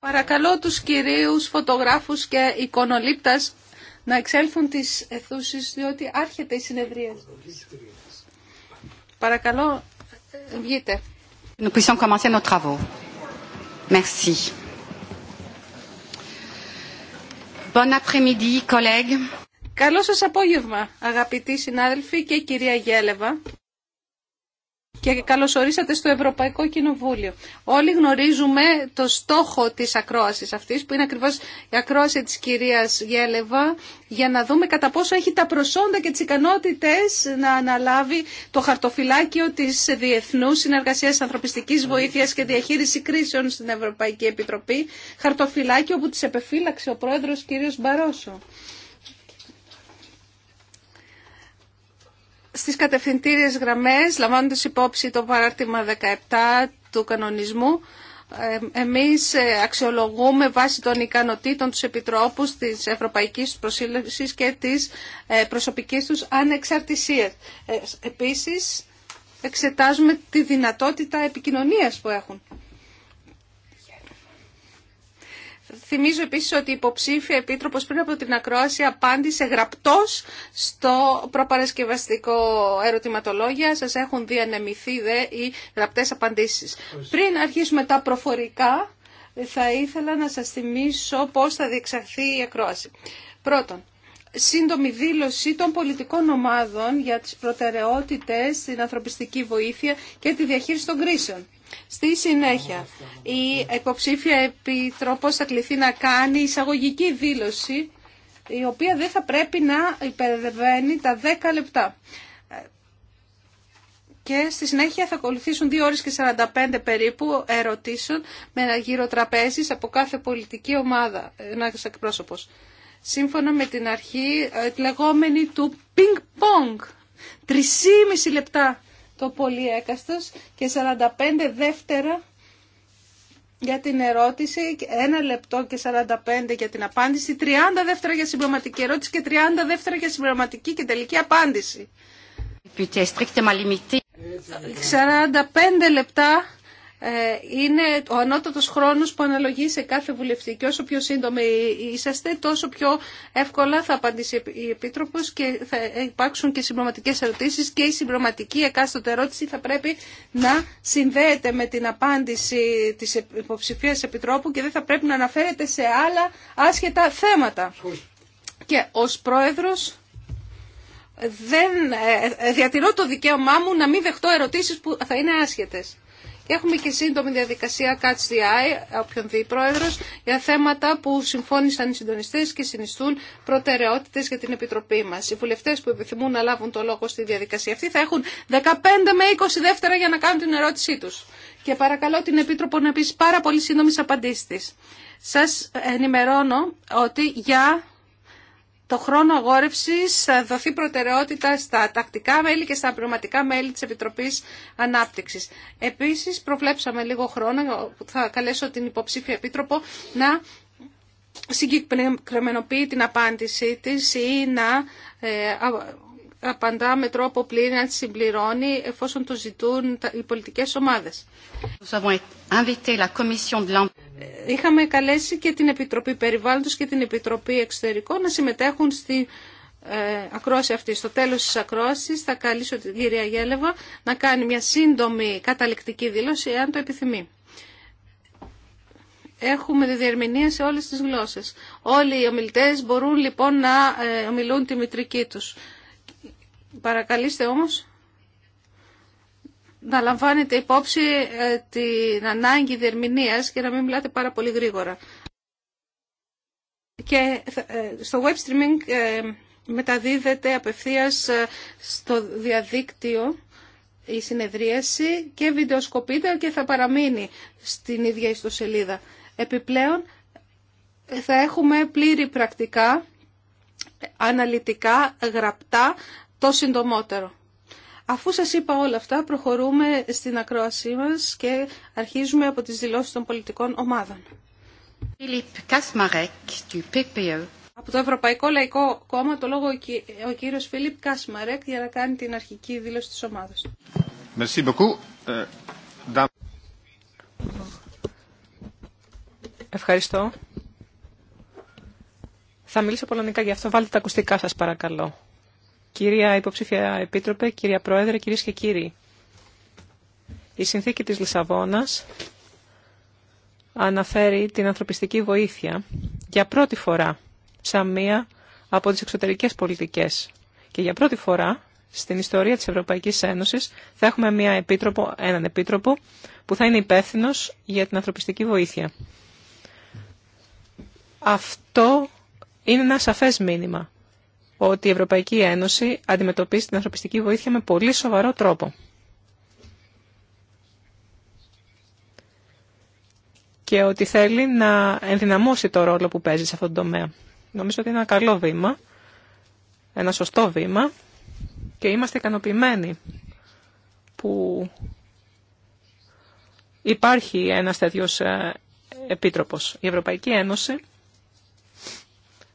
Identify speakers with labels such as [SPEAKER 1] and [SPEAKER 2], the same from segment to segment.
[SPEAKER 1] Παρακαλώ τους κυρίους φωτογράφους και εικονολήπτας να εξέλθουν τις αιθούσεις διότι άρχεται η συνεδρία. Παρακαλώ,
[SPEAKER 2] βγείτε. Nous puissions commencer nos travaux. Merci. Bon après-midi,
[SPEAKER 1] Καλό σας απόγευμα, αγαπητοί συνάδελφοι και κυρία Γέλεβα και καλωσορίσατε στο Ευρωπαϊκό Κοινοβούλιο. Όλοι γνωρίζουμε το στόχο της ακρόασης αυτής, που είναι ακριβώς η ακρόαση της κυρίας Γέλεβα, για να δούμε κατά πόσο έχει τα προσόντα και τις ικανότητες να αναλάβει το χαρτοφυλάκιο της Διεθνούς Συνεργασίας Ανθρωπιστικής Βοήθειας και Διαχείριση Κρίσεων στην Ευρωπαϊκή Επιτροπή, χαρτοφυλάκιο που της επεφύλαξε ο πρόεδρος κ. Μπαρόσο. στις κατευθυντήριες γραμμές, λαμβάνοντας υπόψη το παράρτημα 17 του κανονισμού, εμείς ε, αξιολογούμε βάσει των ικανοτήτων τους επιτρόπους της ευρωπαϊκής Προσύλλευσης και της ε, προσωπικής τους ανεξαρτησίας. Ε, επίσης, εξετάζουμε τη δυνατότητα επικοινωνίας που έχουν. Θυμίζω επίσης ότι η υποψήφια επίτροπος πριν από την ακρόαση απάντησε γραπτός στο προπαρασκευαστικό ερωτηματολόγια. Σας έχουν διανεμηθεί δε οι γραπτές απαντήσεις. Πριν αρχίσουμε τα προφορικά, θα ήθελα να σας θυμίσω πώς θα διεξαχθεί η ακρόαση. Πρώτον, σύντομη δήλωση των πολιτικών ομάδων για τις προτεραιότητες στην ανθρωπιστική βοήθεια και τη διαχείριση των κρίσεων. Στη συνέχεια, η υποψήφια επιτροπός θα κληθεί να κάνει εισαγωγική δήλωση, η οποία δεν θα πρέπει να υπερβαίνει τα 10 λεπτά. Και στη συνέχεια θα ακολουθήσουν 2 ώρες και 45 περίπου ερωτήσεων με ένα γύρο τραπέζις από κάθε πολιτική ομάδα, Ένα εκπρόσωπος. Σύμφωνα με την αρχή, ε, τη λεγόμενη του πινκ-πονγκ. 3,5 λεπτά το πολύ έκαστος και 45 δεύτερα για την ερώτηση, ένα λεπτό και 45 για την απάντηση, 30 δεύτερα για συμπληρωματική ερώτηση και 30 δεύτερα για συμπληρωματική και τελική απάντηση. 45 λεπτά ε, είναι ο ανώτατος χρόνος που αναλογεί σε κάθε βουλευτή και όσο πιο σύντομοι είσαστε τόσο πιο εύκολα θα απαντήσει η Επίτροπος και θα υπάρξουν και συμπληρωματικές ερωτήσεις και η συμπληρωματική εκάστοτε ερώτηση θα πρέπει να συνδέεται με την απάντηση της υποψηφίας Επιτρόπου και δεν θα πρέπει να αναφέρεται σε άλλα άσχετα θέματα. Και ως Πρόεδρος δεν ε, ε, διατηρώ το δικαίωμά μου να μην δεχτώ ερωτήσεις που θα είναι άσχετες. Έχουμε και σύντομη διαδικασία Catch the Eye, όποιον δει πρόεδρο, για θέματα που συμφώνησαν οι συντονιστέ και συνιστούν προτεραιότητε για την Επιτροπή μα. Οι βουλευτέ που επιθυμούν να λάβουν το λόγο στη διαδικασία αυτή θα έχουν 15 με 20 δεύτερα για να κάνουν την ερώτησή του. Και παρακαλώ την Επίτροπο να πει πάρα πολύ σύντομε απαντήσει τη. Σα ενημερώνω ότι για το χρόνο αγόρευση, θα δοθεί προτεραιότητα στα τακτικά μέλη και στα πνευματικά μέλη της Επιτροπής Ανάπτυξης. Επίσης προβλέψαμε λίγο χρόνο που θα καλέσω την υποψήφια Επίτροπο να συγκεκριμενοποιεί την απάντησή της ή να ε, απαντά με τρόπο πλήρη να τις συμπληρώνει εφόσον το ζητούν οι πολιτικές ομάδες. Ε, είχαμε καλέσει και την Επιτροπή Περιβάλλοντος και την Επιτροπή Εξωτερικών να συμμετέχουν στη ε, ακρόαση αυτή. Στο τέλος της ακρόασης θα καλήσω την κυρία Γέλεβα να κάνει μια σύντομη καταληκτική δήλωση εάν το επιθυμεί. Έχουμε διερμηνία σε όλες τις γλώσσες. Όλοι οι ομιλητές μπορούν λοιπόν να ε, ομιλούν τη μητρική τους. Παρακαλείστε όμως να λαμβάνετε υπόψη ε, την ανάγκη διερμηνίας και να μην μιλάτε πάρα πολύ γρήγορα. Και ε, στο web streaming ε, μεταδίδεται απευθείας στο διαδίκτυο η συνεδρίαση και βιντεοσκοπείται και θα παραμείνει στην ίδια ιστοσελίδα. Επιπλέον θα έχουμε πλήρη πρακτικά, αναλυτικά, γραπτά το συντομότερο. Αφού σας είπα όλα αυτά, προχωρούμε στην ακρόασή μας και αρχίζουμε από τις δηλώσεις των πολιτικών ομάδων. E. Από το Ευρωπαϊκό Λαϊκό Κόμμα το λόγο ο κύριος Φίλιπ Κασμαρέκ για να κάνει την αρχική δήλωση της ομάδας.
[SPEAKER 3] Ε,
[SPEAKER 4] Ευχαριστώ. Θα μιλήσω πολωνικά γι' αυτό. Βάλτε τα ακουστικά σας παρακαλώ. Κυρία Υποψήφια Επίτροπε, κυρία Πρόεδρε, κυρίες και κύριοι. Η συνθήκη της Λισαβόνας αναφέρει την ανθρωπιστική βοήθεια για πρώτη φορά σαν μία από τις εξωτερικές πολιτικές. Και για πρώτη φορά στην ιστορία της Ευρωπαϊκής Ένωσης θα έχουμε μία επίτροπο, έναν επίτροπο που θα είναι υπεύθυνο για την ανθρωπιστική βοήθεια. Αυτό είναι ένα σαφές μήνυμα ότι η Ευρωπαϊκή Ένωση αντιμετωπίζει την ανθρωπιστική βοήθεια με πολύ σοβαρό τρόπο. Και ότι θέλει να ενδυναμώσει το ρόλο που παίζει σε αυτόν τον τομέα. Νομίζω ότι είναι ένα καλό βήμα, ένα σωστό βήμα και είμαστε ικανοποιημένοι που υπάρχει ένας τέτοιος ε, επίτροπος. Η Ευρωπαϊκή Ένωση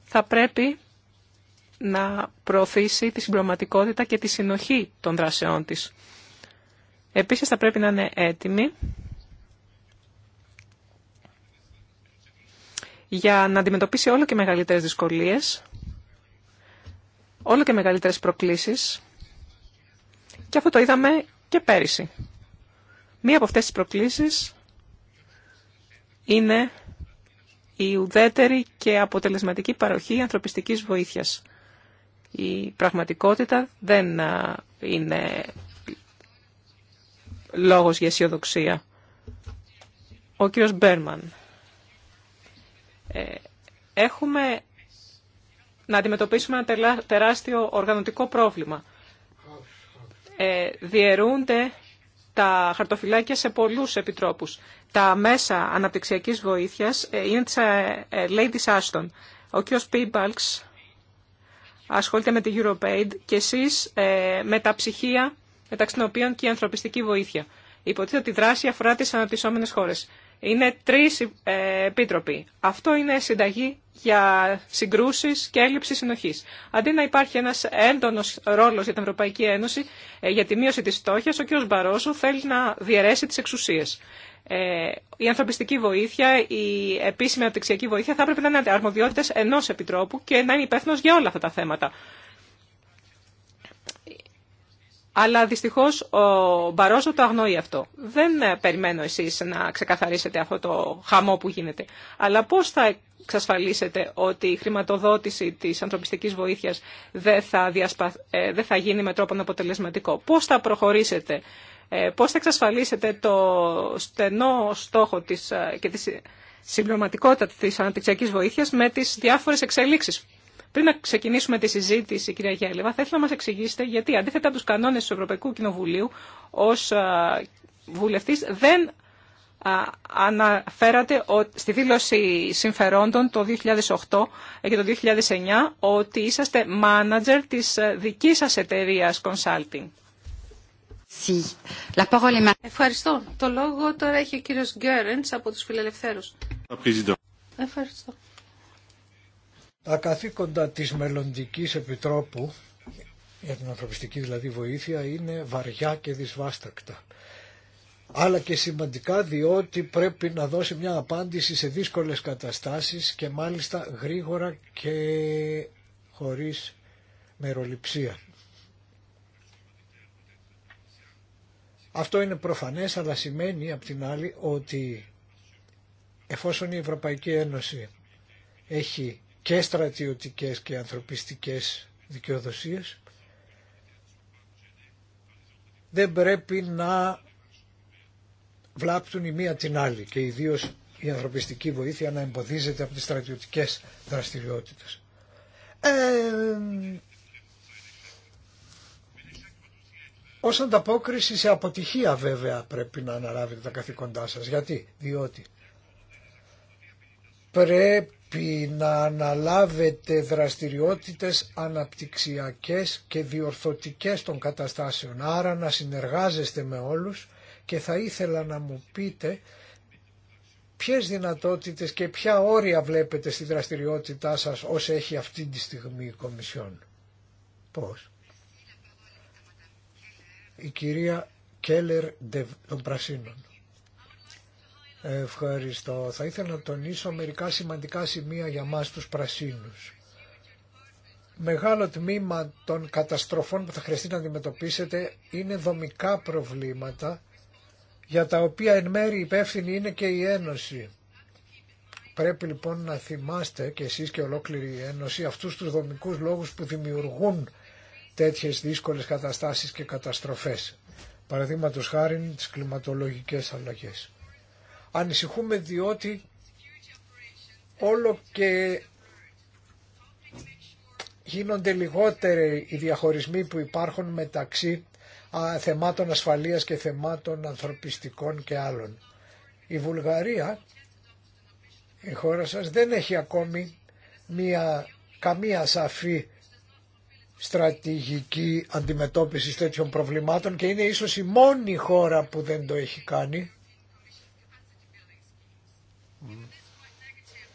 [SPEAKER 4] θα πρέπει να προωθήσει τη συμπληρωματικότητα και τη συνοχή των δράσεών της. Επίσης θα πρέπει να είναι έτοιμη για να αντιμετωπίσει όλο και μεγαλύτερες δυσκολίες, όλο και μεγαλύτερες προκλήσεις και αυτό το είδαμε και πέρυσι. Μία από αυτές τις προκλήσεις είναι η ουδέτερη και αποτελεσματική παροχή ανθρωπιστικής βοήθειας η πραγματικότητα δεν είναι λόγος για αισιοδοξία. Ο κύριος Μπέρμαν. Ε, έχουμε να αντιμετωπίσουμε ένα τεράστιο οργανωτικό πρόβλημα. Ε, διαιρούνται τα χαρτοφυλάκια σε πολλούς επιτρόπους. Τα μέσα αναπτυξιακής βοήθειας ε, είναι της Lady Ashton. Ο κ. Πίμπαλξ ασχολείται με τη EuroPaid και εσείς ε, με τα ψυχία μεταξύ των οποίων και η ανθρωπιστική βοήθεια. Υποτίθεται ότι η δράση αφορά τις αναπτυσσόμενες χώρες. Είναι τρεις ε, επίτροποι. Αυτό είναι συνταγή για συγκρούσεις και έλλειψη συνοχής. Αντί να υπάρχει ένας έντονος ρόλος για την Ευρωπαϊκή Ένωση ε, για τη μείωση της στόχη, ο κ. Μπαρόσο θέλει να διαιρέσει τις εξουσίες. Ε, η ανθρωπιστική βοήθεια, η επίσημη αναπτυξιακή βοήθεια θα έπρεπε να είναι αρμοδιότητε ενό επιτρόπου και να είναι υπεύθυνο για όλα αυτά τα θέματα. Αλλά δυστυχώ ο Μπαρόζο το αγνοεί αυτό. Δεν ε, περιμένω εσεί να ξεκαθαρίσετε αυτό το χαμό που γίνεται. Αλλά πώ θα εξασφαλίσετε ότι η χρηματοδότηση τη ανθρωπιστική βοήθεια δεν, θα ε, δεν θα γίνει με τρόπον αποτελεσματικό. Πώ θα προχωρήσετε ε, πώς θα εξασφαλίσετε το στενό στόχο της, ε, και τη συμπληρωματικότητα της αναπτυξιακής βοήθειας με τις διάφορες εξελίξεις. Πριν να ξεκινήσουμε τη συζήτηση, κυρία Γέλεβα, θα ήθελα να μας εξηγήσετε γιατί αντίθετα από τους κανόνες του Ευρωπαϊκού Κοινοβουλίου, ως ε, βουλευτής δεν αναφέρατε στη δήλωση συμφερόντων το 2008 και το 2009 ότι είσαστε μάνατζερ της δικής σας εταιρείας consulting.
[SPEAKER 1] Ευχαριστώ. Το λόγο τώρα έχει ο κύριος Γκέρεντς από τους φιλελευθέρους. Ευχαριστώ.
[SPEAKER 3] Τα καθήκοντα της μελλοντική Επιτρόπου για την ανθρωπιστική δηλαδή βοήθεια είναι βαριά και δυσβάστακτα. Αλλά και σημαντικά διότι πρέπει να δώσει μια απάντηση σε δύσκολες καταστάσεις και μάλιστα γρήγορα και χωρίς μεροληψία. Αυτό είναι προφανές αλλά σημαίνει απ' την άλλη ότι εφόσον η Ευρωπαϊκή Ένωση έχει και στρατιωτικές και ανθρωπιστικές δικαιοδοσίες δεν πρέπει να βλάπτουν η μία την άλλη και ιδίω η ανθρωπιστική βοήθεια να εμποδίζεται από τις στρατιωτικές δραστηριότητες. Ε, Ως ανταπόκριση σε αποτυχία βέβαια πρέπει να αναλάβετε τα καθήκοντά σας. Γιατί, διότι πρέπει να αναλάβετε δραστηριότητες αναπτυξιακές και διορθωτικές των καταστάσεων. Άρα να συνεργάζεστε με όλους και θα ήθελα να μου πείτε ποιες δυνατότητες και ποια όρια βλέπετε στη δραστηριότητά σας ως έχει αυτή τη στιγμή η Κομισιόν. Πώς η κυρία Κέλλερ των Πρασίνων. Ευχαριστώ. Θα ήθελα να τονίσω μερικά σημαντικά σημεία για μας τους Πρασίνους. Μεγάλο τμήμα των καταστροφών που θα χρειαστεί να αντιμετωπίσετε είναι δομικά προβλήματα για τα οποία εν μέρη υπεύθυνη είναι και η Ένωση. Πρέπει λοιπόν να θυμάστε και εσείς και ολόκληρη η Ένωση αυτούς τους δομικούς λόγους που δημιουργούν τέτοιες δύσκολες καταστάσεις και καταστροφές. Παραδείγματος χάρη τις κλιματολογικές αλλαγές. Ανησυχούμε διότι όλο και γίνονται λιγότεροι οι διαχωρισμοί που υπάρχουν μεταξύ θεμάτων ασφαλείας και θεμάτων ανθρωπιστικών και άλλων. Η Βουλγαρία, η χώρα σας, δεν έχει ακόμη μία, καμία σαφή στρατηγική αντιμετώπιση τέτοιων προβλημάτων και είναι ίσως η μόνη χώρα που δεν το έχει κάνει.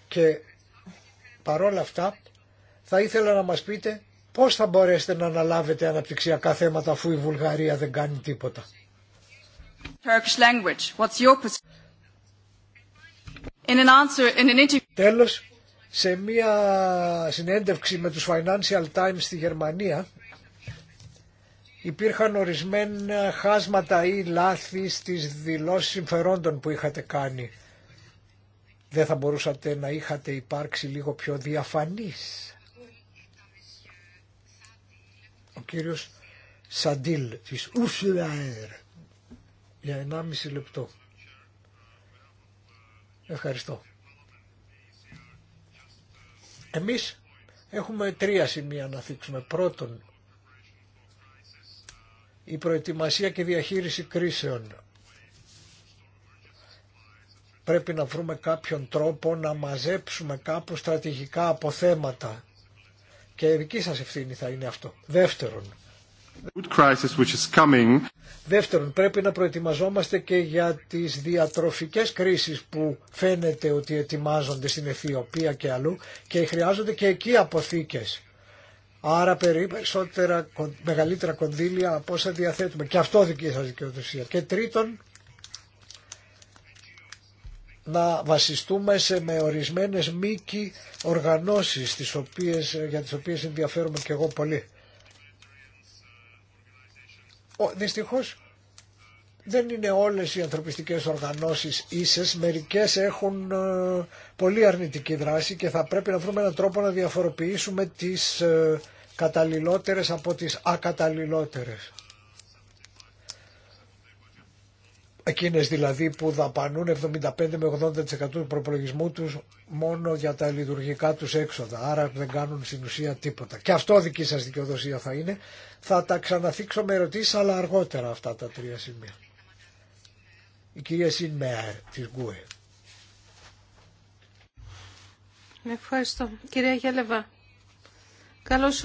[SPEAKER 3] Και παρόλα αυτά θα ήθελα να μας πείτε πώς θα μπορέσετε να αναλάβετε αναπτυξιακά θέματα αφού η Βουλγαρία δεν κάνει τίποτα. Τέλος, σε μία συνέντευξη με τους Financial Times στη Γερμανία υπήρχαν ορισμένα χάσματα ή λάθη στις δηλώσεις συμφερόντων που είχατε κάνει. Δεν θα μπορούσατε να είχατε υπάρξει λίγο πιο διαφανής. Ο κύριος Σαντήλ της Ουσλαέρ για 1,5 λεπτό. Ευχαριστώ. Εμείς έχουμε τρία σημεία να θίξουμε. Πρώτον, η προετοιμασία και διαχείριση κρίσεων. Πρέπει να βρούμε κάποιον τρόπο να μαζέψουμε κάπου στρατηγικά αποθέματα. Και δική σας ευθύνη θα είναι αυτό. Δεύτερον, Δεύτερον, πρέπει να προετοιμαζόμαστε και για τις διατροφικές κρίσεις που φαίνεται ότι ετοιμάζονται στην Αιθιοπία και αλλού και χρειάζονται και εκεί αποθήκες. Άρα περισσότερα, μεγαλύτερα κονδύλια από όσα διαθέτουμε. Και αυτό δική σας δικαιοδοσία. Και τρίτον, να βασιστούμε σε με ορισμένες μήκη οργανώσεις οποίες, για τις οποίες ενδιαφέρομαι και εγώ πολύ. Δυστυχώς δεν είναι όλες οι ανθρωπιστικές οργανώσεις ίσες, μερικές έχουν ε, πολύ αρνητική δράση και θα πρέπει να βρούμε έναν τρόπο να διαφοροποιήσουμε τις ε, καταλληλότερες από τις ακαταλληλότερες. Εκείνε δηλαδή που δαπανούν 75 με 80% του προπολογισμού τους μόνο για τα λειτουργικά τους έξοδα, άρα δεν κάνουν στην ουσία τίποτα. Και αυτό δική σα δικαιοδοσία θα είναι. Θα τα ξαναθίξω με ερωτήσει, αλλά αργότερα αυτά τα τρία σημεία. Η κυρία Σινμεαρ τη Γκουε.
[SPEAKER 1] Ευχαριστώ. Κυρία Γέλεβα,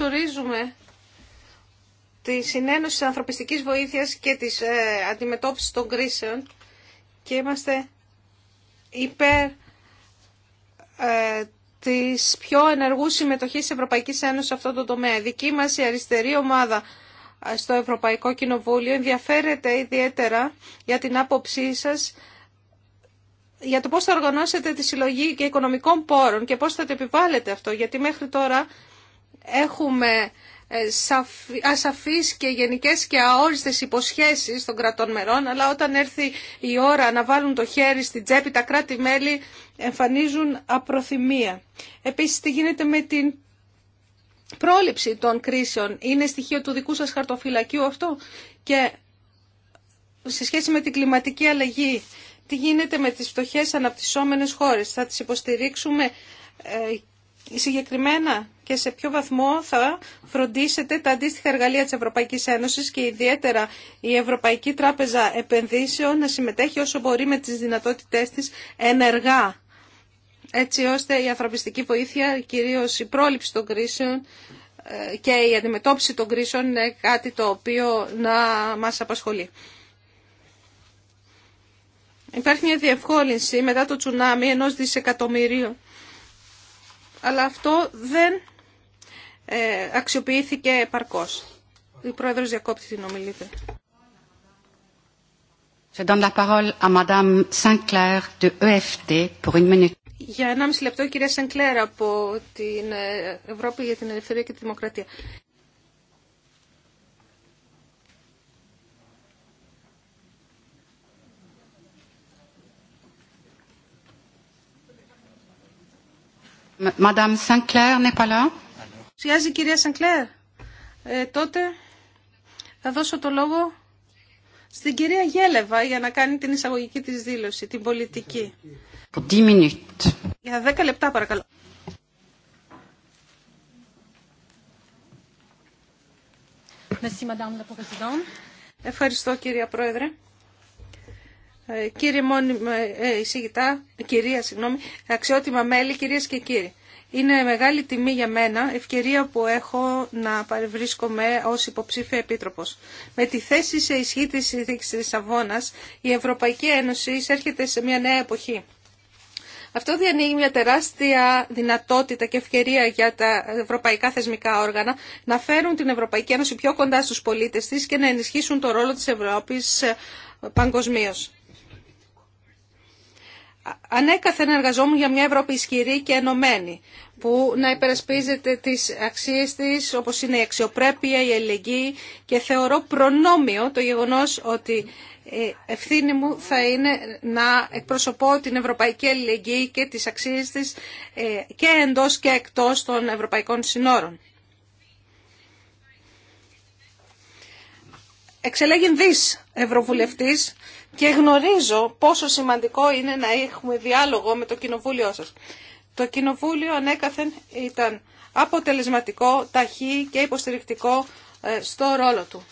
[SPEAKER 1] ορίζουμε τη συνένωση της ανθρωπιστικής βοήθειας και της ε, αντιμετώπισης των κρίσεων και είμαστε υπέρ ε, της πιο ενεργού συμμετοχής της Ευρωπαϊκής Ένωσης σε αυτό το τομέα. δική μας η αριστερή ομάδα ε, στο Ευρωπαϊκό Κοινοβούλιο ενδιαφέρεται ιδιαίτερα για την άποψή σας για το πώς θα οργανώσετε τη συλλογή και οικονομικών πόρων και πώς θα το επιβάλλετε αυτό, γιατί μέχρι τώρα έχουμε ε, ασαφείς και γενικές και αόριστες υποσχέσεις των κρατών μερών, αλλά όταν έρθει η ώρα να βάλουν το χέρι στην τσέπη, τα κράτη-μέλη εμφανίζουν απροθυμία. Επίσης, τι γίνεται με την πρόληψη των κρίσεων. Είναι στοιχείο του δικού σας χαρτοφυλακίου αυτό και σε σχέση με την κλιματική αλλαγή, τι γίνεται με τις φτωχές αναπτυσσόμενες χώρες. Θα τις υποστηρίξουμε ε, συγκεκριμένα και σε ποιο βαθμό θα φροντίσετε τα αντίστοιχα εργαλεία της Ευρωπαϊκής Ένωσης και ιδιαίτερα η Ευρωπαϊκή Τράπεζα Επενδύσεων να συμμετέχει όσο μπορεί με τις δυνατότητές της ενεργά έτσι ώστε η ανθρωπιστική βοήθεια, κυρίως η πρόληψη των κρίσεων ε, και η αντιμετώπιση των κρίσεων είναι κάτι το οποίο να μας απασχολεί. Υπάρχει μια διευκόλυνση μετά το τσουνάμι ενός δισεκατομμυρίου αλλά αυτό δεν ε, αξιοποιήθηκε επαρκώς. Η Πρόεδρος διακόπτει την ομιλήτρια.
[SPEAKER 2] Je donne la parole à Madame Sinclair de EFT pour une minute.
[SPEAKER 1] Για 1,5 λεπτό, η κυρία Σενκλέρα από την ε, Ευρώπη για την Ελευθερία και τη Δημοκρατία.
[SPEAKER 2] Madame Sinclair n'est pas là. Σιάζει κυρία Σανκλέρ.
[SPEAKER 1] Ε, τότε θα δώσω το λόγο στην κυρία Γέλεβα για να κάνει την εισαγωγική της δήλωση, την πολιτική. για 10 λεπτά παρακαλώ. Ευχαριστώ κυρία Πρόεδρε. Ε, κύριε μόνιμα, ε, ε, εισηγητά, κυρία, συγγνώμη, αξιότιμα μέλη, κυρίες και κύριοι. Είναι μεγάλη τιμή για μένα, ευκαιρία που έχω να παρευρίσκομαι ως υποψήφια επίτροπος. Με τη θέση σε ισχύ της συνθήκης της Σαββόνας, η Ευρωπαϊκή Ένωση εισέρχεται σε μια νέα εποχή. Αυτό διανοίγει μια τεράστια δυνατότητα και ευκαιρία για τα ευρωπαϊκά θεσμικά όργανα να φέρουν την Ευρωπαϊκή Ένωση πιο κοντά στους πολίτες της και να ενισχύσουν το ρόλο της Ευρώπης παγκοσμίω ανέκαθεν εργαζόμουν για μια Ευρώπη ισχυρή και ενωμένη που να υπερασπίζεται τις αξίες της όπως είναι η αξιοπρέπεια, η ελεγγύη και θεωρώ προνόμιο το γεγονός ότι ε, ευθύνη μου θα είναι να εκπροσωπώ την ευρωπαϊκή αλληλεγγύη και τις αξίες της ε, και εντός και εκτός των ευρωπαϊκών συνόρων. Εξελέγην δις ευρωβουλευτής και γνωρίζω πόσο σημαντικό είναι να έχουμε διάλογο με το κοινοβούλιο σας. Το κοινοβούλιο ανέκαθεν ήταν αποτελεσματικό, ταχύ και υποστηρικτικό ε, στο ρόλο του.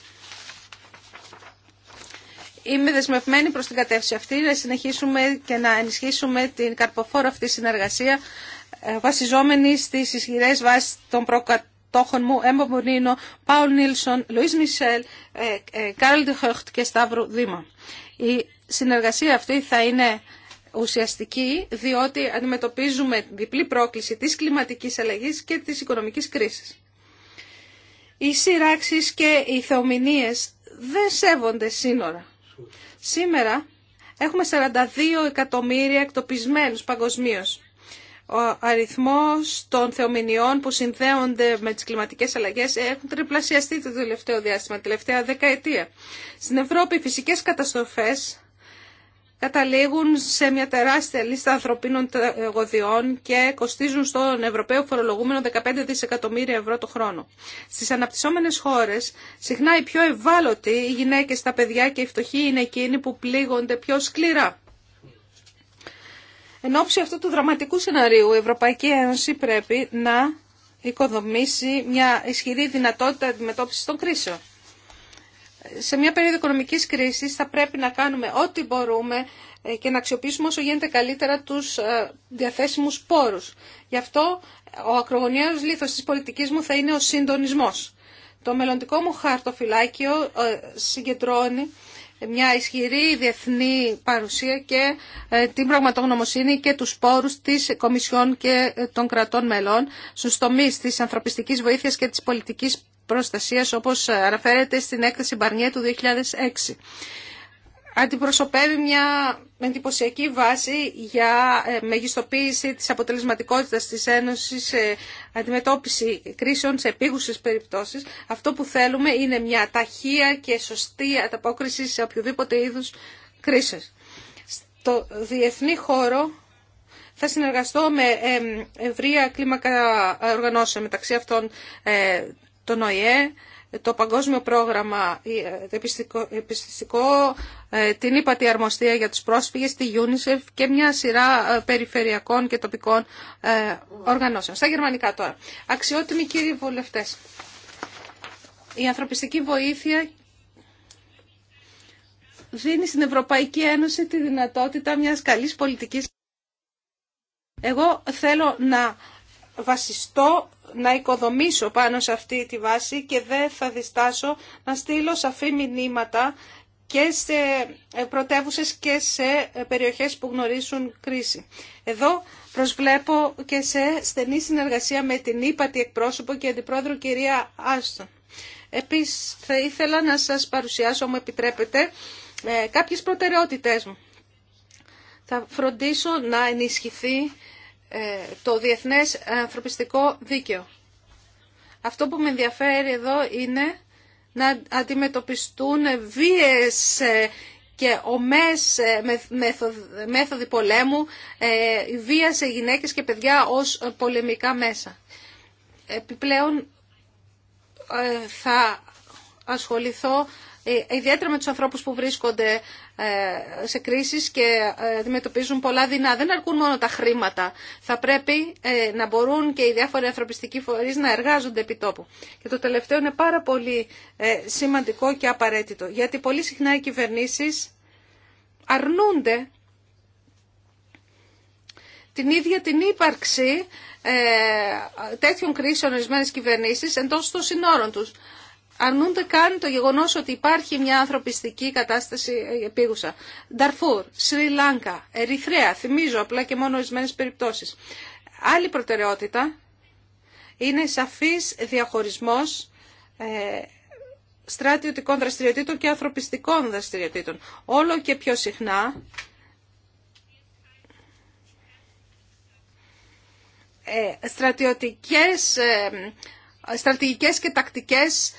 [SPEAKER 1] Είμαι δεσμευμένη προς την κατεύθυνση αυτή να συνεχίσουμε και να ενισχύσουμε την καρποφόρο αυτή συνεργασία ε, βασιζόμενη στις ισχυρές βάσεις των προκατόχων μου Έμπο Μονίνο, Πάουλ Νίλσον, Λουίς Μισελ, ε, Κάρλ Ντεχόχτ και Σταύρου Δήμα. Η συνεργασία αυτή θα είναι ουσιαστική διότι αντιμετωπίζουμε διπλή πρόκληση της κλιματικής αλλαγής και της οικονομικής κρίσης. Οι σειράξεις και οι θεομηνίες δεν σέβονται σύνορα. Σήμερα έχουμε 42 εκατομμύρια εκτοπισμένους παγκοσμίως ο αριθμός των θεομηνιών που συνδέονται με τις κλιματικές αλλαγές έχουν τριπλασιαστεί το τελευταίο διάστημα, τελευταία δεκαετία. Στην Ευρώπη οι φυσικές καταστροφές καταλήγουν σε μια τεράστια λίστα ανθρωπίνων εγωδιών και κοστίζουν στον Ευρωπαίο φορολογούμενο 15 δισεκατομμύρια ευρώ το χρόνο. Στις αναπτυσσόμενες χώρες, συχνά οι πιο ευάλωτοι, οι γυναίκες, τα παιδιά και οι φτωχοί είναι εκείνοι που πλήγονται πιο σκληρά. Εν ώψη αυτού του δραματικού σενάριου, η Ευρωπαϊκή Ένωση πρέπει να οικοδομήσει μια ισχυρή δυνατότητα αντιμετώπισης των κρίσεων. Σε μια περίοδο οικονομικής κρίσης θα πρέπει να κάνουμε ό,τι μπορούμε ε, και να αξιοποιήσουμε όσο γίνεται καλύτερα τους ε, διαθέσιμους πόρους. Γι' αυτό ο ακρογωνιαίος λίθος της πολιτικής μου θα είναι ο συντονισμός. Το μελλοντικό μου χάρτοφυλάκιο ε, συγκεντρώνει μια ισχυρή διεθνή παρουσία και ε, την πραγματογνωμοσύνη και τους πόρους της Κομισιόν και ε, των κρατών μελών στους τομείς της ανθρωπιστικής βοήθειας και της πολιτικής προστασίας όπως ε, αναφέρεται στην έκθεση Μπαρνιέ του 2006 αντιπροσωπεύει μια εντυπωσιακή βάση για ε, μεγιστοποίηση της αποτελεσματικότητας της Ένωσης σε αντιμετώπιση κρίσεων σε επίγουσες περιπτώσεις. Αυτό που θέλουμε είναι μια ταχεία και σωστή ανταπόκριση σε οποιοδήποτε είδους κρίσες. Στο διεθνή χώρο θα συνεργαστώ με ε, ευρεία κλίμακα οργανώσεων μεταξύ αυτών ε, τον ΟΗΕ, το παγκόσμιο πρόγραμμα ε, επιστημιστικό, ε, την ύπατη αρμοστία για τους πρόσφυγες, τη UNICEF και μια σειρά ε, περιφερειακών και τοπικών οργανώσεων. Στα γερμανικά τώρα. Αξιότιμοι κύριοι βουλευτές, η ανθρωπιστική βοήθεια δίνει στην Ευρωπαϊκή Ένωση τη δυνατότητα μιας καλής πολιτικής. Εγώ θέλω να βασιστώ να οικοδομήσω πάνω σε αυτή τη βάση και δεν θα διστάσω να στείλω σαφή μηνύματα και σε πρωτεύουσε και σε περιοχές που γνωρίζουν κρίση. Εδώ προσβλέπω και σε στενή συνεργασία με την ύπατη εκπρόσωπο και αντιπρόεδρο κυρία Άστον. Επίσης θα ήθελα να σας παρουσιάσω, μου επιτρέπετε, ε, κάποιες προτεραιότητές μου. Θα φροντίσω να ενισχυθεί ε, το διεθνές ανθρωπιστικό δίκαιο. Αυτό που με ενδιαφέρει εδώ είναι να αντιμετωπιστούν βίες ε, και ομές ε, μέθοδοι πολέμου, βία σε γυναίκες και παιδιά ως πολεμικά μέσα. Επιπλέον θα ασχοληθώ ε, ιδιαίτερα με τους ανθρώπους που βρίσκονται ε, σε κρίσεις και ε, αντιμετωπίζουν πολλά δεινά. Δεν αρκούν μόνο τα χρήματα. Θα πρέπει να μπορούν και οι διάφοροι ανθρωπιστικοί φορείς να εργάζονται επί τόπου. Και το τελευταίο είναι πάρα πολύ σημαντικό και απαραίτητο, γιατί πολύ συχνά οι κυβερνήσεις αρνούνται την ίδια την ύπαρξη τέτοιων κρίσεων ορισμένε κυβερνήσεις εντός των συνόρων τους αρνούνται καν το γεγονό ότι υπάρχει μια ανθρωπιστική κατάσταση ε, επίγουσα. Νταρφούρ, Σρι Λάνκα, Ερυθρέα, θυμίζω απλά και μόνο ορισμένε περιπτώσει. Άλλη προτεραιότητα είναι σαφής διαχωρισμός ε, στρατιωτικών δραστηριοτήτων και ανθρωπιστικών δραστηριοτήτων. Όλο και πιο συχνά ε, στρατιωτικές ε, και τακτικές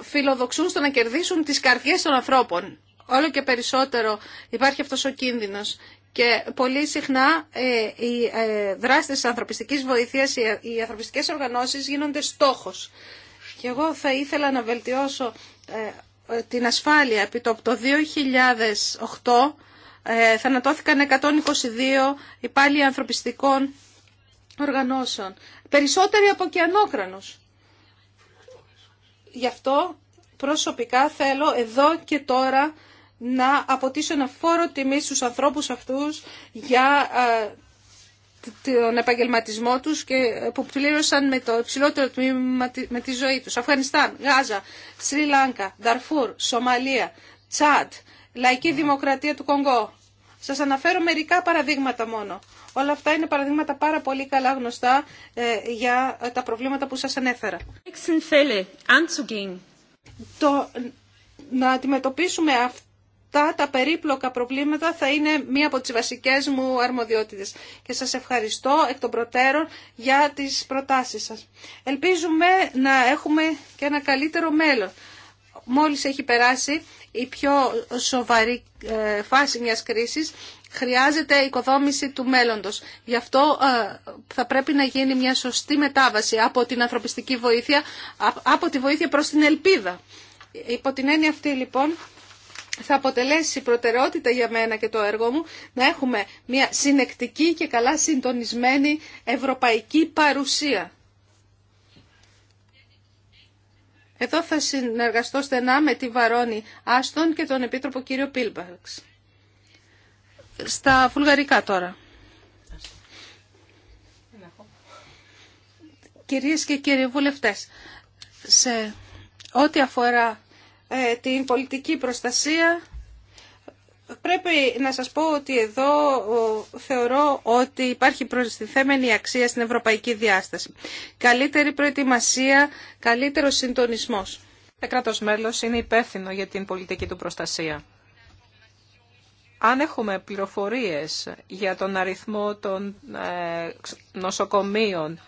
[SPEAKER 1] φιλοδοξούν στο να κερδίσουν τις καρδιές των ανθρώπων. Όλο και περισσότερο υπάρχει αυτός ο κίνδυνος. Και πολύ συχνά ε, οι ε, δράστες της ανθρωπιστικής βοήθειας, οι ανθρωπιστικές οργανώσεις γίνονται στόχος. Και εγώ θα ήθελα να βελτιώσω ε, την ασφάλεια. Επί το 2008 θανατώθηκαν 122 υπάλληλοι ανθρωπιστικών οργανώσεων. Περισσότεροι από ωκεανόκρανους. Γι' αυτό προσωπικά θέλω εδώ και τώρα να αποτίσω ένα φόρο τιμή στους ανθρώπους αυτούς για ε, τον επαγγελματισμό τους και ε, που πλήρωσαν με το υψηλότερο τμήμα με τη ζωή τους. Αφγανιστάν, Γάζα, Σρι Λάνκα, Νταρφούρ, Σομαλία, Τσάντ, Λαϊκή Δημοκρατία του Κονγκό. Σας αναφέρω μερικά παραδείγματα μόνο. Όλα αυτά είναι παραδείγματα πάρα πολύ καλά γνωστά ε, για τα προβλήματα που σας ανέφερα. Το να αντιμετωπίσουμε αυτά τα περίπλοκα προβλήματα θα είναι μία από τις βασικές μου αρμοδιότητες. Και σας ευχαριστώ εκ των προτέρων για τις προτάσεις σας. Ελπίζουμε να έχουμε και ένα καλύτερο μέλλον. Μόλις έχει περάσει η πιο σοβαρή ε, φάση μιας κρίσης χρειάζεται οικοδόμηση του μέλλοντος. Γι' αυτό ε, θα πρέπει να γίνει μια σωστή μετάβαση από την ανθρωπιστική βοήθεια, από τη βοήθεια προς την ελπίδα. Υπό την έννοια αυτή λοιπόν θα αποτελέσει προτεραιότητα για μένα και το έργο μου να έχουμε μια συνεκτική και καλά συντονισμένη ευρωπαϊκή παρουσία. Εδώ θα συνεργαστώ στενά με τη Βαρόνη Άστον και τον Επίτροπο κύριο Πίλμπαρξ. Στα βουλγαρικά τώρα. Κυρίες και κύριοι βουλευτές, σε ό,τι αφορά ε, την πολιτική προστασία Πρέπει να σας πω ότι εδώ θεωρώ ότι υπάρχει προστιθέμενη αξία στην ευρωπαϊκή διάσταση. Καλύτερη προετοιμασία, καλύτερο συντονισμός. Το ε, κράτος μέλος είναι υπεύθυνο για την πολιτική του προστασία.
[SPEAKER 4] Αν έχουμε πληροφορίες για τον αριθμό των ε, νοσοκομείων,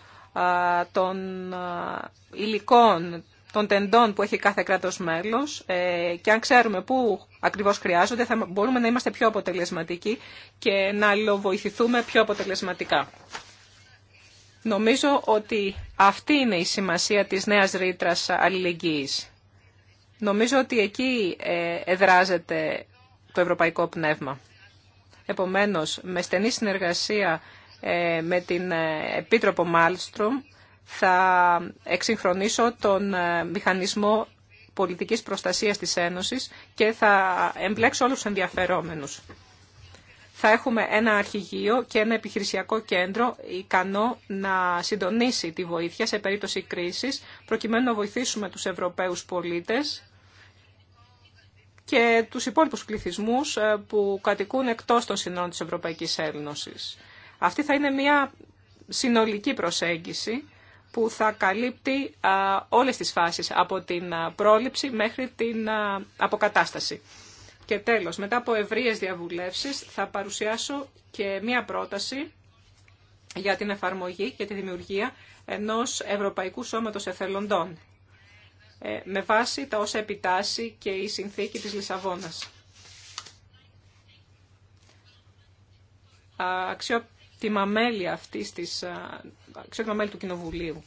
[SPEAKER 4] των υλικών, των τεντών που έχει κάθε κράτος μέλος ε, και αν ξέρουμε πού ακριβώς χρειάζονται θα μπορούμε να είμαστε πιο αποτελεσματικοί και να αλληλοβοηθηθούμε πιο αποτελεσματικά. Νομίζω ότι αυτή είναι η σημασία της νέας ρήτρα αλληλεγγύης. Νομίζω ότι εκεί ε, εδράζεται το ευρωπαϊκό πνεύμα. Επομένως, με στενή συνεργασία ε, με την Επίτροπο Μάλστρομ θα εξυγχρονίσω τον ε, μηχανισμό πολιτικής προστασίας της Ένωσης και θα εμπλέξω όλους τους ενδιαφερόμενους. Θα έχουμε ένα αρχηγείο και ένα επιχειρησιακό κέντρο ικανό να συντονίσει τη βοήθεια σε περίπτωση κρίσης, προκειμένου να βοηθήσουμε τους Ευρωπαίους πολίτες και τους υπόλοιπους κληθισμούς ε, που κατοικούν εκτός των συνόρων της Ευρωπαϊκής Ένωσης. Αυτή θα είναι μια συνολική προσέγγιση που θα καλύπτει όλες τις φάσεις από την πρόληψη μέχρι την αποκατάσταση. Και τέλος, μετά από ευρείες διαβουλεύσεις θα παρουσιάσω και μία πρόταση για την εφαρμογή και τη δημιουργία ενός Ευρωπαϊκού Σώματος Εθελοντών ε, με βάση τα όσα επιτάσσει και η συνθήκη της Λισαβόνας. Αξιο τη μαμέλη αυτή της, ξέρω, μαμέλη του Κοινοβουλίου.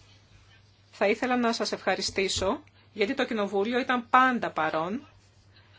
[SPEAKER 4] Θα ήθελα να σας ευχαριστήσω, γιατί το Κοινοβούλιο ήταν πάντα παρόν.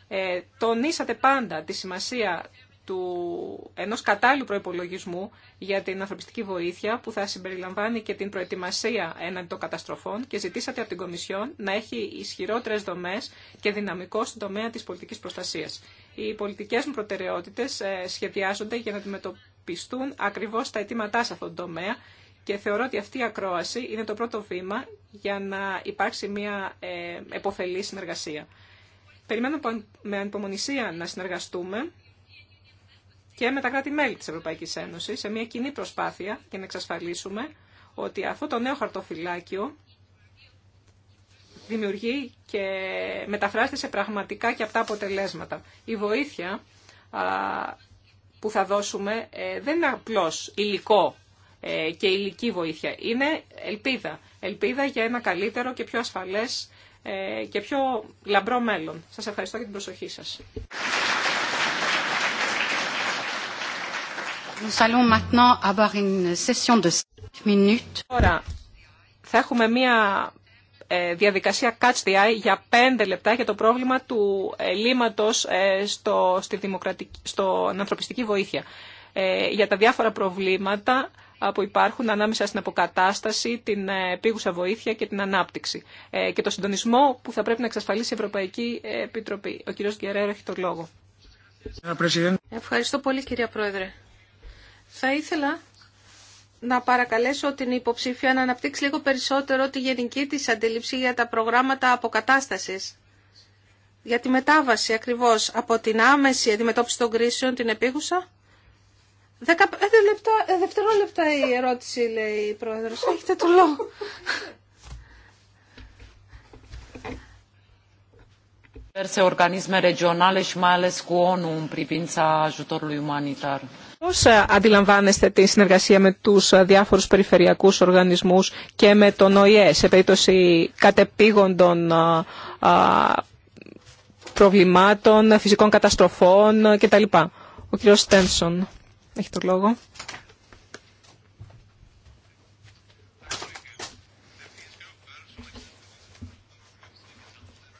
[SPEAKER 4] Ε, τονίσατε πάντα τη σημασία του, ενός κατάλληλου προϋπολογισμού για την ανθρωπιστική βοήθεια που θα συμπεριλαμβάνει και την προετοιμασία έναντι των καταστροφών και ζητήσατε από την Κομισιόν να έχει ισχυρότερες δομές και δυναμικό στον τομέα της πολιτικής προστασίας. Οι πολιτικές μου προτεραιότητες ε, σχεδιάζονται για να αντιμετωπίσουν πιστούν ακριβώς τα αιτήματά σε αυτόν τον τομέα και θεωρώ ότι αυτή η ακρόαση είναι το πρώτο βήμα για να υπάρξει μια ε, εποφελή συνεργασία. Περιμένω με ανυπομονησία να συνεργαστούμε και με τα κράτη-μέλη της Ευρωπαϊκής Ένωσης σε μια κοινή προσπάθεια για να εξασφαλίσουμε ότι αυτό το νέο χαρτοφυλάκιο δημιουργεί και μεταφράζεται σε πραγματικά και αυτά αποτελέσματα. Η βοήθεια που θα δώσουμε ε, δεν είναι απλώς υλικό ε, και υλική βοήθεια. Είναι ελπίδα. Ελπίδα για ένα καλύτερο και πιο ασφαλές ε, και πιο λαμπρό μέλλον. Σας ευχαριστώ για την προσοχή σας. Τώρα θα έχουμε μία ε, διαδικασία Catch the Eye για πέντε λεπτά για το πρόβλημα του ε, λύματος ε, στο, στη δημοκρατική, στο ανθρωπιστική βοήθεια. Για τα διάφορα προβλήματα που υπάρχουν ανάμεσα στην αποκατάσταση, την επίγουσα βοήθεια και την ανάπτυξη. Και το συντονισμό που θα πρέπει να εξασφαλίσει η Ευρωπαϊκή Επιτροπή. Ο κύριος Γκερέρο έχει το λόγο.
[SPEAKER 1] Ευχαριστώ πολύ κυρία Πρόεδρε. Θα ήθελα να παρακαλέσω την υποψήφια να αναπτύξει λίγο περισσότερο τη γενική της αντίληψη για τα προγράμματα αποκατάστασης. Για τη μετάβαση ακριβώς από την άμεση αντιμετώπιση των κρίσεων την επίγουσα. δεύτερο λεπτά, ε, δευτερόλεπτα η ερώτηση λέει η πρόεδρος. Έχετε το λόγο.
[SPEAKER 4] regionale și Πώς ε, αντιλαμβάνεστε τη συνεργασία με τους ε, διάφορους περιφερειακούς οργανισμούς και με τον ΟΗΕ σε περίπτωση κατεπήγοντων ε, προβλημάτων, φυσικών καταστροφών κτλ. Ο κύριος Στένσον έχει το λόγο.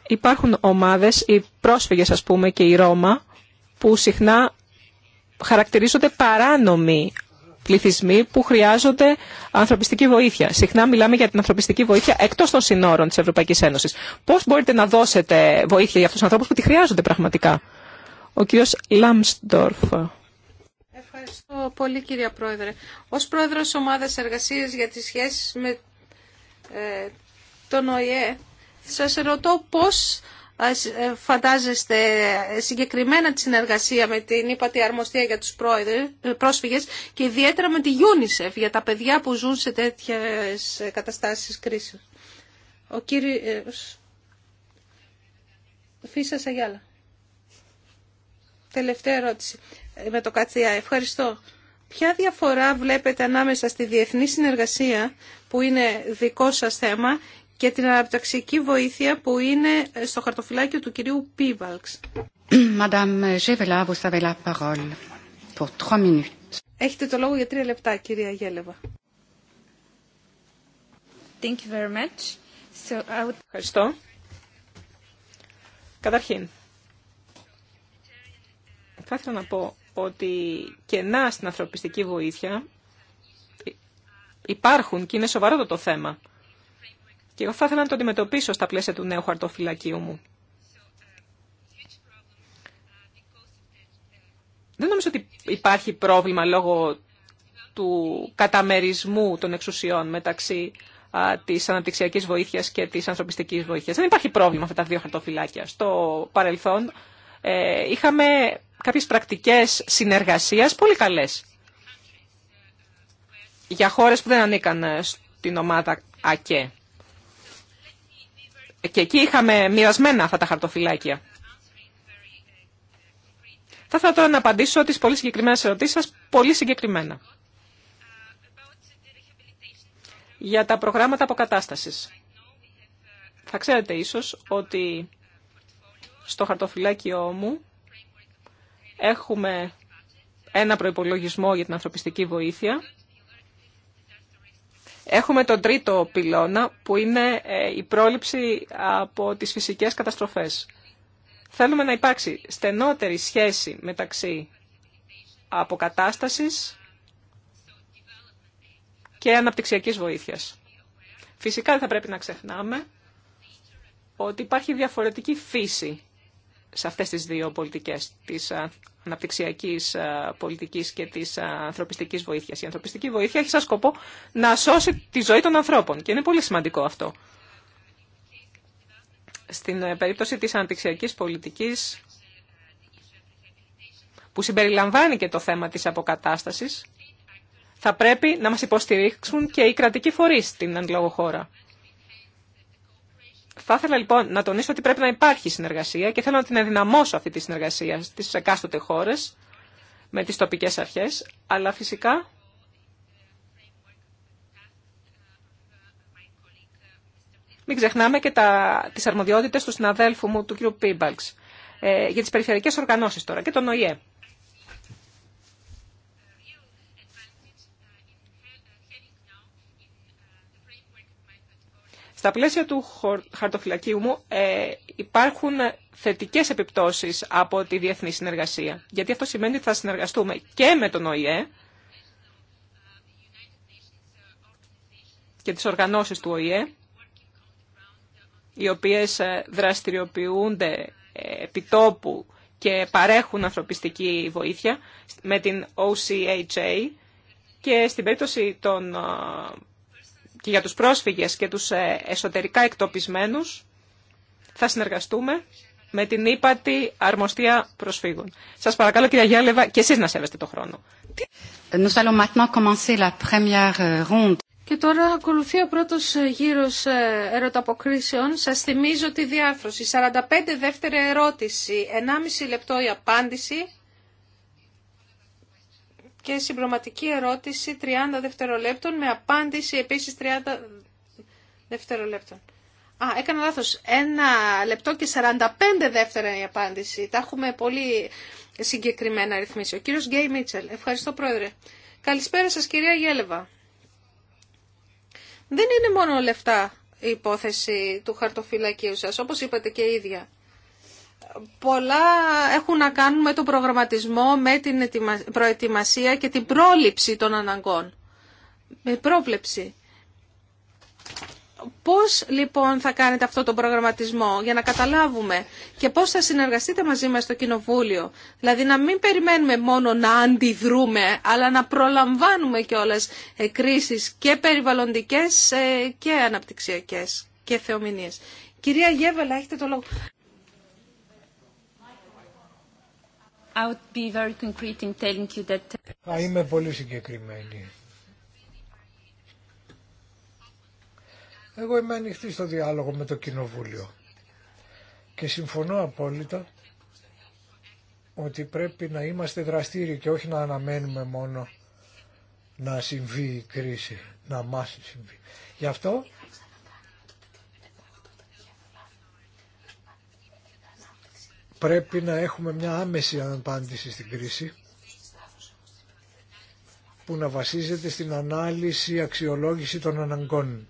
[SPEAKER 4] Υπάρχουν ομάδες, οι πρόσφυγες ας πούμε και η Ρώμα, που συχνά χαρακτηρίζονται παράνομοι πληθυσμοί που χρειάζονται ανθρωπιστική βοήθεια. Συχνά μιλάμε για την ανθρωπιστική βοήθεια εκτό των συνόρων τη Ευρωπαϊκή Ένωση. Πώ μπορείτε να δώσετε βοήθεια για αυτού του ανθρώπου που τη χρειάζονται πραγματικά. Ο κύριο Λάμστορφ.
[SPEAKER 1] Ευχαριστώ πολύ κυρία Πρόεδρε. Ως Πρόεδρος ομάδα εργασία για τι σχέσει με ε, τον ΟΗΕ, σα ρωτώ πώ. Ε, φαντάζεστε συγκεκριμένα τη συνεργασία με την ύπατη αρμοστία για τους ε, πρόσφυγες και ιδιαίτερα με τη UNICEF για τα παιδιά που ζουν σε τέτοιες ε, καταστάσεις κρίσης. Ο κύριος Φίσα Σαγιάλα. Τελευταία ερώτηση με το ΚΑΤΣΙΑ. Ευχαριστώ. Ποια διαφορά βλέπετε ανάμεσα στη διεθνή συνεργασία που είναι δικό σας θέμα και την αναπτυξιακή βοήθεια που είναι στο χαρτοφυλάκιο του κυρίου Πίβαλξ. Έχετε το λόγο για τρία λεπτά, κυρία Γέλεβα. Ευχαριστώ.
[SPEAKER 4] Καταρχήν, θα ήθελα να πω ότι κενά στην ανθρωπιστική βοήθεια υπάρχουν και είναι σοβαρό το θέμα. Και εγώ θα ήθελα να το αντιμετωπίσω στα πλαίσια του νέου χαρτοφυλακίου μου. Δεν νομίζω ότι υπάρχει πρόβλημα λόγω του καταμερισμού των εξουσιών μεταξύ της αναπτυξιακής βοήθειας και της ανθρωπιστικής βοήθειας. Δεν υπάρχει πρόβλημα αυτά τα δύο χαρτοφυλάκια. Στο παρελθόν ε, είχαμε κάποιες πρακτικές συνεργασίας πολύ καλές για χώρε που δεν ανήκαν στην ομάδα ΑΚΕ και εκεί είχαμε μοιρασμένα αυτά τα χαρτοφυλάκια. Θα ήθελα τώρα να απαντήσω τις πολύ συγκεκριμένες ερωτήσεις σας, πολύ συγκεκριμένα. Για τα προγράμματα αποκατάστασης. Θα ξέρετε ίσως ότι στο χαρτοφυλάκιό μου έχουμε ένα προϋπολογισμό για την ανθρωπιστική βοήθεια Έχουμε τον τρίτο πυλώνα που είναι ε, η πρόληψη από τις φυσικές καταστροφές. Θέλουμε να υπάρξει στενότερη σχέση μεταξύ αποκατάστασης και αναπτυξιακής βοήθειας. Φυσικά δεν θα πρέπει να ξεχνάμε ότι υπάρχει διαφορετική φύση σε αυτές τις δύο πολιτικές, της ε, αναπτυξιακής ε, πολιτικής και της ε, ανθρωπιστικής βοήθειας. Η ανθρωπιστική βοήθεια έχει σαν σκοπό να σώσει τη ζωή των ανθρώπων και είναι πολύ σημαντικό αυτό. Στην περίπτωση της αναπτυξιακής πολιτικής που συμπεριλαμβάνει και το θέμα της αποκατάστασης, θα πρέπει να μας υποστηρίξουν και οι κρατικοί φορείς στην εν χώρα. Θα ήθελα λοιπόν να τονίσω ότι πρέπει να υπάρχει συνεργασία και θέλω να την ενδυναμώσω αυτή τη συνεργασία στις εκάστοτε χώρες με τις τοπικές αρχές, αλλά φυσικά μην ξεχνάμε και τα, τις αρμοδιότητες του συναδέλφου μου, του κ. Πίμπαλξ, ε, για τις περιφερειακές οργανώσεις τώρα και τον ΟΗΕ. Στα πλαίσια του χαρτοφυλακίου μου ε, υπάρχουν θετικές επιπτώσεις από τη διεθνή συνεργασία. Γιατί αυτό σημαίνει ότι θα συνεργαστούμε και με τον ΟΗΕ και τις οργανώσεις του ΟΗΕ, οι οποίες ε, δραστηριοποιούνται ε, επιτόπου και παρέχουν ανθρωπιστική βοήθεια με την OCHA και στην περίπτωση των και για τους πρόσφυγες και τους ε, εσωτερικά εκτοπισμένους θα συνεργαστούμε με την ύπατη αρμοστία προσφύγων. Σας παρακαλώ κυρία Γιάλεβα
[SPEAKER 2] και εσείς να σέβεστε το χρόνο. Euh,
[SPEAKER 1] και τώρα ακολουθεί ο πρώτος ε, γύρος ε, ερωταποκρίσεων. Σας θυμίζω τη διάφρωση. 45 δεύτερη ερώτηση, 1,5 λεπτό η απάντηση και συμπροματική ερώτηση 30 δευτερολέπτων με απάντηση επίσης 30 δευτερολέπτων. Α, έκανα λάθος. Ένα λεπτό και 45 δεύτερα η απάντηση. Τα έχουμε πολύ συγκεκριμένα ρυθμίσει. Ο κύριος Γκέι Μίτσελ. Ευχαριστώ πρόεδρε. Καλησπέρα σας κυρία Γέλεβα. Δεν είναι μόνο λεφτά η υπόθεση του χαρτοφυλακίου σας, όπως είπατε και ίδια πολλά έχουν να κάνουν με τον προγραμματισμό, με την προετοιμασία και την πρόληψη των αναγκών. Με πρόβλεψη. Πώς λοιπόν θα κάνετε αυτό τον προγραμματισμό για να καταλάβουμε και πώς θα συνεργαστείτε μαζί μας στο Κοινοβούλιο. Δηλαδή να μην περιμένουμε μόνο να αντιδρούμε αλλά να προλαμβάνουμε κιόλας ε, κρίσεις και περιβαλλοντικές ε, και αναπτυξιακές και θεομηνίες. Κυρία Γέβελα έχετε το λόγο.
[SPEAKER 3] Θα είμαι πολύ συγκεκριμένη. Εγώ είμαι ανοιχτή στο διάλογο με το Κοινοβούλιο και συμφωνώ απόλυτα ότι πρέπει να είμαστε δραστήριοι και όχι να αναμένουμε μόνο να συμβεί η κρίση, να μας συμβεί. Γι' αυτό πρέπει να έχουμε μια άμεση απάντηση στην κρίση που να βασίζεται στην ανάλυση αξιολόγηση των αναγκών.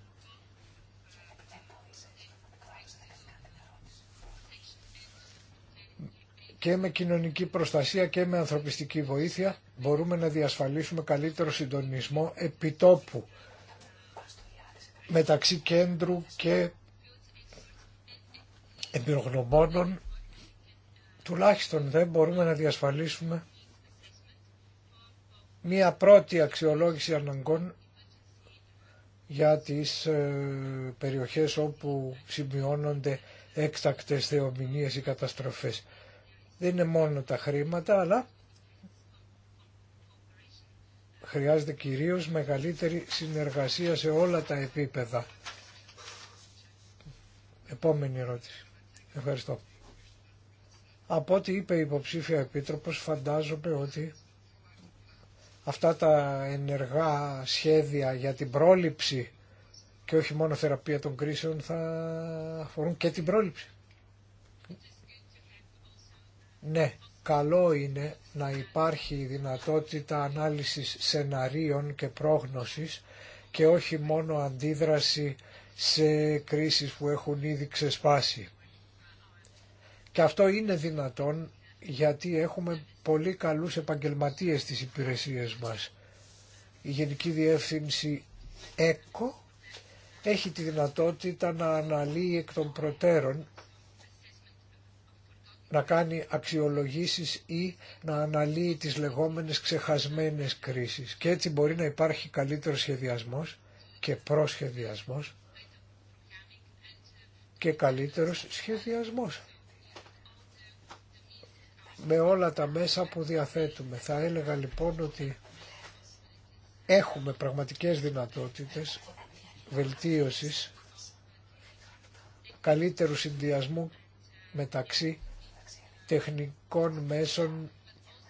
[SPEAKER 3] Και με κοινωνική προστασία και με ανθρωπιστική βοήθεια μπορούμε να διασφαλίσουμε καλύτερο συντονισμό επιτόπου μεταξύ κέντρου και εμπειρογνωμόνων τουλάχιστον δεν μπορούμε να διασφαλίσουμε μία πρώτη αξιολόγηση αναγκών για τις ε, περιοχές όπου σημειώνονται έκτακτες θεομηνίες ή καταστροφές. Δεν είναι μόνο τα χρήματα, αλλά χρειάζεται κυρίως μεγαλύτερη συνεργασία σε όλα τα επίπεδα. Επόμενη ερώτηση. Ευχαριστώ. Από ό,τι είπε η υποψήφια επίτροπος φαντάζομαι ότι αυτά τα ενεργά σχέδια για την πρόληψη και όχι μόνο θεραπεία των κρίσεων θα αφορούν και την πρόληψη. Ναι, καλό είναι να υπάρχει η δυνατότητα ανάλυσης σεναρίων και πρόγνωσης και όχι μόνο αντίδραση σε κρίσεις που έχουν ήδη ξεσπάσει. Και αυτό είναι δυνατόν γιατί έχουμε πολύ καλούς επαγγελματίες στις υπηρεσίες μας. Η Γενική Διεύθυνση ΕΚΟ έχει τη δυνατότητα να αναλύει εκ των προτέρων να κάνει αξιολογήσεις ή να αναλύει τις λεγόμενες ξεχασμένες κρίσεις. Και έτσι μπορεί να υπάρχει καλύτερο σχεδιασμός και προσχεδιασμός και καλύτερος σχεδιασμός με όλα τα μέσα που διαθέτουμε. Θα έλεγα λοιπόν ότι έχουμε πραγματικές δυνατότητες βελτίωσης καλύτερου συνδυασμού μεταξύ τεχνικών μέσων,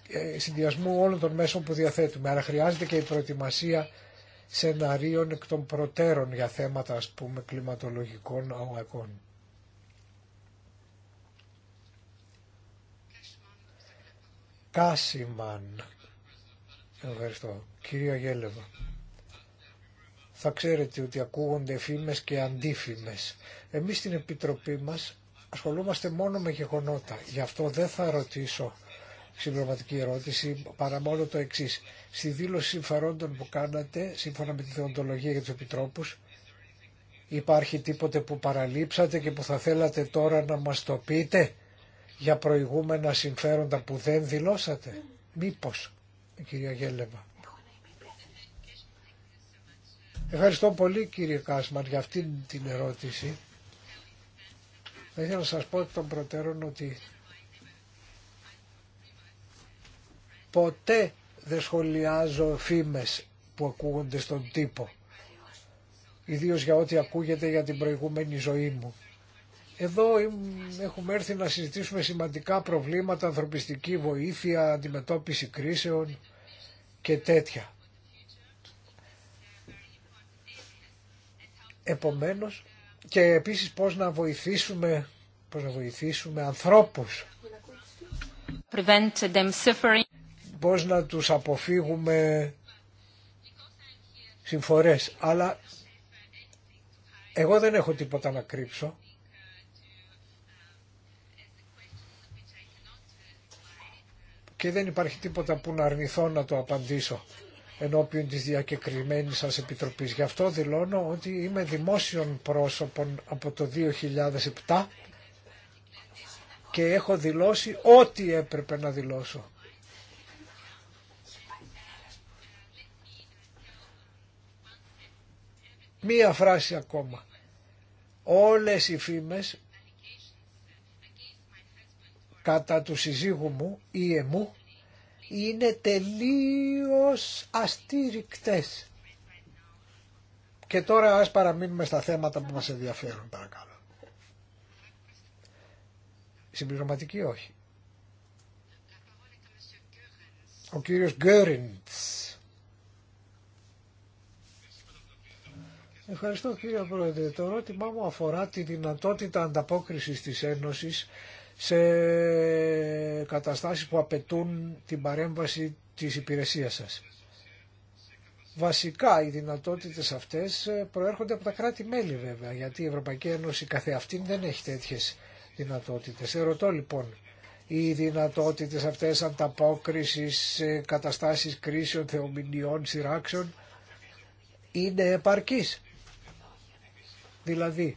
[SPEAKER 3] ε, συνδυασμού όλων των μέσων που διαθέτουμε. Άρα χρειάζεται και η προετοιμασία σεναρίων εκ των προτέρων για θέματα ας πούμε κλιματολογικών αγωγών. Κάσιμαν. Ευχαριστώ. Κυρία Γέλεβα. Θα ξέρετε ότι ακούγονται φήμες και αντίφημες. Εμείς στην Επιτροπή μας ασχολούμαστε μόνο με γεγονότα. Γι' αυτό δεν θα ρωτήσω συμπληρωματική ερώτηση παρά μόνο το εξή. Στη δήλωση συμφερόντων που κάνατε, σύμφωνα με τη θεοντολογία για του επιτρόπου, υπάρχει τίποτε που παραλείψατε και που θα θέλατε τώρα να μα το πείτε για προηγούμενα συμφέροντα που δεν δηλώσατε. Μήπως, κυρία Γέλεβα. Ευχαριστώ πολύ κύριε Κάσμαρ για αυτήν την ερώτηση. Θα ήθελα να σας πω τον προτέρων ότι ποτέ δεν σχολιάζω φήμες που ακούγονται στον τύπο. Ιδίως για ό,τι ακούγεται για την προηγούμενη ζωή μου. Εδώ έχουμε έρθει να συζητήσουμε σημαντικά προβλήματα, ανθρωπιστική βοήθεια, αντιμετώπιση κρίσεων και τέτοια. Επομένως, και επίσης πώς να βοηθήσουμε, πώς να βοηθήσουμε ανθρώπους. Πώς να τους αποφύγουμε συμφορές. Αλλά εγώ δεν έχω τίποτα να κρύψω. και δεν υπάρχει τίποτα που να αρνηθώ να το απαντήσω ενώπιον της διακεκριμένης σας επιτροπής. Γι' αυτό δηλώνω ότι είμαι δημόσιον πρόσωπον από το 2007 και έχω δηλώσει ό,τι έπρεπε να δηλώσω. Μία φράση ακόμα. Όλες οι φήμες κατά του συζύγου μου ή εμού είναι τελείως αστήρικτες. Και τώρα ας παραμείνουμε στα θέματα που μας ενδιαφέρουν παρακαλώ. Συμπληρωματική όχι. Ο κύριος Γκέριντς. Ευχαριστώ κύριε Πρόεδρε. Το ερώτημά μου αφορά τη δυνατότητα ανταπόκρισης της Ένωσης σε καταστάσεις που απαιτούν την παρέμβαση της υπηρεσίας σας. Βασικά οι δυνατότητες αυτές προέρχονται από τα κράτη-μέλη βέβαια, γιατί η Ευρωπαϊκή Ένωση καθεαυτήν δεν έχει τέτοιες δυνατότητες. Ερωτώ λοιπόν, οι δυνατότητες αυτές ανταπόκρισης, καταστάσεις κρίσεων, θεομηνιών, σειράξεων είναι επαρκής. Δηλαδή,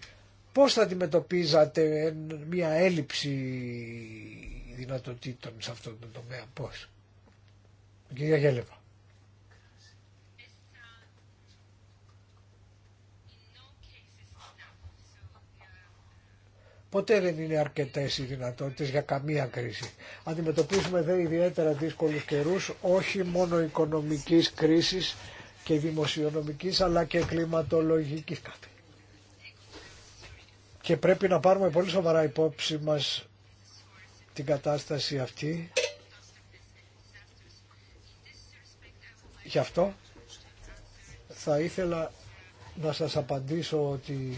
[SPEAKER 3] Πώς θα αντιμετωπίζατε μια έλλειψη δυνατοτήτων σε αυτόν τον τομέα, πώς. Κυρία Γέλεβα. Ποτέ δεν είναι αρκετέ οι δυνατότητε για καμία κρίση. Αντιμετωπίζουμε δε ιδιαίτερα δύσκολου καιρού, όχι μόνο οικονομική κρίση και δημοσιονομική, αλλά και κλιματολογική. Κάτι και πρέπει να πάρουμε πολύ σοβαρά υπόψη μας την κατάσταση αυτή. Γι' αυτό θα ήθελα να σας απαντήσω ότι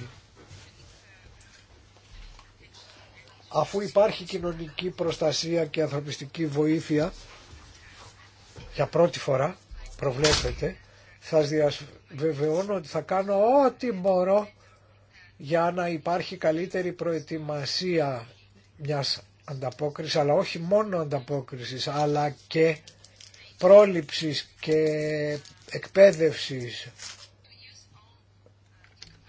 [SPEAKER 3] αφού υπάρχει κοινωνική προστασία και ανθρωπιστική βοήθεια για πρώτη φορά προβλέπετε θα διαβεβαιώνω ότι θα κάνω ό,τι μπορώ για να υπάρχει καλύτερη προετοιμασία μιας ανταπόκρισης, αλλά όχι μόνο ανταπόκρισης, αλλά και πρόληψης και εκπαίδευσης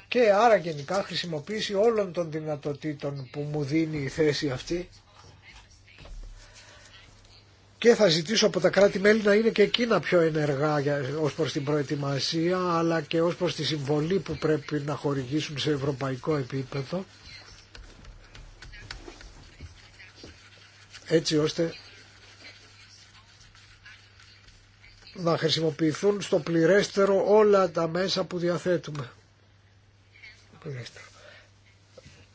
[SPEAKER 3] και άρα γενικά χρησιμοποίηση όλων των δυνατοτήτων που μου δίνει η θέση αυτή και θα ζητήσω από τα κράτη-μέλη να είναι και εκείνα πιο ενεργά ως προς την προετοιμασία αλλά και ως προς τη συμβολή που πρέπει να χορηγήσουν σε ευρωπαϊκό επίπεδο έτσι ώστε να χρησιμοποιηθούν στο πληρέστερο όλα τα μέσα που διαθέτουμε.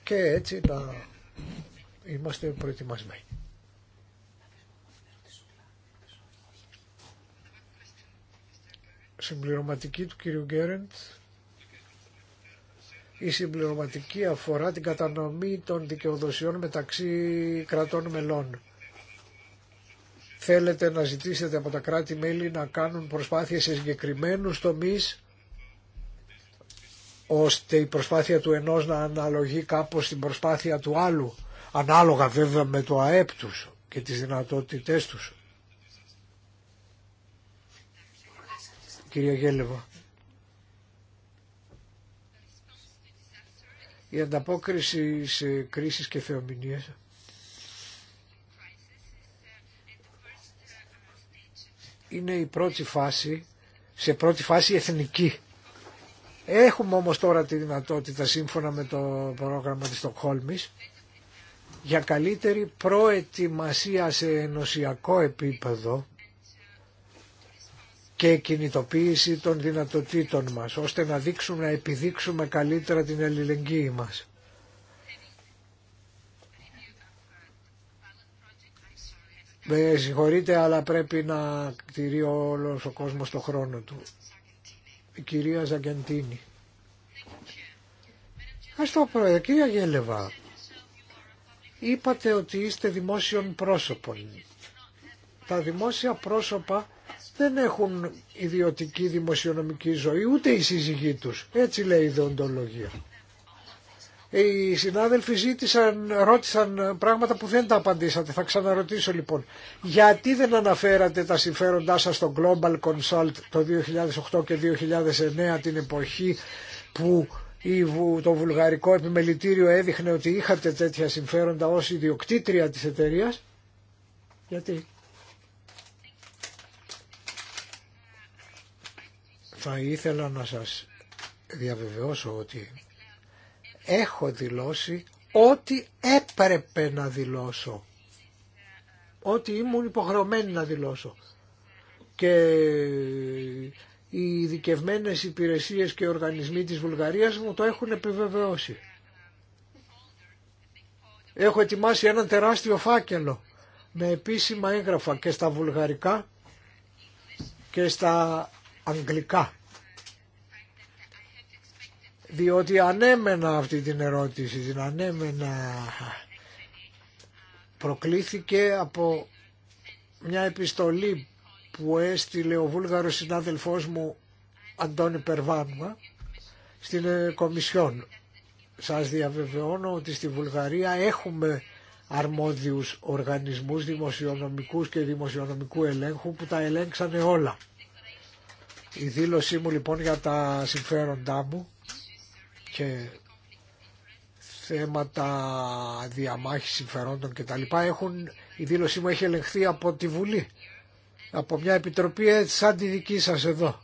[SPEAKER 3] Και έτσι να είμαστε προετοιμασμένοι. συμπληρωματική του κυρίου Γκέρεντ. Η συμπληρωματική αφορά την κατανομή των δικαιοδοσιών μεταξύ κρατών μελών. Θέλετε να ζητήσετε από τα κράτη-μέλη να κάνουν προσπάθειες σε συγκεκριμένους τομείς ώστε η προσπάθεια του ενός να αναλογεί κάπως την προσπάθεια του άλλου, ανάλογα βέβαια με το ΑΕΠ τους και τις δυνατότητές τους. κυρία Γελεβο, Η ανταπόκριση σε κρίσεις και θεομηνίες είναι η πρώτη φάση, σε πρώτη φάση εθνική. Έχουμε όμως τώρα τη δυνατότητα σύμφωνα με το πρόγραμμα της Στοκχόλμης για καλύτερη προετοιμασία σε ενωσιακό επίπεδο και κινητοποίηση των δυνατοτήτων μας, ώστε να δείξουμε, να επιδείξουμε καλύτερα την αλληλεγγύη μας. Με συγχωρείτε, αλλά πρέπει να τηρεί όλος ο κόσμος το χρόνο του. Η κυρία Ζαγκεντίνη. Ας το πω, ε, κυρία Γέλεβα, είπατε ότι είστε δημόσιον πρόσωπον. Τα δημόσια πρόσωπα δεν έχουν ιδιωτική δημοσιονομική ζωή, ούτε οι σύζυγοί τους. Έτσι λέει η δεοντολογία. Οι συνάδελφοι ζήτησαν, ρώτησαν πράγματα που δεν τα απαντήσατε. Θα ξαναρωτήσω λοιπόν. Γιατί δεν αναφέρατε τα συμφέροντά σας στο Global Consult το 2008 και 2009 την εποχή που το βουλγαρικό επιμελητήριο έδειχνε ότι είχατε τέτοια συμφέροντα ως ιδιοκτήτρια της εταιρείας. Γιατί. Θα ήθελα να σας διαβεβαιώσω ότι έχω δηλώσει ό,τι έπρεπε να δηλώσω. Ό,τι ήμουν υποχρεωμένη να δηλώσω. Και οι ειδικευμένε υπηρεσίες και οργανισμοί της Βουλγαρίας μου το έχουν επιβεβαιώσει. Έχω ετοιμάσει έναν τεράστιο φάκελο με επίσημα έγγραφα και στα βουλγαρικά και στα αγγλικά. Διότι ανέμενα αυτή την ερώτηση, την ανέμενα προκλήθηκε από μια επιστολή που έστειλε ο βούλγαρος συνάδελφός μου Αντώνη Περβάνουα στην ε, Κομισιόν. Σας διαβεβαιώνω ότι στη Βουλγαρία έχουμε αρμόδιους οργανισμούς δημοσιονομικούς και δημοσιονομικού ελέγχου που τα ελέγξανε όλα. Η δήλωσή μου λοιπόν για τα συμφέροντά μου και θέματα διαμάχης συμφερόντων λοιπά Έχουν, η δήλωσή μου έχει ελεγχθεί από τη Βουλή, από μια επιτροπή ε, σαν τη δική σας εδώ,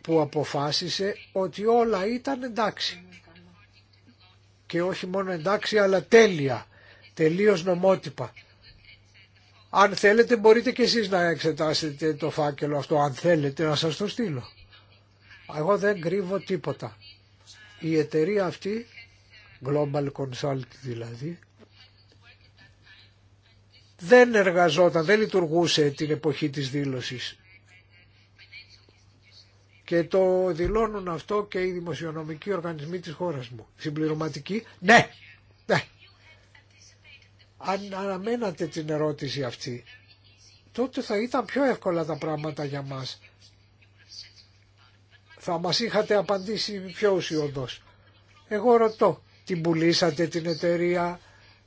[SPEAKER 3] που αποφάσισε ότι όλα ήταν εντάξει. Και όχι μόνο εντάξει, αλλά τέλεια, τελείως νομότυπα. Αν θέλετε μπορείτε και εσείς να εξετάσετε το φάκελο αυτό, αν θέλετε να σας το στείλω. Εγώ δεν κρύβω τίποτα. Η εταιρεία αυτή, Global Consult δηλαδή, δεν εργαζόταν, δεν λειτουργούσε την εποχή της δήλωσης. Και το δηλώνουν αυτό και οι δημοσιονομικοί οργανισμοί της χώρας μου. Συμπληρωματική, ναι, αν αναμένατε την ερώτηση αυτή, τότε θα ήταν πιο εύκολα τα πράγματα για μας. Θα μας είχατε απαντήσει πιο ουσιοδός. Εγώ ρωτώ, την πουλήσατε την εταιρεία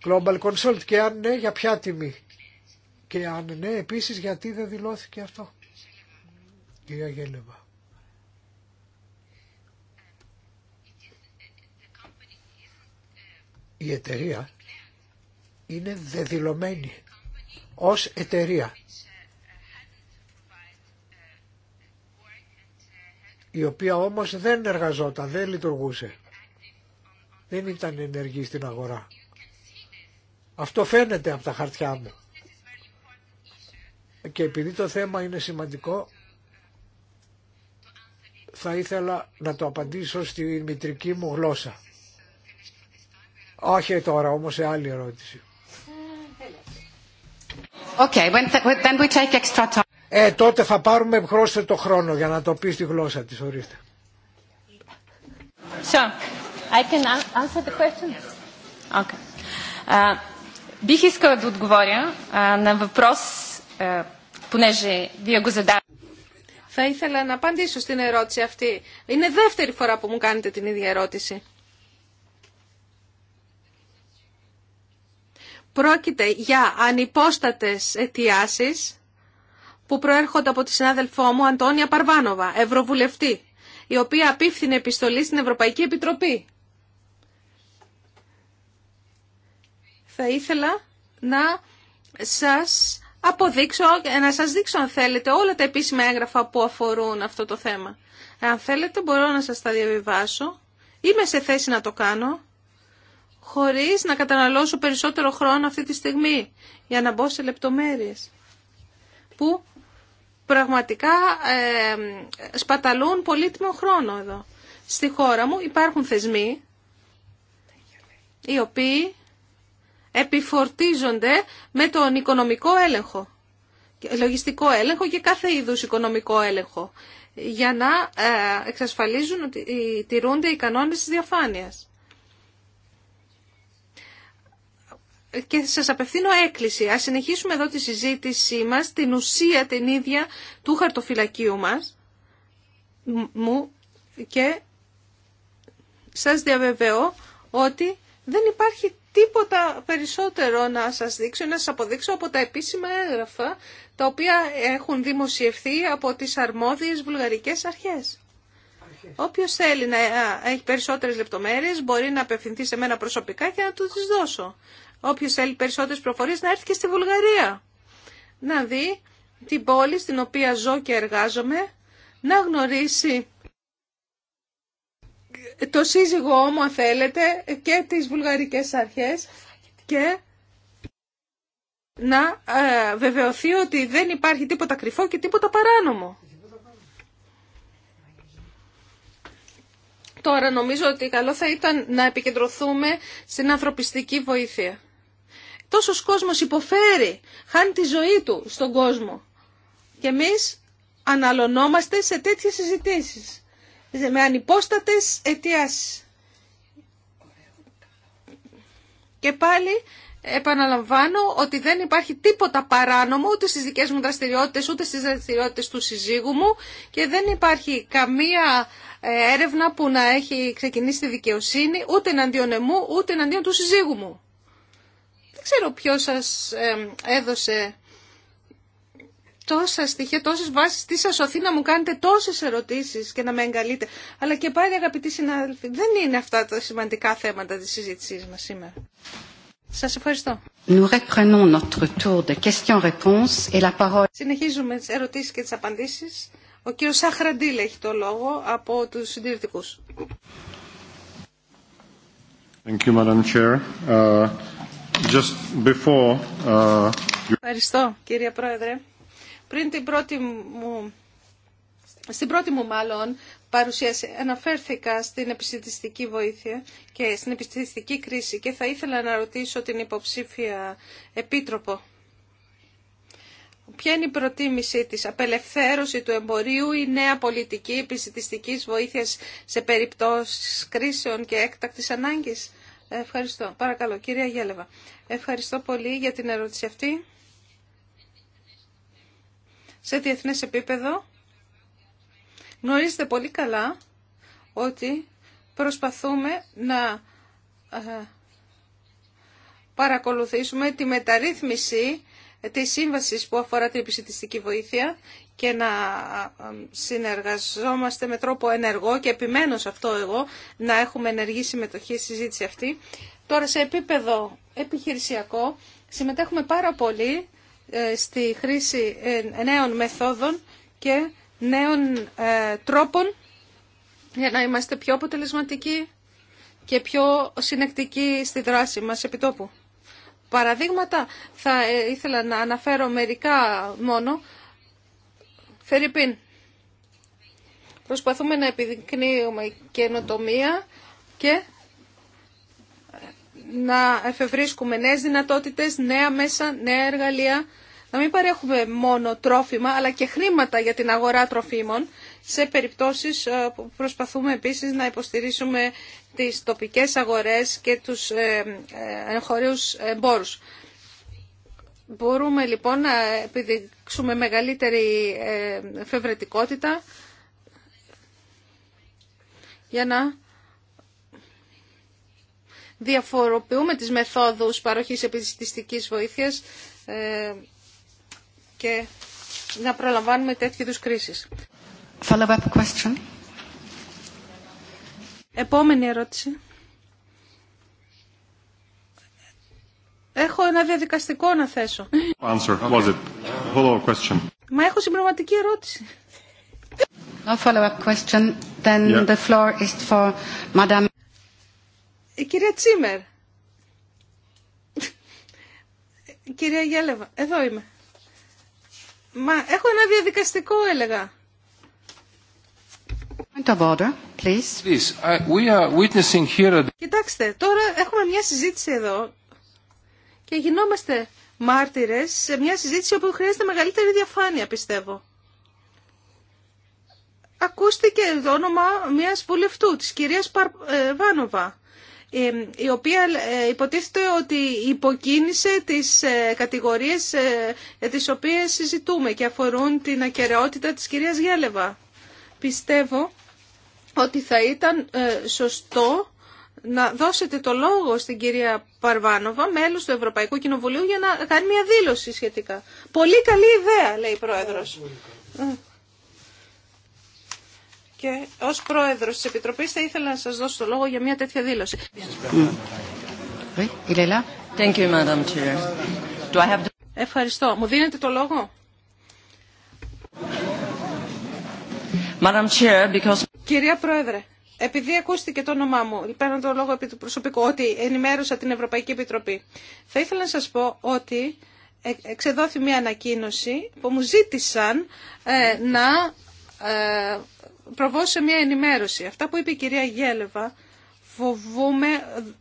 [SPEAKER 3] Global Consult και αν ναι, για ποια τιμή. Και αν ναι, επίσης γιατί δεν δηλώθηκε αυτό. Κυρία Γέλεβα. Η εταιρεία είναι δεδηλωμένη ως εταιρεία η οποία όμως δεν εργαζόταν, δεν λειτουργούσε. Δεν ήταν ενεργή στην αγορά. Αυτό φαίνεται από τα χαρτιά μου. Και επειδή το θέμα είναι σημαντικό, θα ήθελα να το απαντήσω στη μητρική μου γλώσσα. Όχι τώρα, όμως σε άλλη ερώτηση. Okay, when then we take extra time. Ε, τότε θα πάρουμε το χρόνο για να το πει στη γλώσσα της, ορίστε.
[SPEAKER 4] So, I can answer the question.
[SPEAKER 3] Okay.
[SPEAKER 1] Uh, бих искала да отговоря uh, на въпрос, uh, понеже вие го задавате. Θα ήθελα να απαντήσω στην ερώτηση αυτή. Είναι δεύτερη φορά που μου κάνετε την ίδια ερώτηση. Πρόκειται για ανυπόστατες αιτιάσεις που προέρχονται από τη συνάδελφό μου Αντώνια Παρβάνοβα, Ευρωβουλευτή, η οποία απίφθινε επιστολή στην Ευρωπαϊκή Επιτροπή. Θα ήθελα να σας αποδείξω, να σας δείξω αν θέλετε όλα τα επίσημα έγγραφα που αφορούν αυτό το θέμα. Αν θέλετε μπορώ να σας τα διαβιβάσω. Είμαι σε θέση να το κάνω χωρίς να καταναλώσω περισσότερο χρόνο αυτή τη στιγμή για να μπω σε λεπτομέρειες που πραγματικά ε, σπαταλούν πολύτιμο χρόνο εδώ. Στη χώρα μου υπάρχουν θεσμοί οι οποίοι επιφορτίζονται με τον οικονομικό έλεγχο, λογιστικό έλεγχο και κάθε είδους οικονομικό έλεγχο για να ε, εξασφαλίζουν ότι ε, τηρούνται οι κανόνες της διαφάνειας. και σας απευθύνω έκκληση. Ας συνεχίσουμε εδώ τη συζήτησή μας, την ουσία την ίδια του χαρτοφυλακίου μας μου και σας διαβεβαιώ ότι δεν υπάρχει τίποτα περισσότερο να σας δείξω, να σας αποδείξω από τα επίσημα έγγραφα τα οποία έχουν δημοσιευθεί από τις αρμόδιες βουλγαρικές αρχές. Όποιος θέλει να έχει περισσότερες λεπτομέρειες μπορεί να απευθυνθεί σε μένα προσωπικά και να του τις δώσω όποιος θέλει περισσότερες προφορίες να έρθει και στη Βουλγαρία. Να δει την πόλη στην οποία ζω και εργάζομαι, να γνωρίσει το σύζυγό μου αν θέλετε και τις βουλγαρικές αρχές και να ε, βεβαιωθεί ότι δεν υπάρχει τίποτα κρυφό και τίποτα παράνομο. Τώρα νομίζω ότι καλό θα ήταν να επικεντρωθούμε στην ανθρωπιστική βοήθεια. Τόσος κόσμος υποφέρει, χάνει τη ζωή του στον κόσμο. Και εμείς αναλωνόμαστε σε τέτοιες συζητήσεις, με ανυπόστατες αιτίας. Και πάλι επαναλαμβάνω ότι δεν υπάρχει τίποτα παράνομο ούτε στις δικές μου δραστηριότητες ούτε στις δραστηριότητες του συζύγου μου και δεν υπάρχει καμία ε, έρευνα που να έχει ξεκινήσει τη δικαιοσύνη ούτε εναντίον εμού ούτε εναντίον του συζύγου μου ξέρω ποιο σας έδωσε τόσα στοιχεία, τόσες βάσεις, τι σα σωθεί να μου κάνετε τόσες ερωτήσεις και να με εγκαλείτε. Αλλά και πάλι αγαπητοί συνάδελφοι, δεν είναι αυτά τα σημαντικά θέματα τη συζήτησή μα σήμερα. Σας ευχαριστώ.
[SPEAKER 2] Nous reprenons notre tour de questions-réponses et la parole.
[SPEAKER 1] Συνεχίζουμε τις ερωτήσεις και τις απαντήσεις. Ο κύριος Σαχραντήλ έχει το λόγο από τους συντηρητικού. Thank you, Madam Chair. Uh, Uh, Ευχαριστώ κύριε Πρόεδρε. Πριν την πρώτη μου, στην πρώτη μου μάλλον παρουσίαση αναφέρθηκα στην επιστημιστική βοήθεια και στην επιστημιστική κρίση και θα ήθελα να ρωτήσω την υποψήφια επίτροπο. Ποια είναι η προτίμησή της, απελευθέρωση του εμπορίου ή νέα πολιτική επιστημιστικής βοήθειας σε περιπτώσεις κρίσεων και έκτακτης ανάγκης. Ευχαριστώ. Παρακαλώ, κυρία Γέλεβα. Ευχαριστώ πολύ για την ερώτηση αυτή. Σε διεθνές επίπεδο γνωρίζετε πολύ καλά ότι προσπαθούμε να ε, παρακολουθήσουμε τη μεταρρύθμιση της σύμβασης που αφορά την επιστημιστική βοήθεια και να συνεργαζόμαστε με τρόπο ενεργό και επιμένω σε αυτό εγώ να έχουμε ενεργή συμμετοχή στη συζήτηση αυτή. Τώρα σε επίπεδο επιχειρησιακό συμμετέχουμε πάρα πολύ ε, στη χρήση ε, νέων μεθόδων και νέων ε, τρόπων για να είμαστε πιο αποτελεσματικοί και πιο συνεκτικοί στη δράση μας τόπου. Παραδείγματα θα ήθελα να αναφέρω μερικά μόνο, Φερρυπίν, προσπαθούμε να επιδεικνύουμε καινοτομία και να εφευρίσκουμε νέες δυνατότητες, νέα μέσα, νέα εργαλεία, να μην παρέχουμε μόνο τρόφιμα, αλλά και χρήματα για την αγορά τροφίμων, σε περιπτώσεις ε, που προσπαθούμε επίσης να υποστηρίσουμε τις τοπικές αγορές και τους εγχωρίους ε, εμπόρους. Μπορούμε λοιπόν να επιδεικνύουμε δείξουμε μεγαλύτερη εφευρετικότητα για να διαφοροποιούμε τις μεθόδους παροχής επιστηστικής βοήθειας ε, και να προλαμβάνουμε τέτοιου είδους κρίσεις.
[SPEAKER 2] Follow-up question.
[SPEAKER 1] Επόμενη ερώτηση. Έχω ένα διαδικαστικό να θέσω. Μα έχω συμπληρωματική ερώτηση. κυρία Τσίμερ. κυρία Γέλεβα, εδώ είμαι. Μα έχω ένα διαδικαστικό έλεγα. Κοιτάξτε, τώρα έχουμε μια συζήτηση εδώ και γινόμαστε μάρτυρες σε μια συζήτηση όπου χρειάζεται μεγαλύτερη διαφάνεια, πιστεύω. Ακούστηκε το όνομα μιας βουλευτού, της κυρίας ε, Βάνοβα, ε, η οποία ε, υποτίθεται ότι υποκίνησε τις κατηγορίες τις οποίες συζητούμε και αφορούν την ακαιρεότητα της κυρίας Γέλεβα. Πιστεύω ότι θα ήταν σωστό να δώσετε το λόγο στην κυρία Παρβάνοβα, μέλος του Ευρωπαϊκού Κοινοβουλίου, για να κάνει μια δήλωση σχετικά. Πολύ καλή ιδέα, λέει η Πρόεδρος. Και ως Πρόεδρος της Επιτροπής θα ήθελα να σας δώσω το λόγο για μια τέτοια δήλωση. Ε, Ευχαριστώ. Μου δίνετε το λόγο. Κυρία Πρόεδρε, επειδή ακούστηκε το όνομά μου, παίρνω το λόγο επί του προσωπικού, ότι ενημέρωσα την Ευρωπαϊκή Επιτροπή, θα ήθελα να σας πω ότι ε, εξεδόθη μια ανακοίνωση που μου ζήτησαν ε, να ε, προβώ σε μια ενημέρωση. Αυτά που είπε η κυρία Γέλεβα, φοβούμε,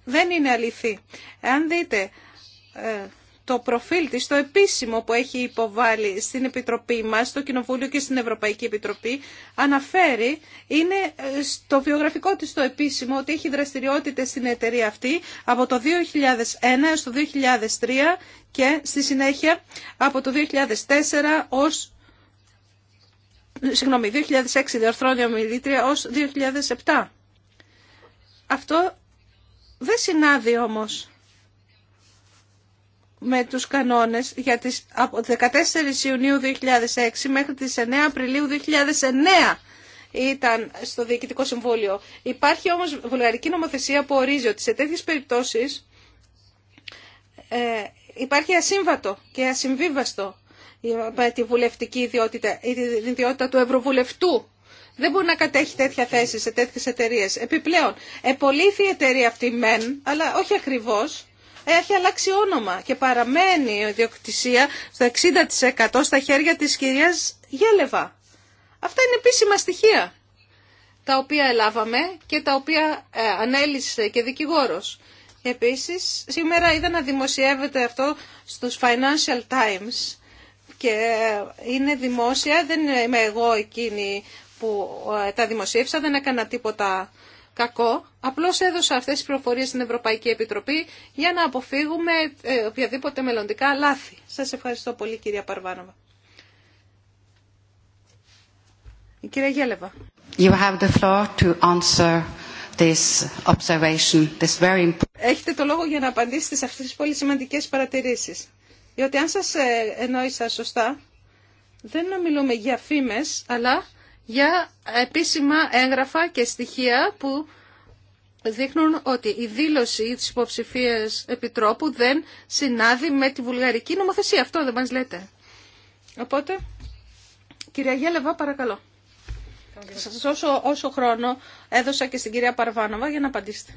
[SPEAKER 1] δεν είναι αληθή. Εάν δείτε... Ε, το προφίλ της, το επίσημο που έχει υποβάλει στην Επιτροπή μας, στο Κοινοβούλιο και στην Ευρωπαϊκή Επιτροπή, αναφέρει, είναι ε, στο βιογραφικό της το επίσημο ότι έχει δραστηριότητες στην εταιρεία αυτή από το 2001 έως το 2003 και στη συνέχεια από το 2004 ως συγγνώμη, 2006 διορθώνει μιλήτρια ως 2007. Αυτό δεν συνάδει όμως με τους κανόνες για τις, από 14 Ιουνίου 2006 μέχρι τις 9 Απριλίου 2009 ήταν στο Διοικητικό Συμβούλιο. Υπάρχει όμως βουλγαρική νομοθεσία που ορίζει ότι σε τέτοιες περιπτώσεις ε, υπάρχει ασύμβατο και ασυμβίβαστο με τη βουλευτική ιδιότητα ή την ιδιότητα του Ευρωβουλευτού. Δεν μπορεί να κατέχει τέτοια θέση σε τέτοιες εταιρείες. Επιπλέον, επολύθη η εταιρεία αυτή μεν, αλλά όχι ακριβώς, έχει αλλάξει όνομα και παραμένει η ιδιοκτησία στο 60% στα χέρια της κυρίας Γέλεβα. Αυτά είναι επίσημα στοιχεία τα οποία ελάβαμε και τα οποία ε, ανέλησε και δικηγόρος. Επίσης, σήμερα είδα να δημοσιεύεται αυτό στους Financial Times και ε, είναι δημόσια, δεν είμαι εγώ εκείνη που ε, τα δημοσίευσα, δεν έκανα τίποτα κακό. Απλώς έδωσα αυτές τις πληροφορίε στην Ευρωπαϊκή Επιτροπή για να αποφύγουμε ε, οποιαδήποτε μελλοντικά λάθη. Σας ευχαριστώ πολύ κυρία Παρβάνοβα. Η κυρία Γέλεβα.
[SPEAKER 2] You have the floor to answer this observation, this very
[SPEAKER 1] Έχετε το λόγο για να απαντήσετε σε αυτές τις πολύ σημαντικέ παρατηρήσει. Διότι αν σας ε, εννοήσα σωστά, δεν μιλούμε για φήμε, αλλά για επίσημα έγγραφα και στοιχεία που δείχνουν ότι η δήλωση της υποψηφίας επιτρόπου δεν συνάδει με τη βουλγαρική νομοθεσία. Αυτό δεν μας λέτε. Οπότε, κυρία Γέλεβα, παρακαλώ. σα σας όσο χρόνο έδωσα και στην κυρία Παρβάνοβα για να απαντήσετε.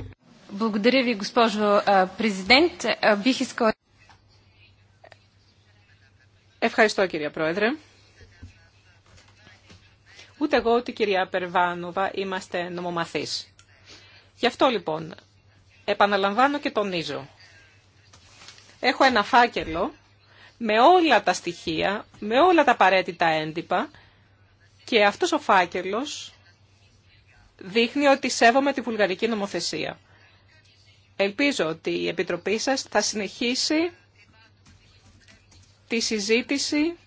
[SPEAKER 1] Ευχαριστώ, κυρία Πρόεδρε.
[SPEAKER 4] Ούτε εγώ, ούτε η κυρία Περβάνοβα είμαστε νομομαθείς. Γι' αυτό λοιπόν επαναλαμβάνω και τονίζω. Έχω ένα φάκελο με όλα τα στοιχεία, με όλα τα απαραίτητα έντυπα και αυτός ο φάκελος δείχνει ότι σέβομαι τη βουλγαρική νομοθεσία. Ελπίζω ότι η Επιτροπή σας θα συνεχίσει τη συζήτηση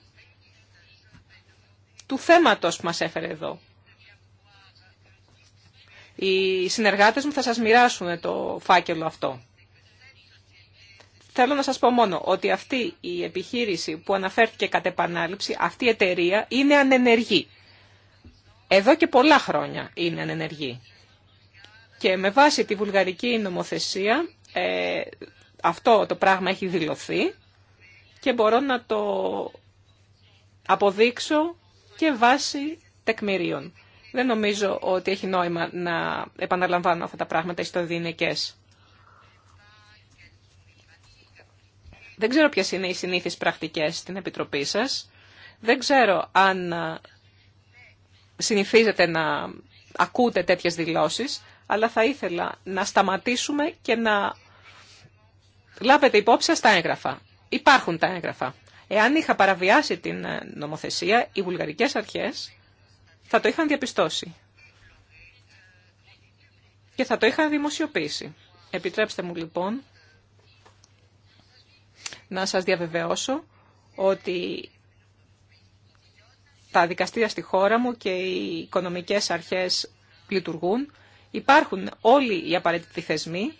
[SPEAKER 4] του θέματος που μας έφερε εδώ. Οι συνεργάτες μου θα σας μοιράσουν το φάκελο αυτό. Θέλω να σας πω μόνο ότι αυτή η επιχείρηση που αναφέρθηκε κατ' επανάληψη, αυτή η εταιρεία είναι ανενεργή. Εδώ και πολλά χρόνια είναι ανενεργή. Και με βάση τη βουλγαρική νομοθεσία ε, αυτό το πράγμα έχει δηλωθεί και μπορώ να το αποδείξω και βάση τεκμηρίων. Δεν νομίζω ότι έχει νόημα να επαναλαμβάνω αυτά τα πράγματα ιστοδυνικές. Δεν ξέρω ποιες είναι οι συνήθεις πρακτικές στην Επιτροπή σας. Δεν ξέρω αν ε, συνηθίζετε να ακούτε τέτοιες δηλώσεις, αλλά θα ήθελα να σταματήσουμε και να λάβετε υπόψη σας τα έγγραφα. Υπάρχουν τα έγγραφα. Εάν είχα παραβιάσει την ε, νομοθεσία, οι βουλγαρικές αρχές θα το είχαν διαπιστώσει και θα το είχαν δημοσιοποιήσει. Επιτρέψτε μου λοιπόν να σας διαβεβαιώσω ότι τα δικαστήρια στη χώρα μου και οι οικονομικές αρχές λειτουργούν. Υπάρχουν όλοι οι απαραίτητοι θεσμοί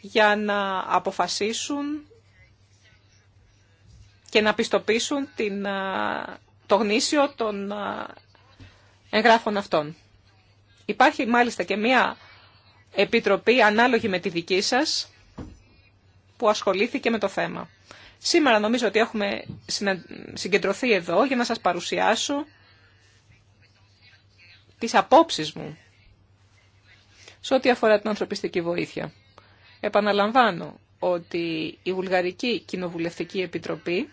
[SPEAKER 4] για να αποφασίσουν και να πιστοποιήσουν την, το γνήσιο των εγγράφων αυτών. Υπάρχει μάλιστα και μία επιτροπή ανάλογη με τη δική σας που ασχολήθηκε με το θέμα. Σήμερα νομίζω ότι έχουμε συγκεντρωθεί εδώ για να σας παρουσιάσω τις απόψεις μου σε ό,τι αφορά την ανθρωπιστική βοήθεια. Επαναλαμβάνω ότι η Βουλγαρική Κοινοβουλευτική Επιτροπή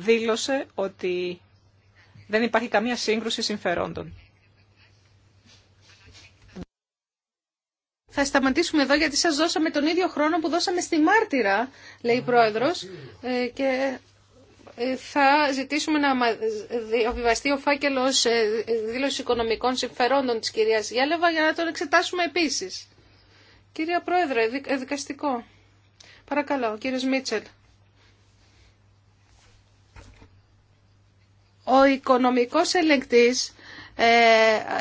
[SPEAKER 4] δήλωσε ότι δεν υπάρχει καμία σύγκρουση συμφερόντων.
[SPEAKER 1] Θα σταματήσουμε εδώ γιατί σας δώσαμε τον ίδιο χρόνο που δώσαμε στη μάρτυρα, λέει η Πρόεδρος, ε, και ε, θα ζητήσουμε να διαβιβαστεί ο φάκελος ε, δήλωση οικονομικών συμφερόντων της κυρίας Γέλεβα για να τον εξετάσουμε επίσης. Κυρία Πρόεδρε, δικαστικό. Παρακαλώ, κύριος Μίτσελ. Ο οικονομικός ελεγκτής ε,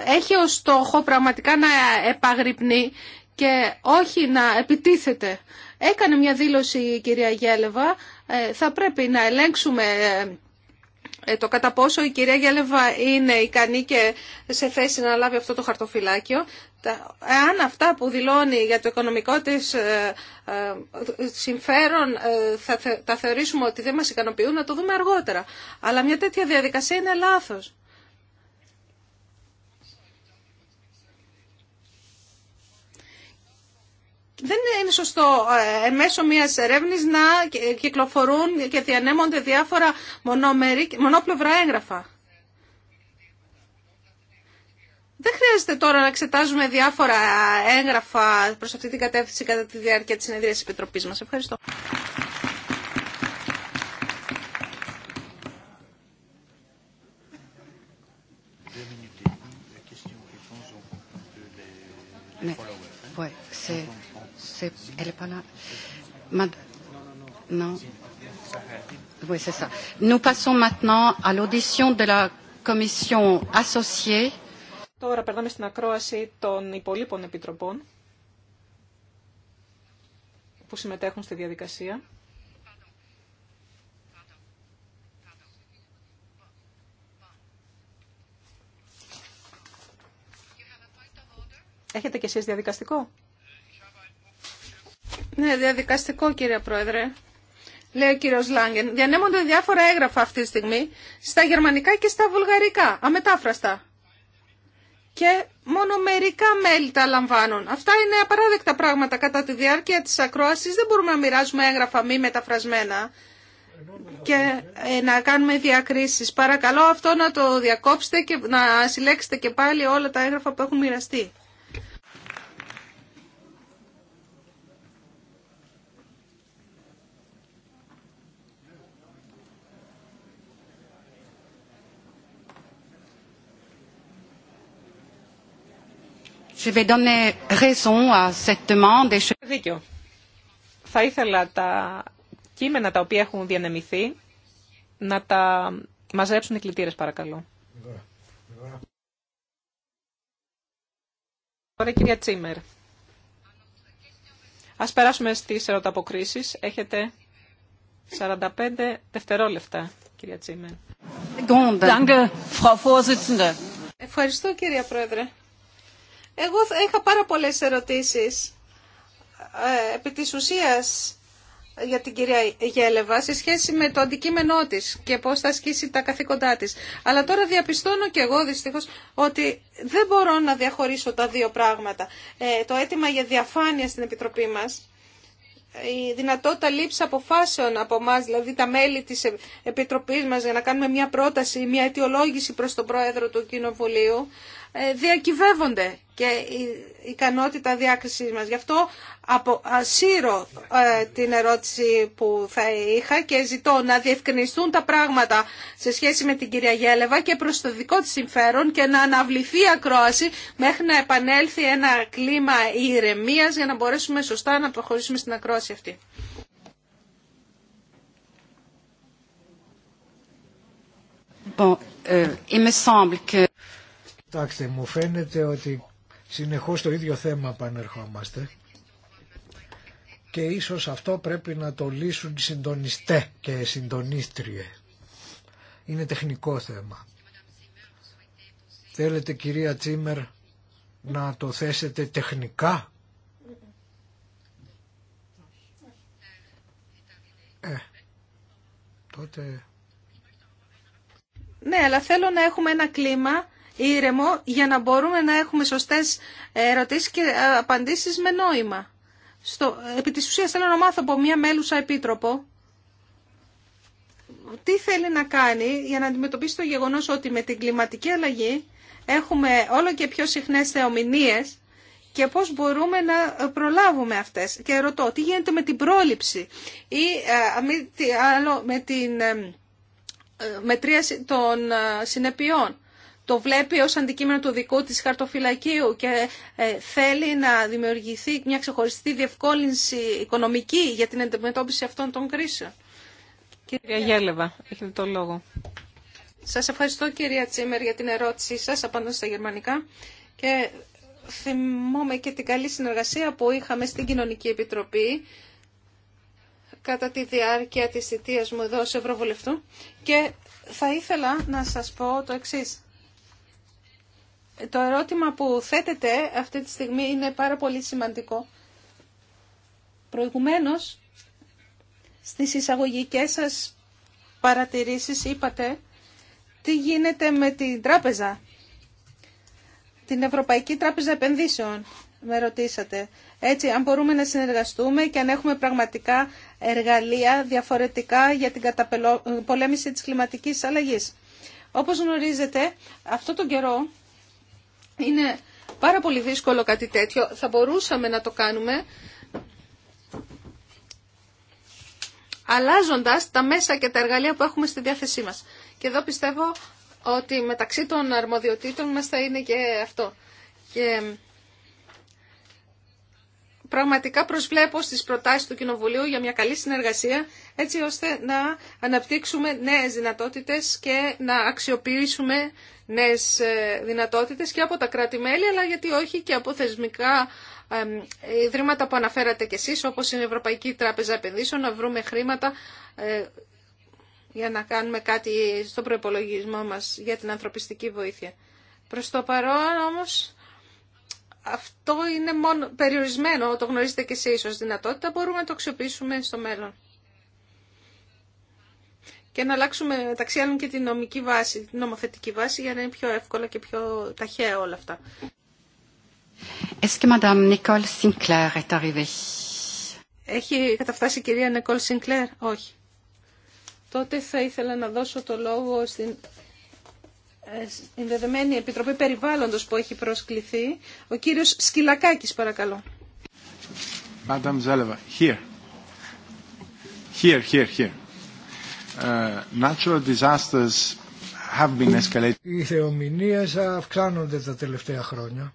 [SPEAKER 1] έχει ως στόχο πραγματικά να επαγρυπνεί και όχι να επιτίθεται. Έκανε μια δήλωση η κυρία Γέλεβα, ε, θα πρέπει να ελέγξουμε ε, ε, το κατά πόσο η κυρία Γέλεβα είναι ικανή και σε θέση να λάβει αυτό το χαρτοφυλάκιο, αν αυτά που δηλώνει για το οικονομικό της ε, ε, συμφέρον θα τα θεωρήσουμε ότι δεν μας ικανοποιούν, να το δούμε αργότερα. Αλλά μια τέτοια διαδικασία είναι λάθος. δεν είναι σωστό ε, ε μέσω μια ερεύνης να κυκλοφορούν και διανέμονται διάφορα μονομερί, μονόπλευρα έγγραφα. Δεν χρειάζεται τώρα να εξετάζουμε διάφορα έγγραφα προς αυτή την κατεύθυνση κατά τη διάρκεια της συνεδρίας τη Επιτροπής μας. Ευχαριστώ.
[SPEAKER 3] Ναι. ναι
[SPEAKER 2] c'est, elle n'est pas là. Mad... Non. Oui, c'est ça. Nous passons maintenant à l'audition de la commission associée.
[SPEAKER 4] Τώρα περνάμε στην ακρόαση των υπολείπων επιτροπών που συμμετέχουν στη διαδικασία.
[SPEAKER 1] Έχετε και εσείς διαδικαστικό. Ναι, διαδικαστικό κύριε Πρόεδρε. Λέει ο κύριο Λάγκεν. Διανέμονται διάφορα έγγραφα αυτή τη στιγμή στα γερμανικά και στα βουλγαρικά, αμετάφραστα. Και μόνο μερικά μέλη τα λαμβάνουν. Αυτά είναι απαράδεκτα πράγματα κατά τη διάρκεια της ακρόασης. Δεν μπορούμε να μοιράζουμε έγγραφα μη μεταφρασμένα και ε, να κάνουμε διακρίσεις. Παρακαλώ αυτό να το διακόψετε και να συλλέξετε και πάλι όλα τα έγγραφα που έχουν μοιραστεί.
[SPEAKER 2] Je vais donner raison à cette demande. Δίκιο. Θα ήθελα τα κείμενα
[SPEAKER 4] τα οποία έχουν διανεμηθεί να τα μαζέψουν οι κλητήρες παρακαλώ. Τώρα κυρία Τσίμερ. Ας περάσουμε στις ερωταποκρίσεις. Έχετε 45 δευτερόλεπτα, κυρία Τσίμερ.
[SPEAKER 1] Ευχαριστώ, κυρία Πρόεδρε. Εγώ είχα πάρα πολλές ερωτήσεις ε, επί της ουσίας για την κυρία Γέλεβα σε σχέση με το αντικείμενό της και πώς θα ασκήσει τα καθήκοντά της. Αλλά τώρα διαπιστώνω και εγώ δυστυχώς ότι δεν μπορώ να διαχωρίσω τα δύο πράγματα. Ε, το αίτημα για διαφάνεια στην Επιτροπή μας, η δυνατότητα λήψη αποφάσεων από εμά, δηλαδή τα μέλη της ε, Επιτροπής μας για να κάνουμε μια πρόταση, μια αιτιολόγηση προς τον Πρόεδρο του Κοινοβουλίου, ε, διακυβεύονται και η ικανότητα διάκρισης μας. Γι' αυτό από ασύρω ε, την ερώτηση που θα είχα και ζητώ να διευκρινιστούν τα πράγματα σε σχέση με την κυρία Γέλεβα και προς το δικό της συμφέρον και να αναβληθεί η ακρόαση μέχρι να επανέλθει ένα κλίμα ηρεμίας για να μπορέσουμε σωστά να προχωρήσουμε στην ακρόαση αυτή.
[SPEAKER 3] Euh, Εντάξει, μου φαίνεται ότι συνεχώς το ίδιο θέμα πανερχόμαστε και ίσως αυτό πρέπει να το λύσουν οι συντονιστέ και συντονίστριε. Είναι τεχνικό θέμα. Θέλετε κυρία Τσίμερ να το θέσετε τεχνικά. Ε, τότε...
[SPEAKER 1] Ναι, αλλά θέλω να έχουμε ένα κλίμα ήρεμο για να μπορούμε να έχουμε σωστές ερωτήσεις και απαντήσεις με νόημα. Στο, επί της ουσίας θέλω να μάθω από μια μέλουσα επίτροπο τι θέλει να κάνει για να αντιμετωπίσει το γεγονός ότι με την κλιματική αλλαγή έχουμε όλο και πιο συχνές θεομηνίες και πώς μπορούμε να προλάβουμε αυτές. Και ρωτώ, τι γίνεται με την πρόληψη ή με την ε, ε, μετρίαση των ε, συνεπειών το βλέπει ως αντικείμενο του δικού της χαρτοφυλακίου και ε, θέλει να δημιουργηθεί μια ξεχωριστή διευκόλυνση οικονομική για την αντιμετώπιση αυτών των κρίσεων.
[SPEAKER 4] Κυρία Γέλεβα, έχετε το λόγο.
[SPEAKER 1] Σας ευχαριστώ κυρία Τσίμερ για την ερώτησή σας, απάντως στα γερμανικά. Και θυμόμαι και την καλή συνεργασία που είχαμε στην Κοινωνική Επιτροπή κατά τη διάρκεια της θητείας μου εδώ ως Ευρωβουλευτού και θα ήθελα να σας πω το εξής το ερώτημα που θέτεται αυτή τη στιγμή είναι πάρα πολύ σημαντικό. Προηγουμένως, στις εισαγωγικές σας παρατηρήσεις είπατε τι γίνεται με την τράπεζα, την Ευρωπαϊκή Τράπεζα Επενδύσεων, με ρωτήσατε. Έτσι, αν μπορούμε να συνεργαστούμε και αν έχουμε πραγματικά εργαλεία διαφορετικά για την πολέμηση της κλιματικής αλλαγής. Όπως γνωρίζετε, αυτό τον καιρό είναι πάρα πολύ δύσκολο κάτι τέτοιο. Θα μπορούσαμε να το κάνουμε αλλάζοντας τα μέσα και τα εργαλεία που έχουμε στη διάθεσή μας. Και εδώ πιστεύω ότι μεταξύ των αρμοδιοτήτων μας θα είναι και αυτό. Και πραγματικά προσβλέπω στις προτάσεις του Κοινοβουλίου για μια καλή συνεργασία, έτσι ώστε να αναπτύξουμε νέες δυνατότητες και να αξιοποιήσουμε νέες ε, δυνατότητες και από τα κράτη-μέλη, αλλά γιατί όχι και από θεσμικά ιδρύματα που αναφέρατε κι εσείς, όπως είναι η Ευρωπαϊκή Τράπεζα Επενδύσεων, να βρούμε χρήματα ε, για να κάνουμε κάτι στον προπολογισμό μας για την ανθρωπιστική βοήθεια. Προς το παρόν όμως αυτό είναι μόνο περιορισμένο, το γνωρίζετε και εσείς ως δυνατότητα, μπορούμε να το αξιοποιήσουμε στο μέλλον. Και να αλλάξουμε μεταξύ άλλων και την νομική βάση, την νομοθετική βάση για να είναι πιο εύκολα και πιο ταχαία όλα αυτά. Έχει καταφτάσει η κυρία Νικόλ Σινκλέρ, όχι. Τότε θα ήθελα να δώσω το λόγο στην ε, στην δεδεμένη Επιτροπή Περιβάλλοντος που έχει προσκληθεί. Ο κύριος Σκυλακάκης, παρακαλώ. Madam Zaleva, here. Here, here, here. Ε, natural disasters have been escalated.
[SPEAKER 3] Οι θεομηνίες αυξάνονται τα τελευταία χρόνια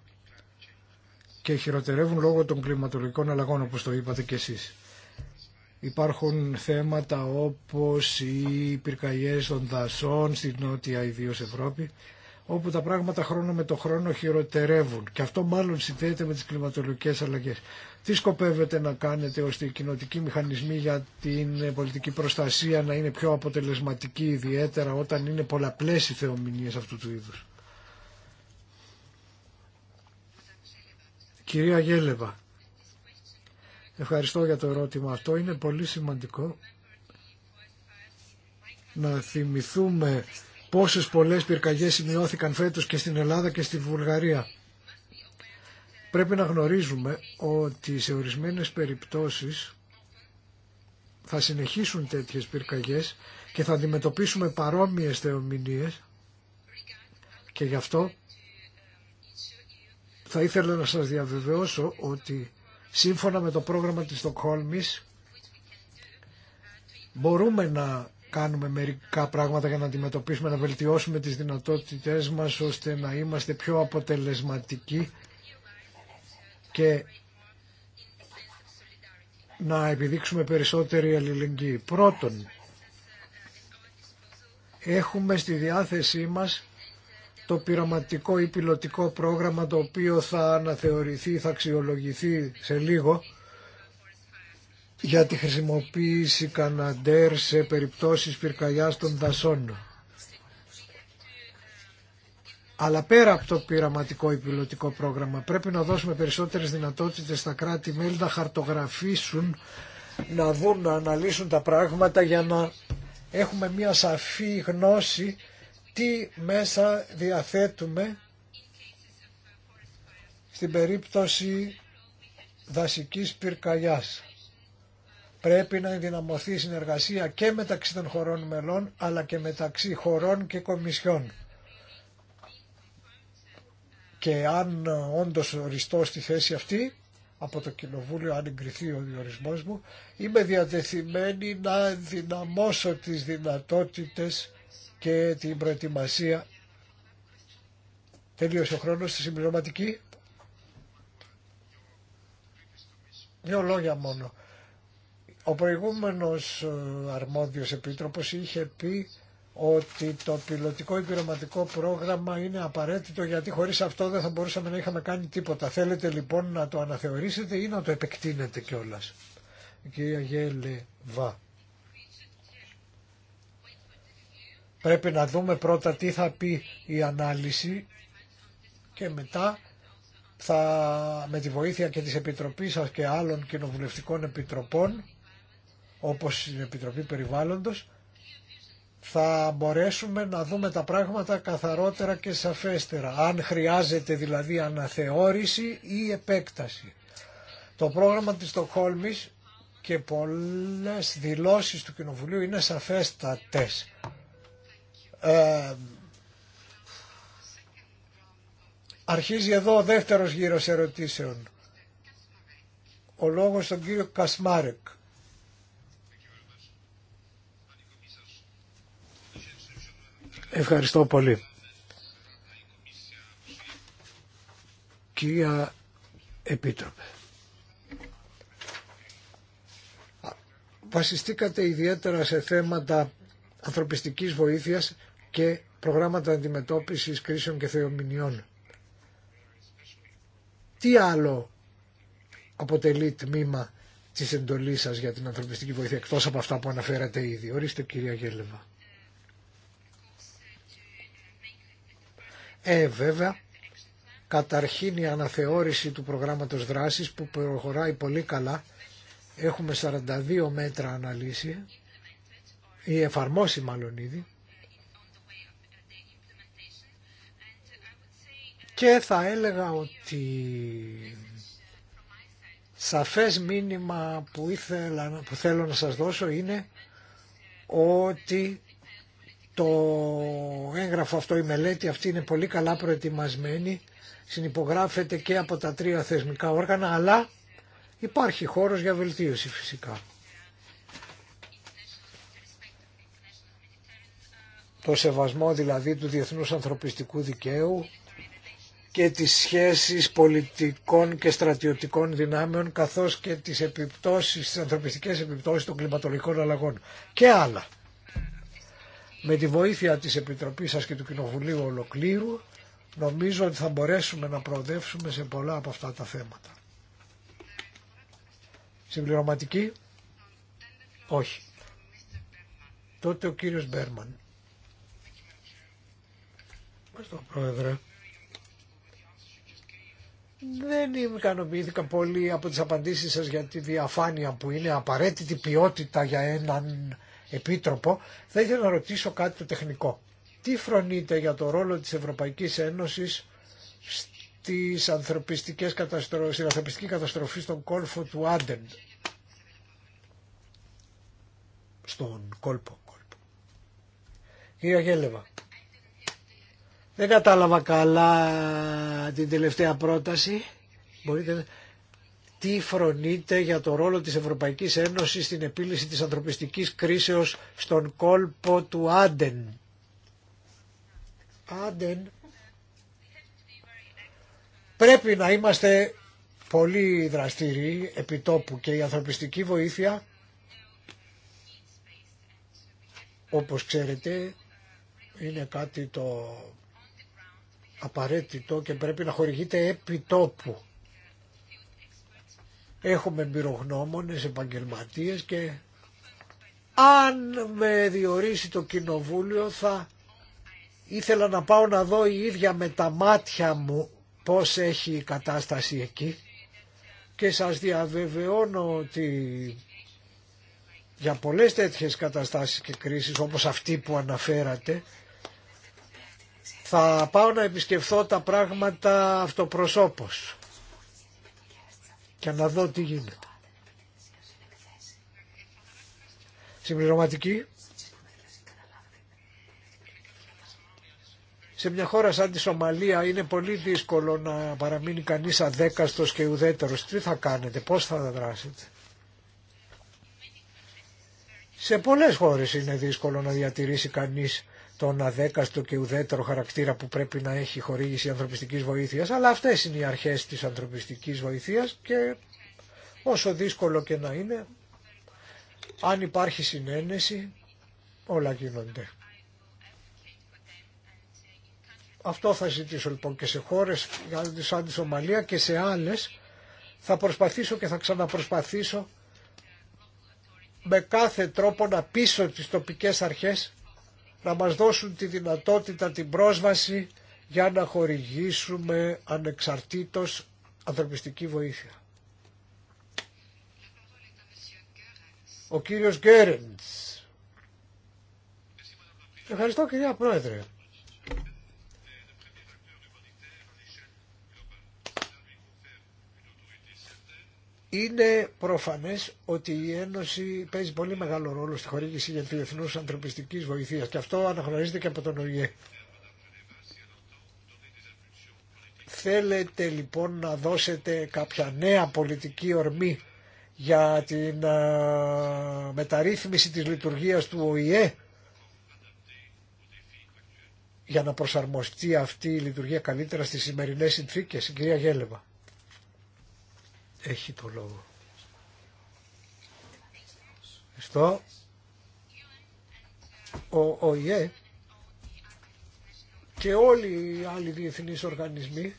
[SPEAKER 3] και χειροτερεύουν λόγω των κλιματολογικών αλλαγών, όπως το είπατε κι εσείς. Υπάρχουν θέματα όπως οι πυρκαγιές των δασών στην νότια ιδίω Ευρώπη, όπου τα πράγματα χρόνο με το χρόνο χειροτερεύουν. Και αυτό μάλλον συνδέεται με τις κλιματολογικές αλλαγές. Τι σκοπεύετε να κάνετε ώστε οι κοινοτικοί μηχανισμοί για την πολιτική προστασία να είναι πιο αποτελεσματικοί, ιδιαίτερα όταν είναι πολλαπλές οι θεομηνίες αυτού του είδους. Κυρία Γέλεβα, Ευχαριστώ για το ερώτημα αυτό. Είναι πολύ σημαντικό να θυμηθούμε πόσες πολλές πυρκαγιές σημειώθηκαν φέτος και στην Ελλάδα και στη Βουλγαρία. Πρέπει να γνωρίζουμε ότι σε ορισμένες περιπτώσεις θα συνεχίσουν τέτοιες πυρκαγιές και θα αντιμετωπίσουμε παρόμοιες θεομηνίες και γι' αυτό θα ήθελα να σας διαβεβαιώσω ότι σύμφωνα με το πρόγραμμα της Στοκχόλμης μπορούμε να κάνουμε μερικά πράγματα για να αντιμετωπίσουμε, να βελτιώσουμε τις δυνατότητές μας ώστε να είμαστε πιο αποτελεσματικοί και να επιδείξουμε περισσότερη αλληλεγγύη. Πρώτον, έχουμε στη διάθεσή μας το πειραματικό ή πιλωτικό πρόγραμμα το οποίο θα αναθεωρηθεί, θα αξιολογηθεί σε λίγο για τη χρησιμοποίηση Καναντέρ σε περιπτώσεις πυρκαγιάς των δασών. Αλλά πέρα από το πειραματικό ή πιλωτικό πρόγραμμα πρέπει να δώσουμε περισσότερες δυνατότητες στα κράτη-μέλη να χαρτογραφήσουν, να δουν, να αναλύσουν τα πράγματα για να έχουμε μια σαφή γνώση τι μέσα διαθέτουμε στην περίπτωση δασικής πυρκαγιάς. Πρέπει να ενδυναμωθεί η συνεργασία και μεταξύ των χωρών μελών αλλά και μεταξύ χωρών και κομισιών. Και αν όντως οριστώ στη θέση αυτή, από το Κοινοβούλιο, αν εγκριθεί ο διορισμός μου, είμαι διατεθειμένη να ενδυναμώσω τις δυνατότητες και την προετοιμασία. Τελείωσε ο χρόνος στη συμπληρωματική. Δύο λόγια μόνο. Ο προηγούμενος ε, αρμόδιος επίτροπος είχε πει ότι το πιλωτικό επιρωματικό πρόγραμμα είναι απαραίτητο γιατί χωρίς αυτό δεν θα μπορούσαμε να είχαμε κάνει τίποτα. Θέλετε λοιπόν να το αναθεωρήσετε ή να το επεκτείνετε κιόλας. Κύριε κυρία Βά. Πρέπει να δούμε πρώτα τι θα πει η ανάλυση και μετά θα, με τη βοήθεια και της Επιτροπής σας και άλλων κοινοβουλευτικών επιτροπών όπως η Επιτροπή Περιβάλλοντος θα μπορέσουμε να δούμε τα πράγματα καθαρότερα και σαφέστερα αν χρειάζεται δηλαδή αναθεώρηση ή επέκταση. Το πρόγραμμα της Στοκχόλμης και πολλές δηλώσεις του Κοινοβουλίου είναι σαφέστατες αρχίζει εδώ ο δεύτερος γύρος ερωτήσεων. Ο λόγος στον κύριο Κασμάρεκ. Ευχαριστώ πολύ. Κυρία Επίτροπε, βασιστήκατε ιδιαίτερα σε θέματα ανθρωπιστικής βοήθειας και προγράμματα αντιμετώπισης κρίσεων και θεομηνιών. Τι άλλο αποτελεί τμήμα της εντολής σας για την ανθρωπιστική βοήθεια εκτός από αυτά που αναφέρατε ήδη. Ορίστε κυρία Γέλεβα. Ε, βέβαια, καταρχήν η αναθεώρηση του προγράμματος δράσης που προχωράει πολύ καλά. Έχουμε 42 μέτρα αναλύσει ή εφαρμόσει μάλλον ήδη Και θα έλεγα ότι σαφές μήνυμα που, ήθελα, που θέλω να σας δώσω είναι ότι το έγγραφο αυτό, η μελέτη αυτή είναι πολύ καλά προετοιμασμένη, συνυπογράφεται και από τα τρία θεσμικά όργανα, αλλά υπάρχει χώρος για βελτίωση φυσικά. Το σεβασμό δηλαδή του διεθνούς ανθρωπιστικού δικαίου και τις σχέσεις πολιτικών και στρατιωτικών δυνάμεων καθώς και τις επιπτώσεις, τις ανθρωπιστικές επιπτώσεις των κλιματολογικών αλλαγών και άλλα. Με τη βοήθεια της Επιτροπής σας και του Κοινοβουλίου ολοκλήρου νομίζω ότι θα μπορέσουμε να προοδεύσουμε σε πολλά από αυτά τα θέματα. Συμπληρωματική. Όχι. Τότε ο κύριος Μπέρμαν. Ευχαριστώ πρόεδρε δεν ικανοποιηθήκα πολύ από τις απαντήσεις σας για τη διαφάνεια που είναι απαραίτητη ποιότητα για έναν επίτροπο. Θα ήθελα να ρωτήσω κάτι το τεχνικό. Τι φρονείτε για το ρόλο της Ευρωπαϊκής Ένωσης στις ανθρωπιστικές καταστρο... στην ανθρωπιστική καταστροφή στον κόλφο του Άντεν. Στον κόλπο. κόλπο. Αγέλεβα. Δεν κατάλαβα καλά την τελευταία πρόταση. Μπορείτε τι φρονείτε για το ρόλο της Ευρωπαϊκής Ένωσης στην επίλυση της ανθρωπιστικής κρίσεως στον κόλπο του Άντεν. Άντεν. Πρέπει να είμαστε πολύ δραστήριοι επιτόπου και η ανθρωπιστική βοήθεια όπως ξέρετε είναι κάτι το απαραίτητο και πρέπει να χορηγείται επί τόπου. Έχουμε εμπειρογνώμονες, επαγγελματίες και αν με διορίσει το κοινοβούλιο θα ήθελα να πάω να δω η ίδια με τα μάτια μου πώς έχει η κατάσταση εκεί και σας διαβεβαιώνω ότι για πολλές τέτοιες καταστάσεις και κρίσεις όπως αυτή που αναφέρατε θα πάω να επισκεφθώ τα πράγματα αυτοπροσώπως και να δω τι γίνεται. Συμπληρωματική. Σε μια χώρα σαν τη Σομαλία είναι πολύ δύσκολο να παραμείνει κανείς αδέκαστος και ουδέτερος. Τι θα κάνετε, πώς θα δράσετε. Σε πολλές χώρες είναι δύσκολο να διατηρήσει κανείς τον αδέκαστο και ουδέτερο χαρακτήρα που πρέπει να έχει χορήγηση ανθρωπιστικής βοήθειας, αλλά αυτές είναι οι αρχές της ανθρωπιστικής βοήθειας και όσο δύσκολο και να είναι, αν υπάρχει συνένεση, όλα γίνονται. Αυτό θα ζητήσω λοιπόν και σε χώρες σαν τη Σομαλία και σε άλλες. Θα προσπαθήσω και θα ξαναπροσπαθήσω με κάθε τρόπο να πείσω τις τοπικές αρχές να μας δώσουν τη δυνατότητα, την πρόσβαση για να χορηγήσουμε ανεξαρτήτως ανθρωπιστική βοήθεια. Ο κύριος Γκέρεντς. Ευχαριστώ κυρία Πρόεδρε. Είναι προφανές ότι η Ένωση παίζει πολύ μεγάλο ρόλο στη χορήγηση για διεθνού ανθρωπιστική βοηθεία και αυτό αναγνωρίζεται και από τον ΟΗΕ. Θέλετε λοιπόν να δώσετε κάποια νέα πολιτική ορμή για την α, μεταρρύθμιση της λειτουργίας του ΟΗΕ για να προσαρμοστεί αυτή η λειτουργία καλύτερα στις σημερινές συνθήκες, κυρία Γέλεβα έχει το λόγο. Στο ο ΟΗΕ και όλοι οι άλλοι διεθνείς οργανισμοί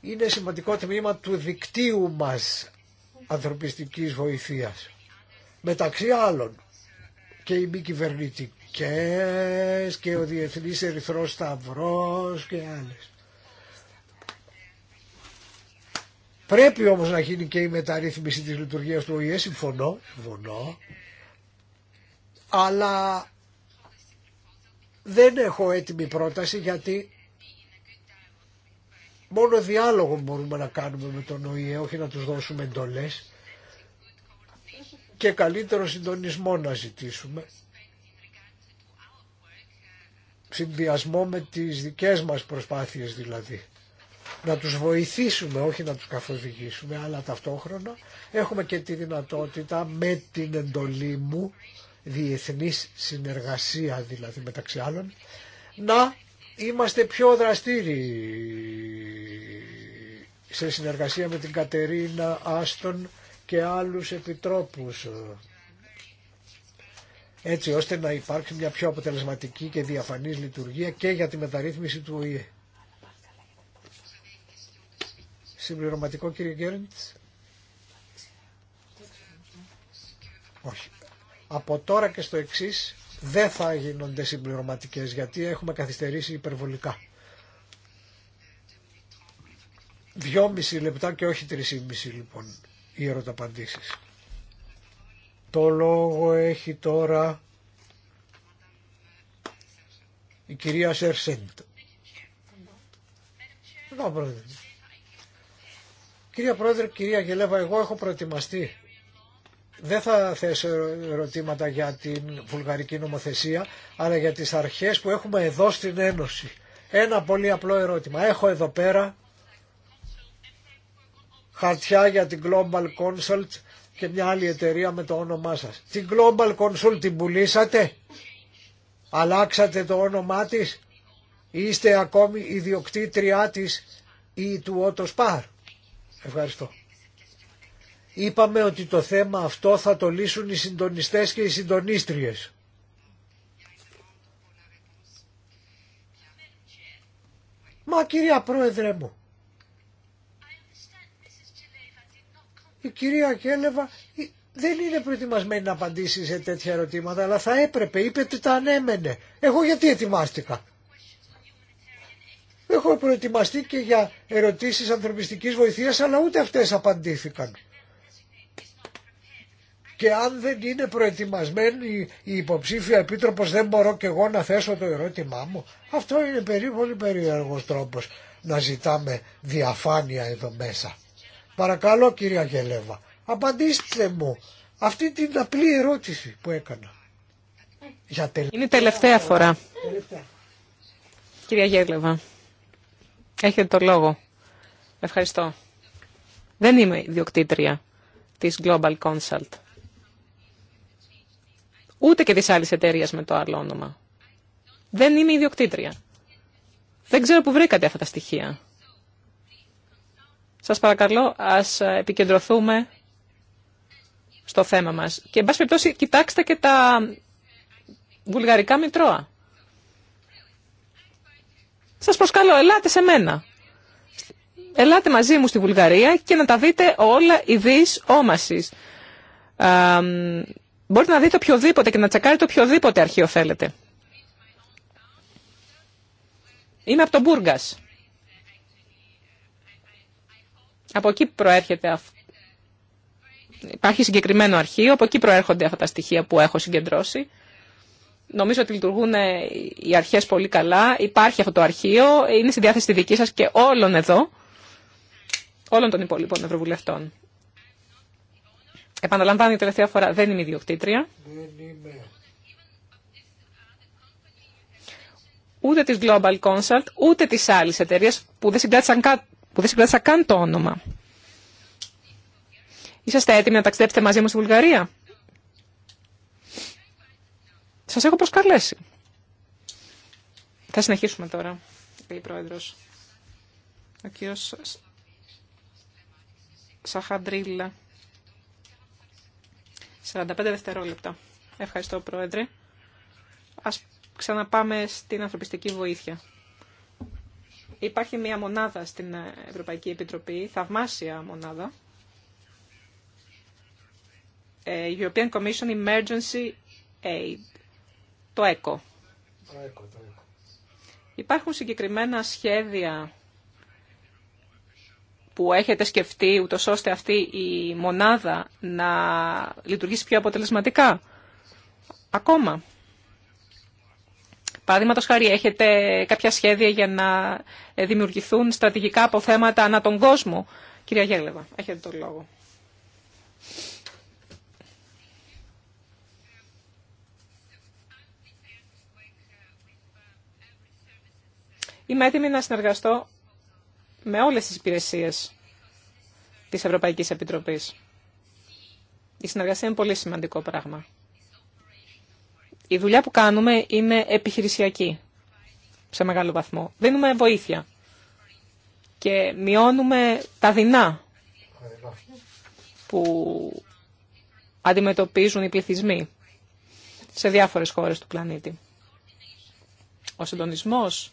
[SPEAKER 3] είναι σημαντικό τμήμα του δικτύου μας ανθρωπιστικής βοηθείας. Μεταξύ άλλων και οι μη κυβερνητικές και ο Διεθνής Ερυθρός Σταυρός και άλλες. Πρέπει όμως να γίνει και η μεταρρύθμιση της λειτουργίας του ΟΗΕ, συμφωνώ, συμφωνώ, αλλά δεν έχω έτοιμη πρόταση γιατί μόνο διάλογο μπορούμε να κάνουμε με τον ΟΗΕ, όχι να τους δώσουμε εντολές και καλύτερο συντονισμό να ζητήσουμε συνδυασμό με τις δικές μας προσπάθειες δηλαδή να τους βοηθήσουμε, όχι να τους καθοδηγήσουμε, αλλά ταυτόχρονα έχουμε και τη δυνατότητα με την εντολή μου, διεθνής συνεργασία δηλαδή μεταξύ άλλων, να είμαστε πιο δραστήριοι σε συνεργασία με την Κατερίνα Άστον και άλλους επιτρόπους έτσι ώστε να υπάρξει μια πιο αποτελεσματική και διαφανής λειτουργία και για τη μεταρρύθμιση του ΟΗΕ. συμπληρωματικό κύριε Γκέρντς. Όχι. Από τώρα και στο εξή δεν θα γίνονται συμπληρωματικέ γιατί έχουμε καθυστερήσει υπερβολικά. Δυόμιση λεπτά και όχι τρισήμιση λοιπόν οι ερωταπαντήσει. Το λόγο έχει τώρα η κυρία Σερσέντ. Να πρόεδρε. Κυρία Πρόεδρε, κυρία Γελέβα, εγώ έχω προετοιμαστεί. Δεν θα θέσω ερωτήματα για την βουλγαρική νομοθεσία, αλλά για τις αρχές που έχουμε εδώ στην Ένωση. Ένα πολύ απλό ερώτημα. Έχω εδώ πέρα χαρτιά για την Global Consult και μια άλλη εταιρεία με το όνομά σας. Την Global Consult την πουλήσατε, αλλάξατε το όνομά της, είστε ακόμη ιδιοκτήτριά της ή του Ότος Πάρ. Ευχαριστώ. Είπαμε ότι το θέμα αυτό θα το λύσουν οι συντονιστές και οι συντονίστριες. Μα κυρία Πρόεδρε μου, η κυρία Κέλεβα δεν είναι προετοιμασμένη να απαντήσει σε τέτοια ερωτήματα, αλλά θα έπρεπε, είπε ότι τα ανέμενε. Εγώ γιατί ετοιμάστηκα. Έχω προετοιμαστεί και για ερωτήσεις ανθρωπιστικής βοηθείας αλλά ούτε αυτές απαντήθηκαν. Και αν δεν είναι προετοιμασμένη η υποψήφια επίτροπος δεν μπορώ και εγώ να θέσω το ερώτημά μου. Αυτό είναι περίπου πολύ περίεργος τρόπος να ζητάμε διαφάνεια εδώ μέσα. Παρακαλώ κυρία Γελέβα, απαντήστε μου αυτή την απλή ερώτηση που έκανα. Για η τελευταία φορά. Κυρία Γέλεβα. Έχετε το λόγο.
[SPEAKER 4] Ευχαριστώ. Δεν είμαι ιδιοκτήτρια της Global Consult. Ούτε και της άλλης εταιρεία με το άλλο όνομα. Δεν είμαι ιδιοκτήτρια. Δεν ξέρω που βρήκατε αυτά τα στοιχεία. Σας παρακαλώ, ας επικεντρωθούμε στο θέμα μας. Και, εν πάση περιπτώσει, κοιτάξτε και τα βουλγαρικά μητρώα. Σας προσκαλώ, ελάτε σε μένα. Ελάτε μαζί μου στη Βουλγαρία και να τα δείτε όλα οι όμασης. μπορείτε να δείτε οποιοδήποτε και να τσεκάρετε οποιοδήποτε αρχείο θέλετε. Είμαι από τον Μπούργκας. Από εκεί προέρχεται αυτό. Υπάρχει συγκεκριμένο αρχείο, από εκεί προέρχονται αυτά τα στοιχεία που έχω συγκεντρώσει. Νομίζω ότι λειτουργούν ε, οι αρχές πολύ καλά. Υπάρχει αυτό το αρχείο, είναι στη διάθεση τη δική σας και όλων εδώ, όλων των υπόλοιπων ευρωβουλευτών. Επαναλαμβάνω η τελευταία φορά, δεν είμαι ιδιοκτήτρια.
[SPEAKER 3] Δεν είμαι.
[SPEAKER 4] Ούτε της Global Consult, ούτε της άλλης εταιρείας που δεν συγκράτησαν καν, που δεν καν το όνομα. Είσαστε έτοιμοι να ταξιδέψετε μαζί μου στη Βουλγαρία σας έχω προσκαλέσει. Θα συνεχίσουμε τώρα, είπε η Πρόεδρος. Ο κύριος Σαχαντρίλα. 45 δευτερόλεπτα. Ευχαριστώ, Πρόεδρε. Ας ξαναπάμε στην ανθρωπιστική βοήθεια. Υπάρχει μια μονάδα στην Ευρωπαϊκή Επιτροπή, θαυμάσια μονάδα, ε, European Commission Emergency Aid το ΕΚΟ. Υπάρχουν συγκεκριμένα σχέδια που έχετε σκεφτεί, ούτως ώστε αυτή η μονάδα να λειτουργήσει πιο αποτελεσματικά. Ακόμα. Παραδείγματο χάρη, έχετε κάποια σχέδια για να δημιουργηθούν στρατηγικά αποθέματα ανά τον κόσμο. Κυρία Γέλεβα, έχετε τον λόγο. Είμαι έτοιμη να συνεργαστώ με όλες τις υπηρεσίες της Ευρωπαϊκής Επιτροπής. Η συνεργασία είναι πολύ σημαντικό πράγμα. Η δουλειά που κάνουμε είναι επιχειρησιακή σε μεγάλο βαθμό. Δίνουμε βοήθεια και μειώνουμε τα δεινά που αντιμετωπίζουν οι πληθυσμοί σε διάφορες χώρες του πλανήτη. Ο συντονισμός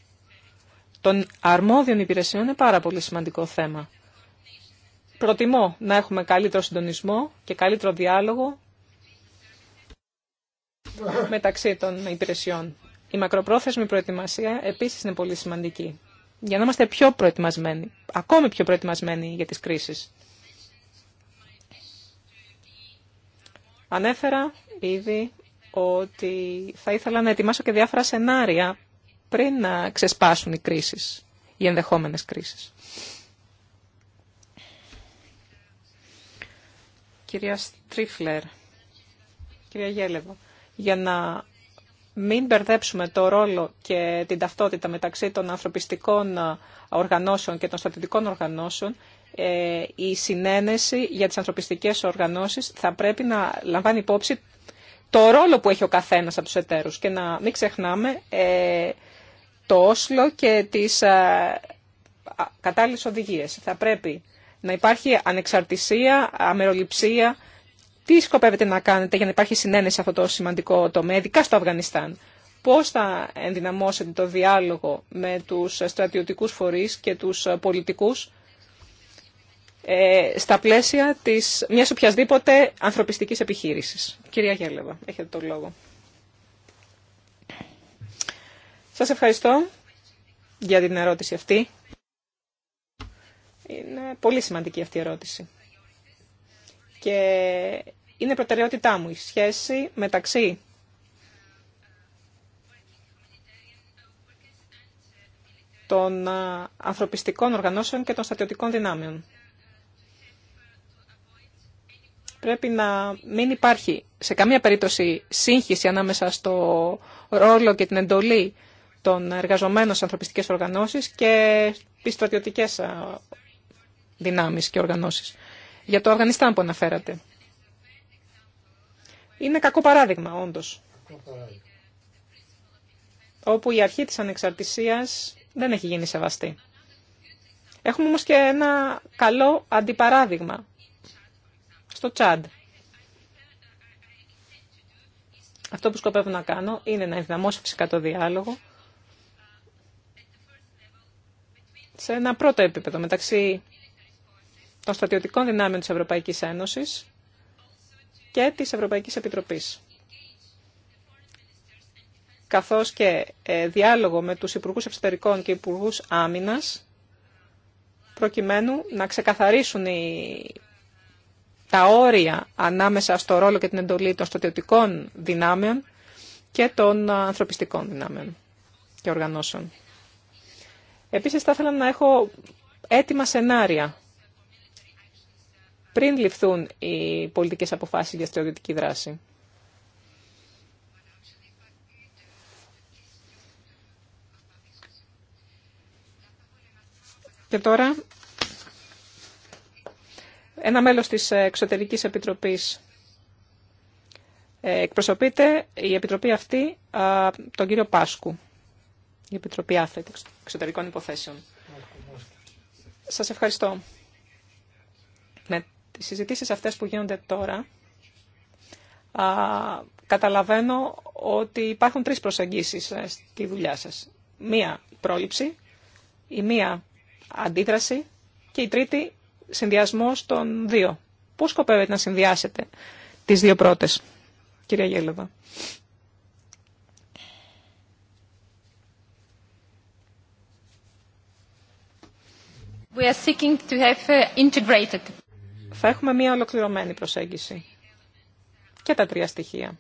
[SPEAKER 4] των αρμόδιων υπηρεσιών είναι πάρα πολύ σημαντικό θέμα. Προτιμώ να έχουμε καλύτερο συντονισμό και καλύτερο διάλογο μεταξύ των υπηρεσιών. Η μακροπρόθεσμη προετοιμασία επίσης είναι πολύ σημαντική για να είμαστε πιο προετοιμασμένοι, ακόμη πιο προετοιμασμένοι για τις κρίσεις. Ανέφερα ήδη ότι θα ήθελα να ετοιμάσω και διάφορα σενάρια πριν να ξεσπάσουν οι κρίσεις, οι ενδεχόμενες κρίσεις. Κυρία Στρίφλερ, κυρία Γέλεβο, για να μην μπερδέψουμε το ρόλο και την ταυτότητα μεταξύ των ανθρωπιστικών οργανώσεων και των στρατιωτικών οργανώσεων, ε, η συνένεση για τις ανθρωπιστικές οργανώσεις θα πρέπει να λαμβάνει υπόψη το ρόλο που έχει ο καθένας από τους εταίρους και να μην ξεχνάμε ε, το Όσλο και τις κατάλληλες οδηγίες. Θα πρέπει να υπάρχει ανεξαρτησία, αμεροληψία. Τι σκοπεύετε να κάνετε για να υπάρχει συνένεση σε αυτό το σημαντικό τομέα, ειδικά στο Αφγανιστάν. Πώς θα ενδυναμώσετε το διάλογο με τους στρατιωτικούς φορείς και τους πολιτικούς ε, στα πλαίσια της μιας οποιασδήποτε ανθρωπιστικής επιχείρησης. Κυρία Γέλεβα, έχετε το λόγο. Σας ευχαριστώ για την ερώτηση αυτή. Είναι πολύ σημαντική αυτή η ερώτηση. Και είναι προτεραιότητά μου η σχέση μεταξύ των ανθρωπιστικών οργανώσεων και των στατιωτικών δυνάμεων. Πρέπει να μην υπάρχει σε καμία περίπτωση σύγχυση ανάμεσα στο ρόλο και την εντολή των εργαζομένων σε ανθρωπιστικές οργανώσεις και στρατιωτικέ δυνάμει και οργανώσεις. Για το Αφγανιστάν που αναφέρατε. Είναι κακό παράδειγμα, όντω. Όπου η αρχή της ανεξαρτησίας δεν έχει γίνει σεβαστή. Έχουμε όμως και ένα καλό αντιπαράδειγμα στο Τσάντ. Αυτό που σκοπεύω να κάνω είναι να ενδυναμώσω φυσικά το διάλογο σε ένα πρώτο επίπεδο μεταξύ των στρατιωτικών δυνάμεων της Ευρωπαϊκής Ένωσης και της Ευρωπαϊκής Επιτροπής καθώς και ε, διάλογο με τους Υπουργούς Εξωτερικών και Υπουργούς Άμυνας, προκειμένου να ξεκαθαρίσουν οι... τα όρια ανάμεσα στο ρόλο και την εντολή των στρατιωτικών δυνάμεων και των ανθρωπιστικών δυνάμεων και οργανώσεων. Επίσης θα ήθελα να έχω έτοιμα σενάρια πριν ληφθούν οι πολιτικές αποφάσεις για στρατιωτική δράση. Και τώρα ένα μέλος της Εξωτερικής Επιτροπής ε, εκπροσωπείται η Επιτροπή αυτή τον κύριο Πάσκου η Επιτροπή Άθλητη Εξωτερικών Υποθέσεων. Σας ευχαριστώ. Με τις συζητήσεις αυτές που γίνονται τώρα, α, καταλαβαίνω ότι υπάρχουν τρεις προσεγγίσεις ε, στη δουλειά σας. Μία πρόληψη, η μία αντίδραση και η τρίτη συνδυασμός των δύο. Πώ σκοπεύετε να συνδυάσετε τις δύο πρώτες, κυρία Γέλεβα. Uh, Θα έχουμε μία ολοκληρωμένη προσέγγιση και τα τρία στοιχεία.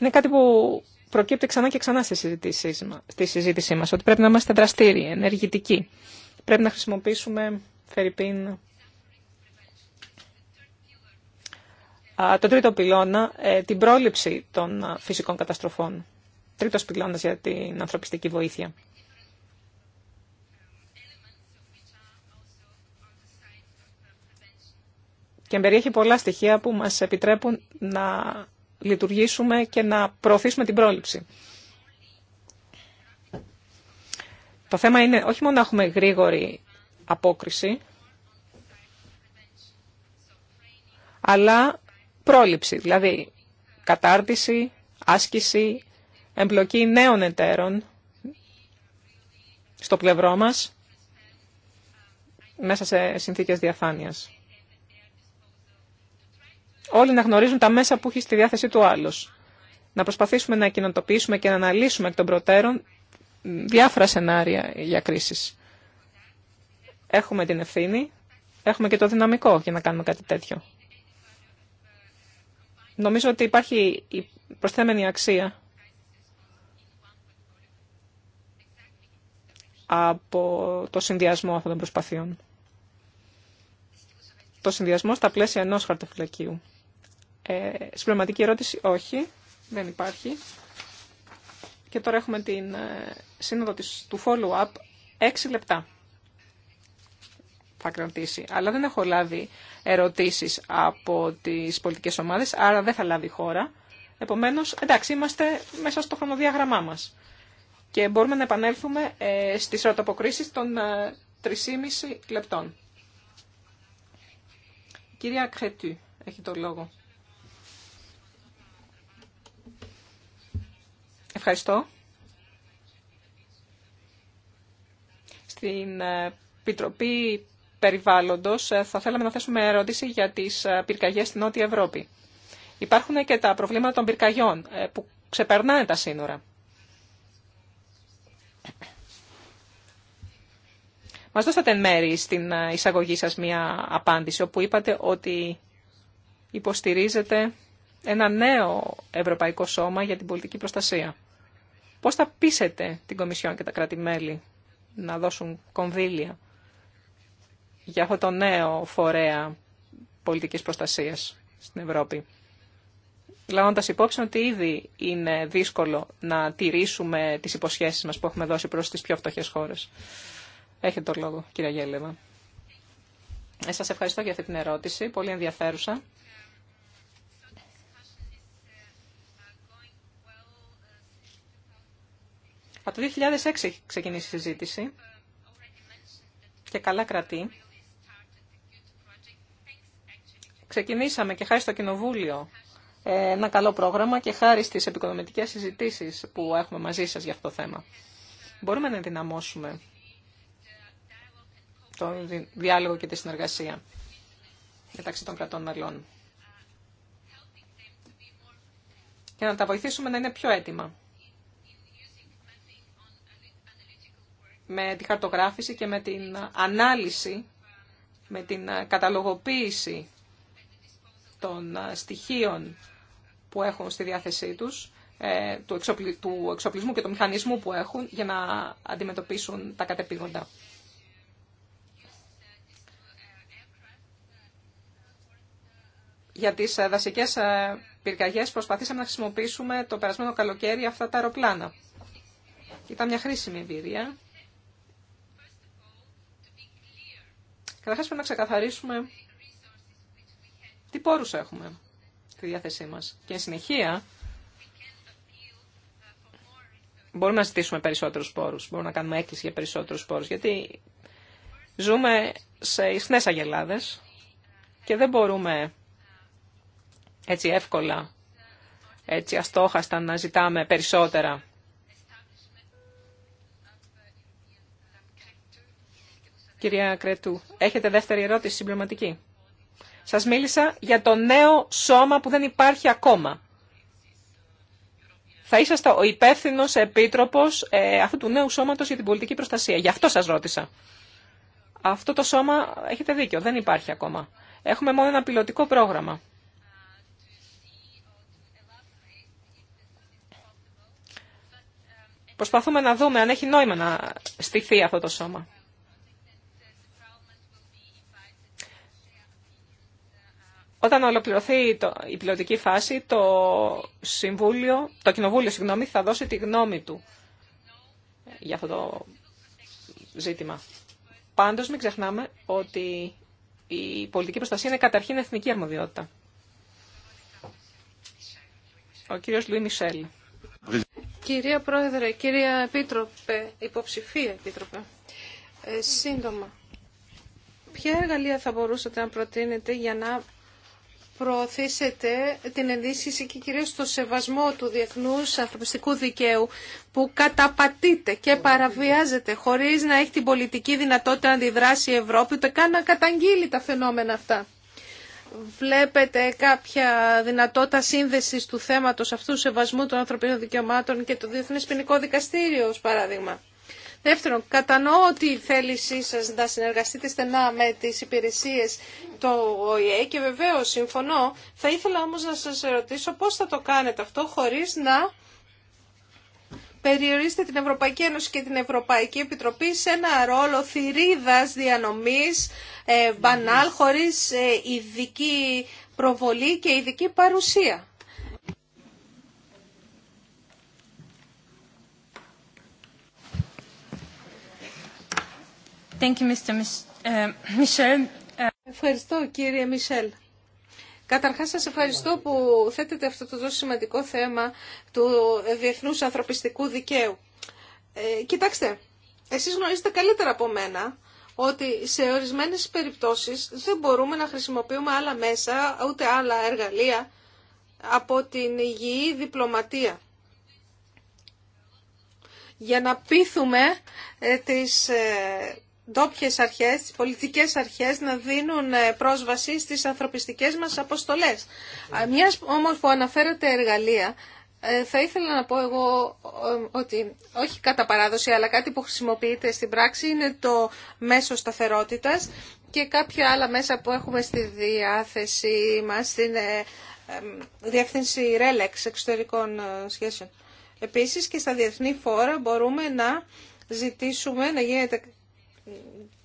[SPEAKER 4] Είναι κάτι που προκύπτει ξανά και ξανά στη συζήτησή, μας, συζήτησή μας, ότι πρέπει να είμαστε δραστήριοι, ενεργητικοί. Πρέπει να χρησιμοποιήσουμε, Φερρυπίν, Το τρίτο πυλώνα, ε, την πρόληψη των ε, φυσικών καταστροφών. Τρίτος πυλώνας για την ανθρωπιστική βοήθεια. Και περιέχει πολλά στοιχεία που μας επιτρέπουν να λειτουργήσουμε και να προωθήσουμε την πρόληψη. Το θέμα είναι όχι μόνο να έχουμε γρήγορη απόκριση, αλλά πρόληψη, δηλαδή κατάρτιση, άσκηση, εμπλοκή νέων εταίρων στο πλευρό μας μέσα σε συνθήκες διαφάνειας. Όλοι να γνωρίζουν τα μέσα που έχει στη διάθεση του άλλος. Να προσπαθήσουμε να κοινοτοποιήσουμε και να αναλύσουμε εκ των προτέρων διάφορα σενάρια για κρίσεις. Έχουμε την ευθύνη, έχουμε και το δυναμικό για να κάνουμε κάτι τέτοιο. Νομίζω ότι υπάρχει η προσθέμενη αξία από το συνδυασμό αυτών των προσπαθειών. Το συνδυασμό στα πλαίσια ενός χαρτοφυλακίου. Ε, συμπληρωματική ερώτηση, όχι, δεν υπάρχει. Και τώρα έχουμε την ε, σύνοδο του follow-up, έξι λεπτά θα Αλλά δεν έχω λάβει ερωτήσεις από τις πολιτικές ομάδες, άρα δεν θα λάβει χώρα. Επομένως, εντάξει, είμαστε μέσα στο χρονοδιάγραμμά μας. Και μπορούμε να επανέλθουμε ε, στι ρωτοποκρίσεις των 3,5 ε, λεπτών. Κυρία Κρετού, έχει το λόγο. Ευχαριστώ. Στην ε, Επιτροπή περιβάλλοντος ε, θα θέλαμε να θέσουμε ερώτηση για τις ε, πυρκαγιές στην Νότια Ευρώπη. Υπάρχουν και τα προβλήματα των πυρκαγιών ε, που ξεπερνάνε τα σύνορα. Μας δώσατε μέρη στην εισαγωγή σας μία απάντηση, όπου είπατε ότι υποστηρίζετε ένα νέο ευρωπαϊκό σώμα για την πολιτική προστασία. Πώς θα πείσετε την Κομισιόν και τα κράτη-μέλη να δώσουν κονδύλια για αυτό το νέο φορέα πολιτικής προστασίας στην Ευρώπη. Λαμβάνοντα υπόψη ότι ήδη είναι δύσκολο να τηρήσουμε τις υποσχέσεις μας που έχουμε δώσει προς τις πιο φτωχέ χώρες. Έχετε το λόγο, κυρία Γέλεβα. Ε, ευχαριστώ για αυτή την ερώτηση, πολύ ενδιαφέρουσα. Από το 2006 έχει ξεκινήσει η συζήτηση και καλά κρατεί Ξεκινήσαμε και χάρη στο Κοινοβούλιο ε, ένα καλό πρόγραμμα και χάρη στις επικοδομητικές συζητήσεις που έχουμε μαζί σας για αυτό το θέμα. Μπορούμε να ενδυναμώσουμε τον διάλογο και τη συνεργασία μεταξύ των κρατών μελών. Και να τα βοηθήσουμε να είναι πιο έτοιμα. Με τη χαρτογράφηση και με την ανάλυση, με την ε, καταλογοποίηση των ε, στοιχείων που έχουν στη διάθεσή τους, ε, του εξοπλισμού και του μηχανισμού που έχουν για να αντιμετωπίσουν τα κατεπήγοντα. Για τις ε, δασικές πυρκαγιές προσπαθήσαμε να χρησιμοποιήσουμε το περασμένο καλοκαίρι αυτά τα αεροπλάνα. Ήταν μια χρήσιμη εμπειρία. Καταρχάς πρέπει να ξεκαθαρίσουμε τι πόρους έχουμε στη διάθεσή μας. Και συνεχεία μπορούμε να ζητήσουμε περισσότερους πόρους, μπορούμε να κάνουμε έκκληση για περισσότερους πόρους, γιατί ζούμε σε ισχνές αγελάδες και δεν μπορούμε έτσι εύκολα, έτσι αστόχαστα να ζητάμε περισσότερα. Κυρία Κρέτου, έχετε δεύτερη ερώτηση συμπληρωματική. Σας μίλησα για το νέο σώμα που δεν υπάρχει ακόμα. Θα είσαστε ο υπεύθυνο επίτροπος ε, αυτού του νέου σώματος για την πολιτική προστασία. Γι' αυτό σας ρώτησα. Αυτό το σώμα, έχετε δίκιο, δεν υπάρχει ακόμα. Έχουμε μόνο ένα πιλωτικό πρόγραμμα. Προσπαθούμε να δούμε αν έχει νόημα να στηθεί αυτό το σώμα. Όταν ολοκληρωθεί το, η πιλωτική φάση, το, συμβούλιο, το Κοινοβούλιο συγγνώμη, θα δώσει τη γνώμη του για αυτό το ζήτημα. Πάντως μην ξεχνάμε ότι η πολιτική προστασία είναι καταρχήν εθνική αρμοδιότητα. Ο κύριος Λουί Μισελ.
[SPEAKER 1] Κυρία Πρόεδρε, κυρία Επίτροπε, υποψηφία Επίτροπε, ε, σύντομα, ποια εργαλεία θα μπορούσατε να προτείνετε για να προωθήσετε την ενίσχυση και κυρίως το σεβασμό του διεθνούς ανθρωπιστικού δικαίου που καταπατείται και παραβιάζεται χωρίς να έχει την πολιτική δυνατότητα να αντιδράσει η Ευρώπη ούτε καν να καταγγείλει τα φαινόμενα αυτά. Βλέπετε κάποια δυνατότητα σύνδεσης του θέματος αυτού σεβασμού των ανθρωπίνων δικαιωμάτων και το Διεθνές Ποινικό Δικαστήριο, ως παράδειγμα. Δεύτερον, κατανοώ ότι θέλησή σα να συνεργαστείτε στενά με τι υπηρεσίε του ΟΗΕ και βεβαίω συμφωνώ. Θα ήθελα όμως να σας ερωτήσω πώς θα το κάνετε αυτό χωρίς να περιορίσετε την Ευρωπαϊκή Ένωση και την Ευρωπαϊκή Επιτροπή σε ένα ρόλο θηρίδας διανομής, ε, μπανάλ, χωρίς ε, ειδική προβολή και ειδική παρουσία. Uh, ευχαριστώ κύριε Μισελ. Καταρχάς σας ευχαριστώ που θέτετε αυτό το τόσο σημαντικό θέμα του διεθνούς ανθρωπιστικού δικαίου. Ε, κοιτάξτε, εσείς γνωρίζετε καλύτερα από μένα ότι σε ορισμένες περιπτώσεις δεν μπορούμε να χρησιμοποιούμε άλλα μέσα, ούτε άλλα εργαλεία από την υγιή διπλωματία για να πείθουμε ε, τις ε, ντόπιε αρχές, τι πολιτικές αρχές να δίνουν ε, πρόσβαση στι ανθρωπιστικέ μας αποστολέ. Μία όμως που αναφέρεται εργαλεία, ε, θα ήθελα να πω εγώ ε, ότι όχι κατά παράδοση, αλλά κάτι που χρησιμοποιείται στην πράξη είναι το μέσο σταθερότητας και κάποια άλλα μέσα που έχουμε στη διάθεση μας στην διεύθυνση ρέλεξ εξωτερικών σχέσεων. Επίσης και στα διεθνή φόρα μπορούμε να ζητήσουμε να γίνεται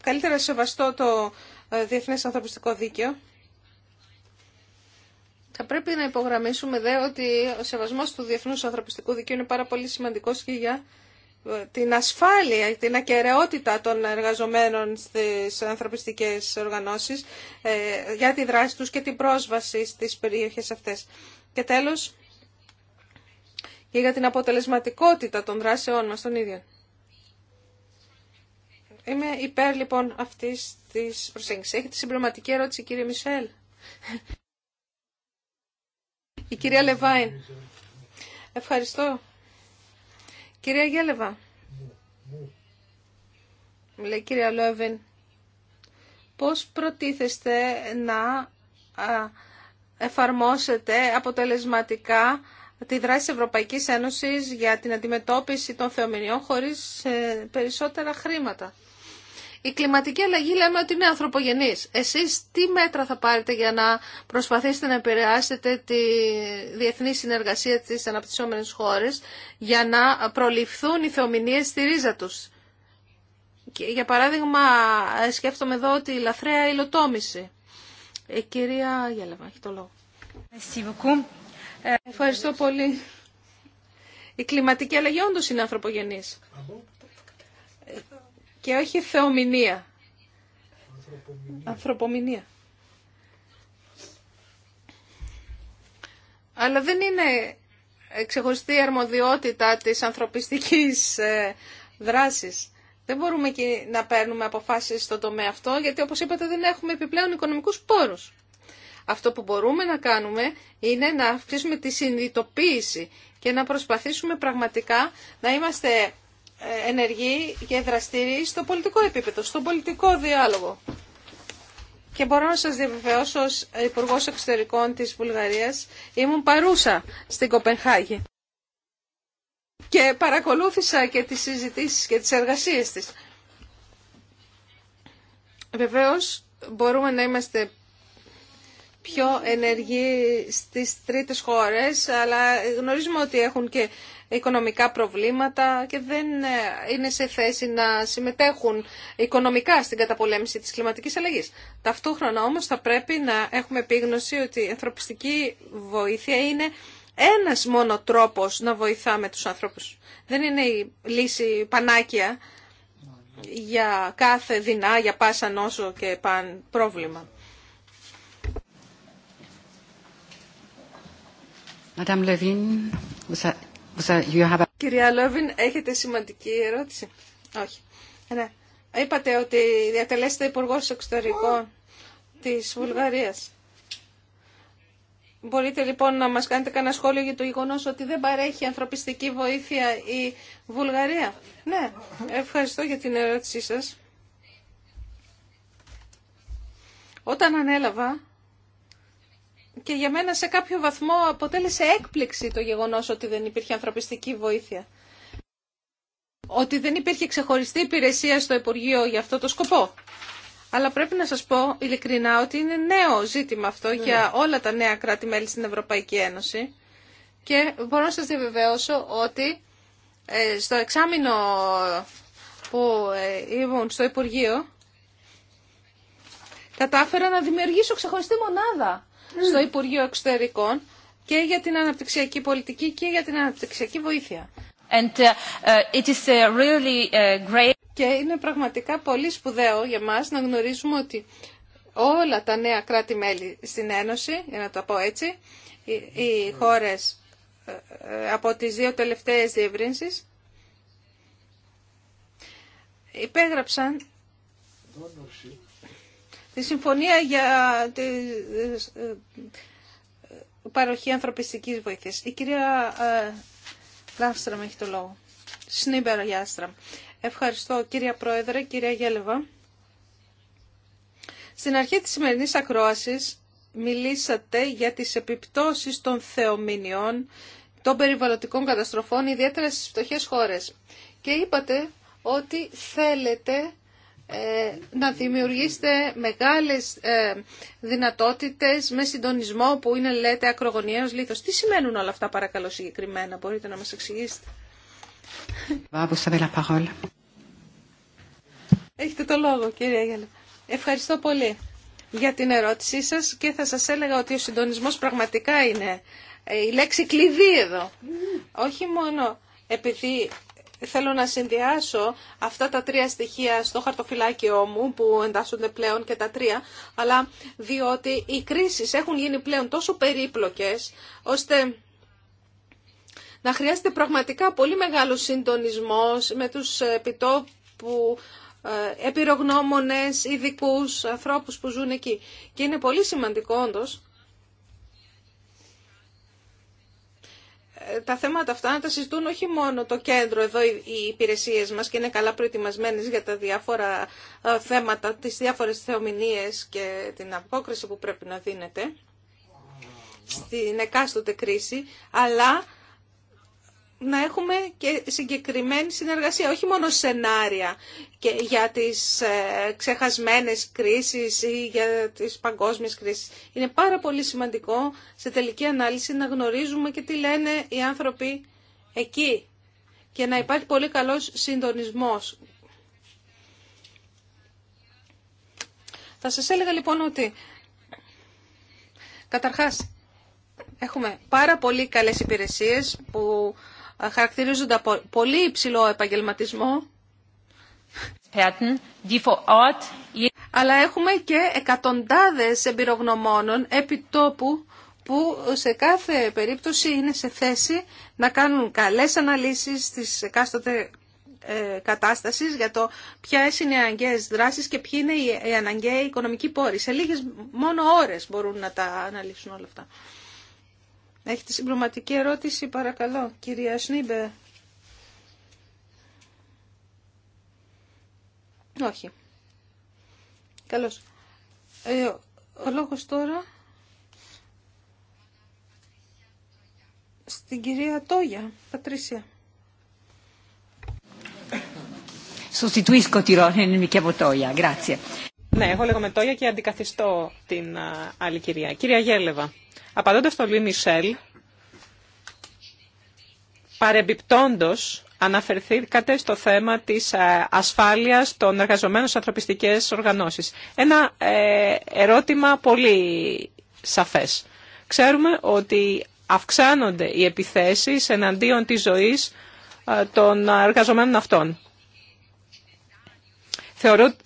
[SPEAKER 1] καλύτερα σεβαστώ το ε, διεθνές ανθρωπιστικό δίκαιο. Θα πρέπει να υπογραμμίσουμε δε ότι ο σεβασμός του διεθνούς ανθρωπιστικού δικαίου είναι πάρα πολύ σημαντικός και για ε, την ασφάλεια, την ακαιρεότητα των εργαζομένων στις ανθρωπιστικές οργανώσεις ε, για τη δράση τους και την πρόσβαση στις περιοχές αυτές. Και τέλος, και για την αποτελεσματικότητα των δράσεών μας των ίδιων. Είμαι υπέρ λοιπόν αυτής της προσέγγιση. Έχετε συμπληρωματική ερώτηση κύριε Μισελ. Η κυρία Λεβάιν. Ευχαριστώ. Κυρία Γέλεβα. Λέει κυρία Λεβάιν. Πώς προτίθεστε να εφαρμόσετε αποτελεσματικά τη δράση της Ευρωπαϊκής Ένωσης για την αντιμετώπιση των θεομηνιών χωρίς ε, περισσότερα χρήματα. Η κλιματική αλλαγή λέμε ότι είναι ανθρωπογενή. Εσείς τι μέτρα θα πάρετε για να προσπαθήσετε να επηρεάσετε τη διεθνή συνεργασία τη αναπτυσσόμενης χώρες για να προληφθούν οι θεομηνίε στη ρίζα του. για παράδειγμα, σκέφτομαι εδώ ότι η λαθρέα υλοτόμηση. Ε, κυρία Γέλεβα, έχει το λόγο. Ευχαριστώ πολύ. Η κλιματική αλλαγή όντω είναι ανθρωπογενή και όχι θεομηνία. Ανθρωπομηνία. Αλλά δεν είναι ξεχωριστή αρμοδιότητα της ανθρωπιστικής ε, δράσης. Δεν μπορούμε και να παίρνουμε αποφάσεις στο τομέα αυτό, γιατί όπως είπατε δεν έχουμε επιπλέον οικονομικούς πόρους. Αυτό που μπορούμε να κάνουμε είναι να αυξήσουμε τη συνειδητοποίηση και να προσπαθήσουμε πραγματικά να είμαστε ενεργοί και δραστήριοι στο πολιτικό επίπεδο, στον πολιτικό διάλογο. Και μπορώ να σας διαβεβαιώσω ως υπουργό Εξωτερικών της Βουλγαρίας ήμουν παρούσα στην Κοπενχάγη και παρακολούθησα και τις συζητήσεις και τις εργασίες της. Βεβαίως μπορούμε να είμαστε πιο ενεργοί στις τρίτες χώρες, αλλά γνωρίζουμε ότι έχουν και οικονομικά προβλήματα και δεν ε, είναι σε θέση να συμμετέχουν οικονομικά στην καταπολέμηση της κλιματικής αλλαγής. Ταυτόχρονα όμως θα πρέπει να έχουμε επίγνωση ότι η ανθρωπιστική βοήθεια είναι ένας μόνο τρόπος να βοηθάμε τους ανθρώπους. Δεν είναι η λύση πανάκια για κάθε δεινά, για πάσα νόσο και παν πρόβλημα.
[SPEAKER 2] Κυρία Λόβιν,
[SPEAKER 1] έχετε σημαντική ερώτηση. Όχι. Ναι. Είπατε ότι διατελέσετε υπουργό εξωτερικών της Βουλγαρίας. Μπορείτε λοιπόν να μας κάνετε κανένα σχόλιο για το γεγονό ότι δεν παρέχει ανθρωπιστική βοήθεια η Βουλγαρία. Ναι, ευχαριστώ για την ερώτησή σας. Όταν ανέλαβα και για μένα σε κάποιο βαθμό αποτέλεσε έκπληξη το γεγονός ότι δεν υπήρχε ανθρωπιστική βοήθεια. Ότι δεν υπήρχε ξεχωριστή υπηρεσία στο Υπουργείο για αυτό το σκοπό. Αλλά πρέπει να σας πω ειλικρινά ότι είναι νέο ζήτημα αυτό ναι. για όλα τα νέα κράτη-μέλη στην Ευρωπαϊκή Ένωση και μπορώ να σας διαβεβαιώσω ότι ε, στο εξάμεινο που ε, ήμουν στο Υπουργείο κατάφερα να δημιουργήσω ξεχωριστή μονάδα στο Υπουργείο Εξωτερικών και για την αναπτυξιακή πολιτική και για την αναπτυξιακή βοήθεια. And, uh, uh, it is uh, really Και είναι πραγματικά πολύ σπουδαίο για μας να γνωρίζουμε ότι όλα τα νέα κράτη-μέλη στην Ένωση, για να το πω έτσι, οι χώρες ε, ε, από τις δύο τελευταίες διευρύνσεις υπέγραψαν τη Συμφωνία για τη ε, ε, παροχή ανθρωπιστικής βοήθειας. Η κυρία ε, Λάστραμ έχει το λόγο. Σνίμπερα Λάστραμ. Ευχαριστώ κυρία Πρόεδρε, κυρία Γέλεβα. Στην αρχή της σημερινής ακρόασης μιλήσατε για τις επιπτώσεις των θεομηνιών των περιβαλλοντικών καταστροφών, ιδιαίτερα στις φτωχές χώρες. Και είπατε ότι θέλετε ε, να δημιουργήσετε μεγάλες ε, δυνατότητες με συντονισμό που είναι λέτε ακρογωνιαίος λίθος. Τι σημαίνουν όλα αυτά παρακαλώ συγκεκριμένα, μπορείτε να μας εξηγήσετε. Έχετε το λόγο κύριε Αγέλα. Ευχαριστώ πολύ για την ερώτησή σας και θα σας έλεγα ότι ο συντονισμός πραγματικά είναι ε, η λέξη κλειδί εδώ. Mm. Όχι μόνο επειδή Θέλω να συνδυάσω αυτά τα τρία στοιχεία στο χαρτοφυλάκιό μου που εντάσσονται πλέον και τα τρία, αλλά διότι οι κρίσεις έχουν γίνει πλέον τόσο περίπλοκες, ώστε να χρειάζεται πραγματικά πολύ μεγάλο συντονισμός με τους επιτόπου ε, επιρογνώμονες, ειδικού ανθρώπους που ζουν εκεί. Και είναι πολύ σημαντικό όντως τα θέματα αυτά να τα συζητούν όχι μόνο το κέντρο, εδώ οι υπηρεσίες μας και είναι καλά προετοιμασμένες για τα διάφορα ε, θέματα, τις διάφορες θεομηνίες και την απόκριση που πρέπει να δίνεται στην εκάστοτε κρίση, αλλά να έχουμε και συγκεκριμένη συνεργασία, όχι μόνο σενάρια για τις ε, ξεχασμένες κρίσεις ή για τις παγκόσμιες κρίσεις. Είναι πάρα πολύ σημαντικό σε τελική ανάλυση να γνωρίζουμε και τι λένε οι άνθρωποι εκεί και να υπάρχει πολύ καλός συντονισμός. Θα σας έλεγα λοιπόν ότι καταρχάς έχουμε πάρα πολύ καλές υπηρεσίες που χαρακτηρίζονται από πολύ υψηλό επαγγελματισμό. Αλλά έχουμε και εκατοντάδες εμπειρογνωμόνων επί τόπου που σε κάθε περίπτωση είναι σε θέση να κάνουν καλές αναλύσεις της εκάστοτε ε, κατάστασης για το ποια είναι οι αναγκαίες δράσεις και ποιοι είναι οι αναγκαίοι οικονομικοί πόροι. Σε λίγες μόνο ώρες μπορούν να τα αναλύσουν όλα αυτά. Έχετε συμπληρωματική ερώτηση, παρακαλώ, κυρία Σνίμπε. Όχι. Καλώς. Ε, ο, ο λόγος τώρα στην κυρία Τόγια, Πατρίσια.
[SPEAKER 4] Sostituisco Τόγια, grazie. Ναι, εγώ λέγομαι Τόγια και αντικαθιστώ την άλλη κυρία. Κυρία Γέλεβα, απαντώντας στο Λιμισελ, Μισελ, παρεμπιπτόντος αναφερθήκατε στο θέμα της ασφάλειας των εργαζομένων σε ανθρωπιστικές οργανώσεις. Ένα ε, ερώτημα πολύ σαφές. Ξέρουμε ότι αυξάνονται οι επιθέσεις εναντίον της ζωής των εργαζομένων αυτών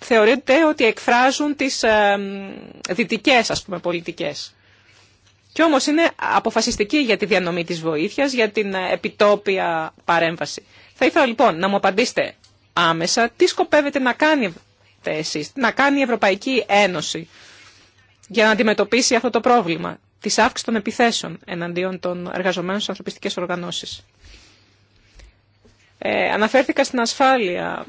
[SPEAKER 4] θεωρείται ότι εκφράζουν τις ε, δυτικές ας πούμε, πολιτικές. Κι όμως είναι αποφασιστική για τη διανομή της βοήθειας, για την ε, επιτόπια παρέμβαση. Θα ήθελα λοιπόν να μου απαντήσετε άμεσα τι σκοπεύετε να κάνετε εσείς, να κάνει η Ευρωπαϊκή Ένωση για να αντιμετωπίσει αυτό το πρόβλημα της αύξησης των επιθέσεων εναντίον των εργαζομένων στις ανθρωπιστικές οργανώσεις. Ε, αναφέρθηκα στην ασφάλεια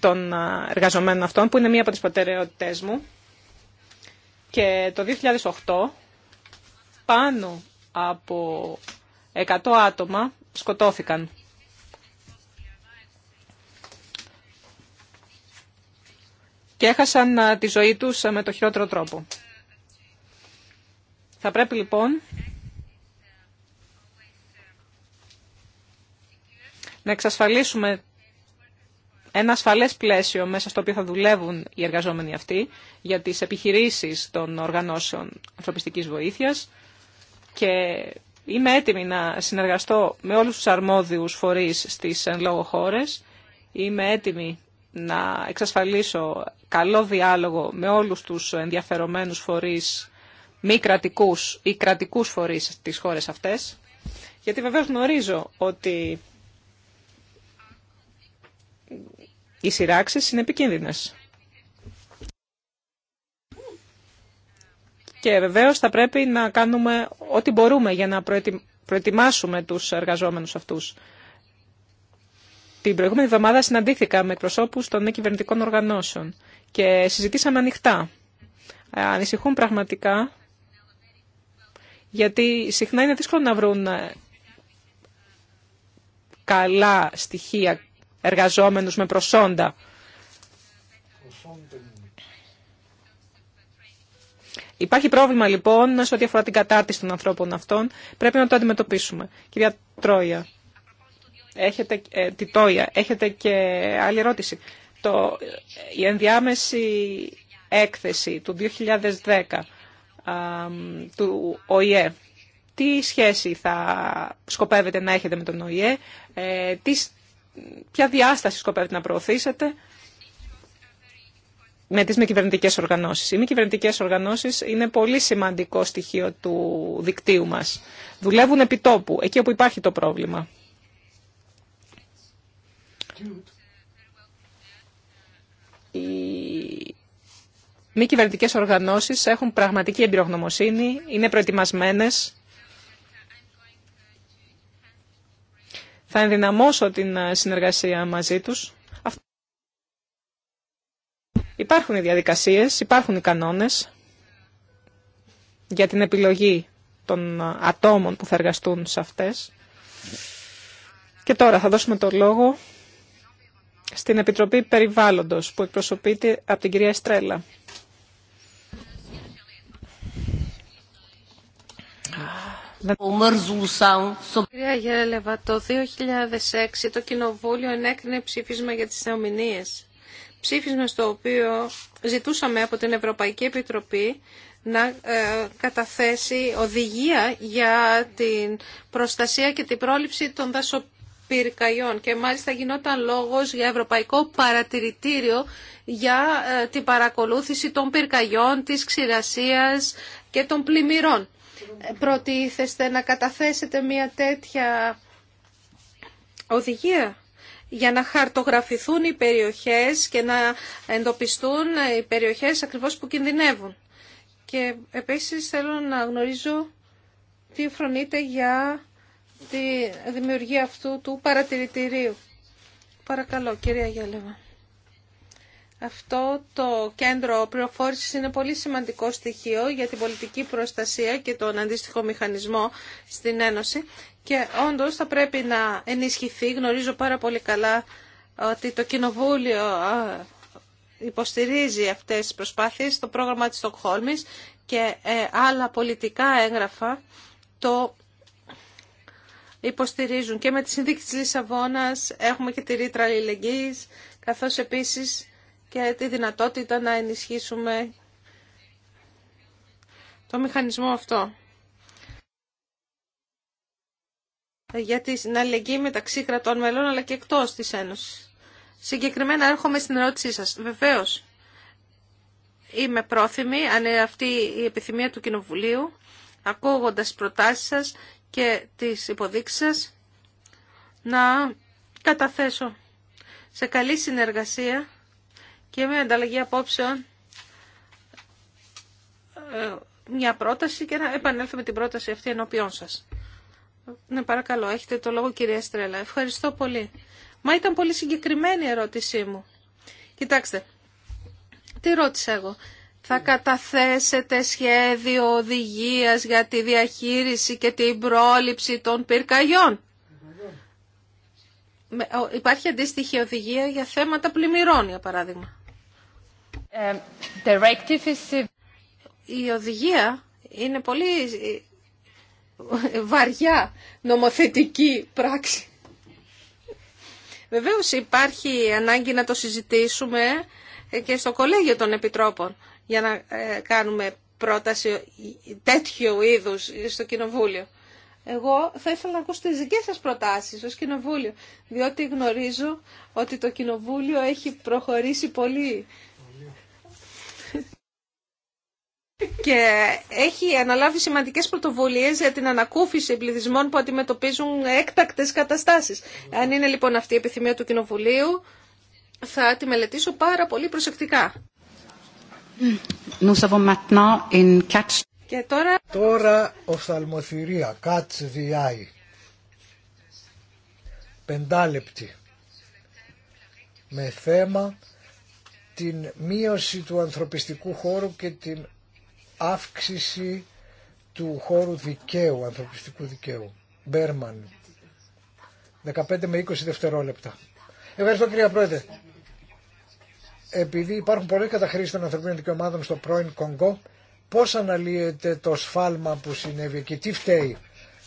[SPEAKER 4] των εργαζομένων αυτών, που είναι μία από τις προτεραιότητές μου. Και το 2008, πάνω από 100 άτομα σκοτώθηκαν. Και έχασαν τη ζωή τους με το χειρότερο τρόπο. Θα πρέπει λοιπόν να εξασφαλίσουμε ένα ασφαλές πλαίσιο μέσα στο οποίο θα δουλεύουν οι εργαζόμενοι αυτοί για τις επιχειρήσεις των οργανώσεων ανθρωπιστικής βοήθειας και είμαι έτοιμη να συνεργαστώ με όλους τους αρμόδιους φορείς στις εν λόγω χώρες. Είμαι έτοιμη να εξασφαλίσω καλό διάλογο με όλους τους ενδιαφερομένους φορείς μη κρατικούς ή κρατικούς φορείς στις χώρες αυτές. Γιατί βεβαίως γνωρίζω ότι οι σειράξει είναι επικίνδυνε. Και βεβαίω θα πρέπει να κάνουμε ό,τι μπορούμε για να προετοιμάσουμε του εργαζόμενου αυτού. Την προηγούμενη εβδομάδα συναντήθηκα με εκπροσώπου των μη κυβερνητικών οργανώσεων και συζητήσαμε ανοιχτά. Ε, ανησυχούν πραγματικά γιατί συχνά είναι δύσκολο να βρουν ε, καλά στοιχεία εργαζόμενους με προσόντα. Υπάρχει πρόβλημα λοιπόν σε ό,τι αφορά την κατάρτιση των ανθρώπων αυτών. Πρέπει να το αντιμετωπίσουμε. Κυρία Τρόια, έχετε, ε, τη έχετε και άλλη ερώτηση. Το, η ενδιάμεση έκθεση του 2010 του ΟΗΕ, τι σχέση θα σκοπεύετε να έχετε με τον ΟΗΕ, ε, τι ποια διάσταση σκοπεύετε να προωθήσετε με τις μη κυβερνητικές οργανώσεις. Οι μη κυβερνητικές οργανώσεις είναι πολύ σημαντικό στοιχείο του δικτύου μας. Δουλεύουν επί τόπου, εκεί όπου υπάρχει το πρόβλημα. Οι μη κυβερνητικές οργανώσεις έχουν πραγματική εμπειρογνωμοσύνη, είναι προετοιμασμένες θα ενδυναμώσω την ε, συνεργασία μαζί τους. Υπάρχουν οι διαδικασίες, υπάρχουν οι κανόνες για την επιλογή των ε, ατόμων που θα εργαστούν σε αυτές. Και τώρα θα δώσουμε το λόγο στην Επιτροπή Περιβάλλοντος που εκπροσωπείται από την κυρία Στρέλα.
[SPEAKER 1] Κυρία το 2006 το Κοινοβούλιο ενέκρινε ψήφισμα για τις θεομηνίες. Ψήφισμα στο οποίο ζητούσαμε από την Ευρωπαϊκή Επιτροπή να ε, καταθέσει οδηγία για την προστασία και την πρόληψη των δασοπυρκαγιών και μάλιστα γινόταν λόγος για ευρωπαϊκό παρατηρητήριο για ε, την παρακολούθηση των πυρκαγιών, της ξηρασίας και των πλημμυρών προτίθεστε να καταθέσετε μια τέτοια οδηγία για να χαρτογραφηθούν οι περιοχές και να εντοπιστούν οι περιοχές ακριβώς που κινδυνεύουν. Και επίσης θέλω να γνωρίζω τι φρονείτε για τη δημιουργία αυτού του παρατηρητηρίου. Παρακαλώ, κυρία Γέλεβα. Αυτό το κέντρο πληροφόρηση είναι πολύ σημαντικό στοιχείο για την πολιτική προστασία και τον αντίστοιχο μηχανισμό στην Ένωση και όντως θα πρέπει να ενισχυθεί. Γνωρίζω πάρα πολύ καλά ότι το Κοινοβούλιο υποστηρίζει αυτές τις προσπάθειες, το πρόγραμμα της Στοκχόλμης και ε, άλλα πολιτικά έγγραφα το υποστηρίζουν. Και με τη συνδίκη της Λισαβόνας έχουμε και τη ρήτρα αλληλεγγύης, καθώς επίσης και τη δυνατότητα να ενισχύσουμε το μηχανισμό αυτό. Για την αλληλεγγύη μεταξύ κρατών μελών αλλά και εκτός της Ένωσης. Συγκεκριμένα έρχομαι στην ερώτησή σας. Βεβαίως, είμαι πρόθυμη, αν είναι αυτή η επιθυμία του Κοινοβουλίου, ακούγοντας προτάσεις σας και τις υποδείξεις σας, να καταθέσω σε καλή συνεργασία και με ανταλλαγή απόψεων ε, μια πρόταση και να επανέλθουμε την πρόταση αυτή ενώπιόν σας. Ναι, παρακαλώ, έχετε το λόγο κυρία Στρέλα. Ευχαριστώ πολύ. Μα ήταν πολύ συγκεκριμένη η ερώτησή μου. Κοιτάξτε, τι ρώτησα εγώ. Θα καταθέσετε σχέδιο οδηγίας για τη διαχείριση και την πρόληψη των πυρκαγιών. Υπάρχει αντίστοιχη οδηγία για θέματα πλημμυρών, για παράδειγμα. Um, Η οδηγία είναι πολύ βαριά νομοθετική πράξη. Βεβαίως υπάρχει ανάγκη να το συζητήσουμε και στο κολέγιο των επιτρόπων για να ε, κάνουμε πρόταση τέτοιου είδους στο Κοινοβούλιο. Εγώ θα ήθελα να ακούσω τις δικές σας προτάσεις ως Κοινοβούλιο, διότι γνωρίζω ότι το Κοινοβούλιο έχει προχωρήσει πολύ και έχει αναλάβει σημαντικέ πρωτοβουλίε για την ανακούφιση πληθυσμών που αντιμετωπίζουν έκτακτε καταστάσει. Αν είναι λοιπόν αυτή η επιθυμία του Κοινοβουλίου, θα τη μελετήσω πάρα πολύ προσεκτικά.
[SPEAKER 3] Και τώρα... Τώρα οφθαλμοθυρία, catch the eye. Πεντάλεπτη. Με θέμα την μείωση του ανθρωπιστικού χώρου και την αύξηση του χώρου δικαίου, ανθρωπιστικού δικαίου. Μπέρμαν. 15 με 20 δευτερόλεπτα. Ευχαριστώ κυρία Πρόεδρε. Επειδή υπάρχουν πολλές καταχρήσει των ανθρωπίνων δικαιωμάτων στο πρώην Κονγκό, πώς αναλύεται το σφάλμα που συνέβη εκεί, τι φταίει.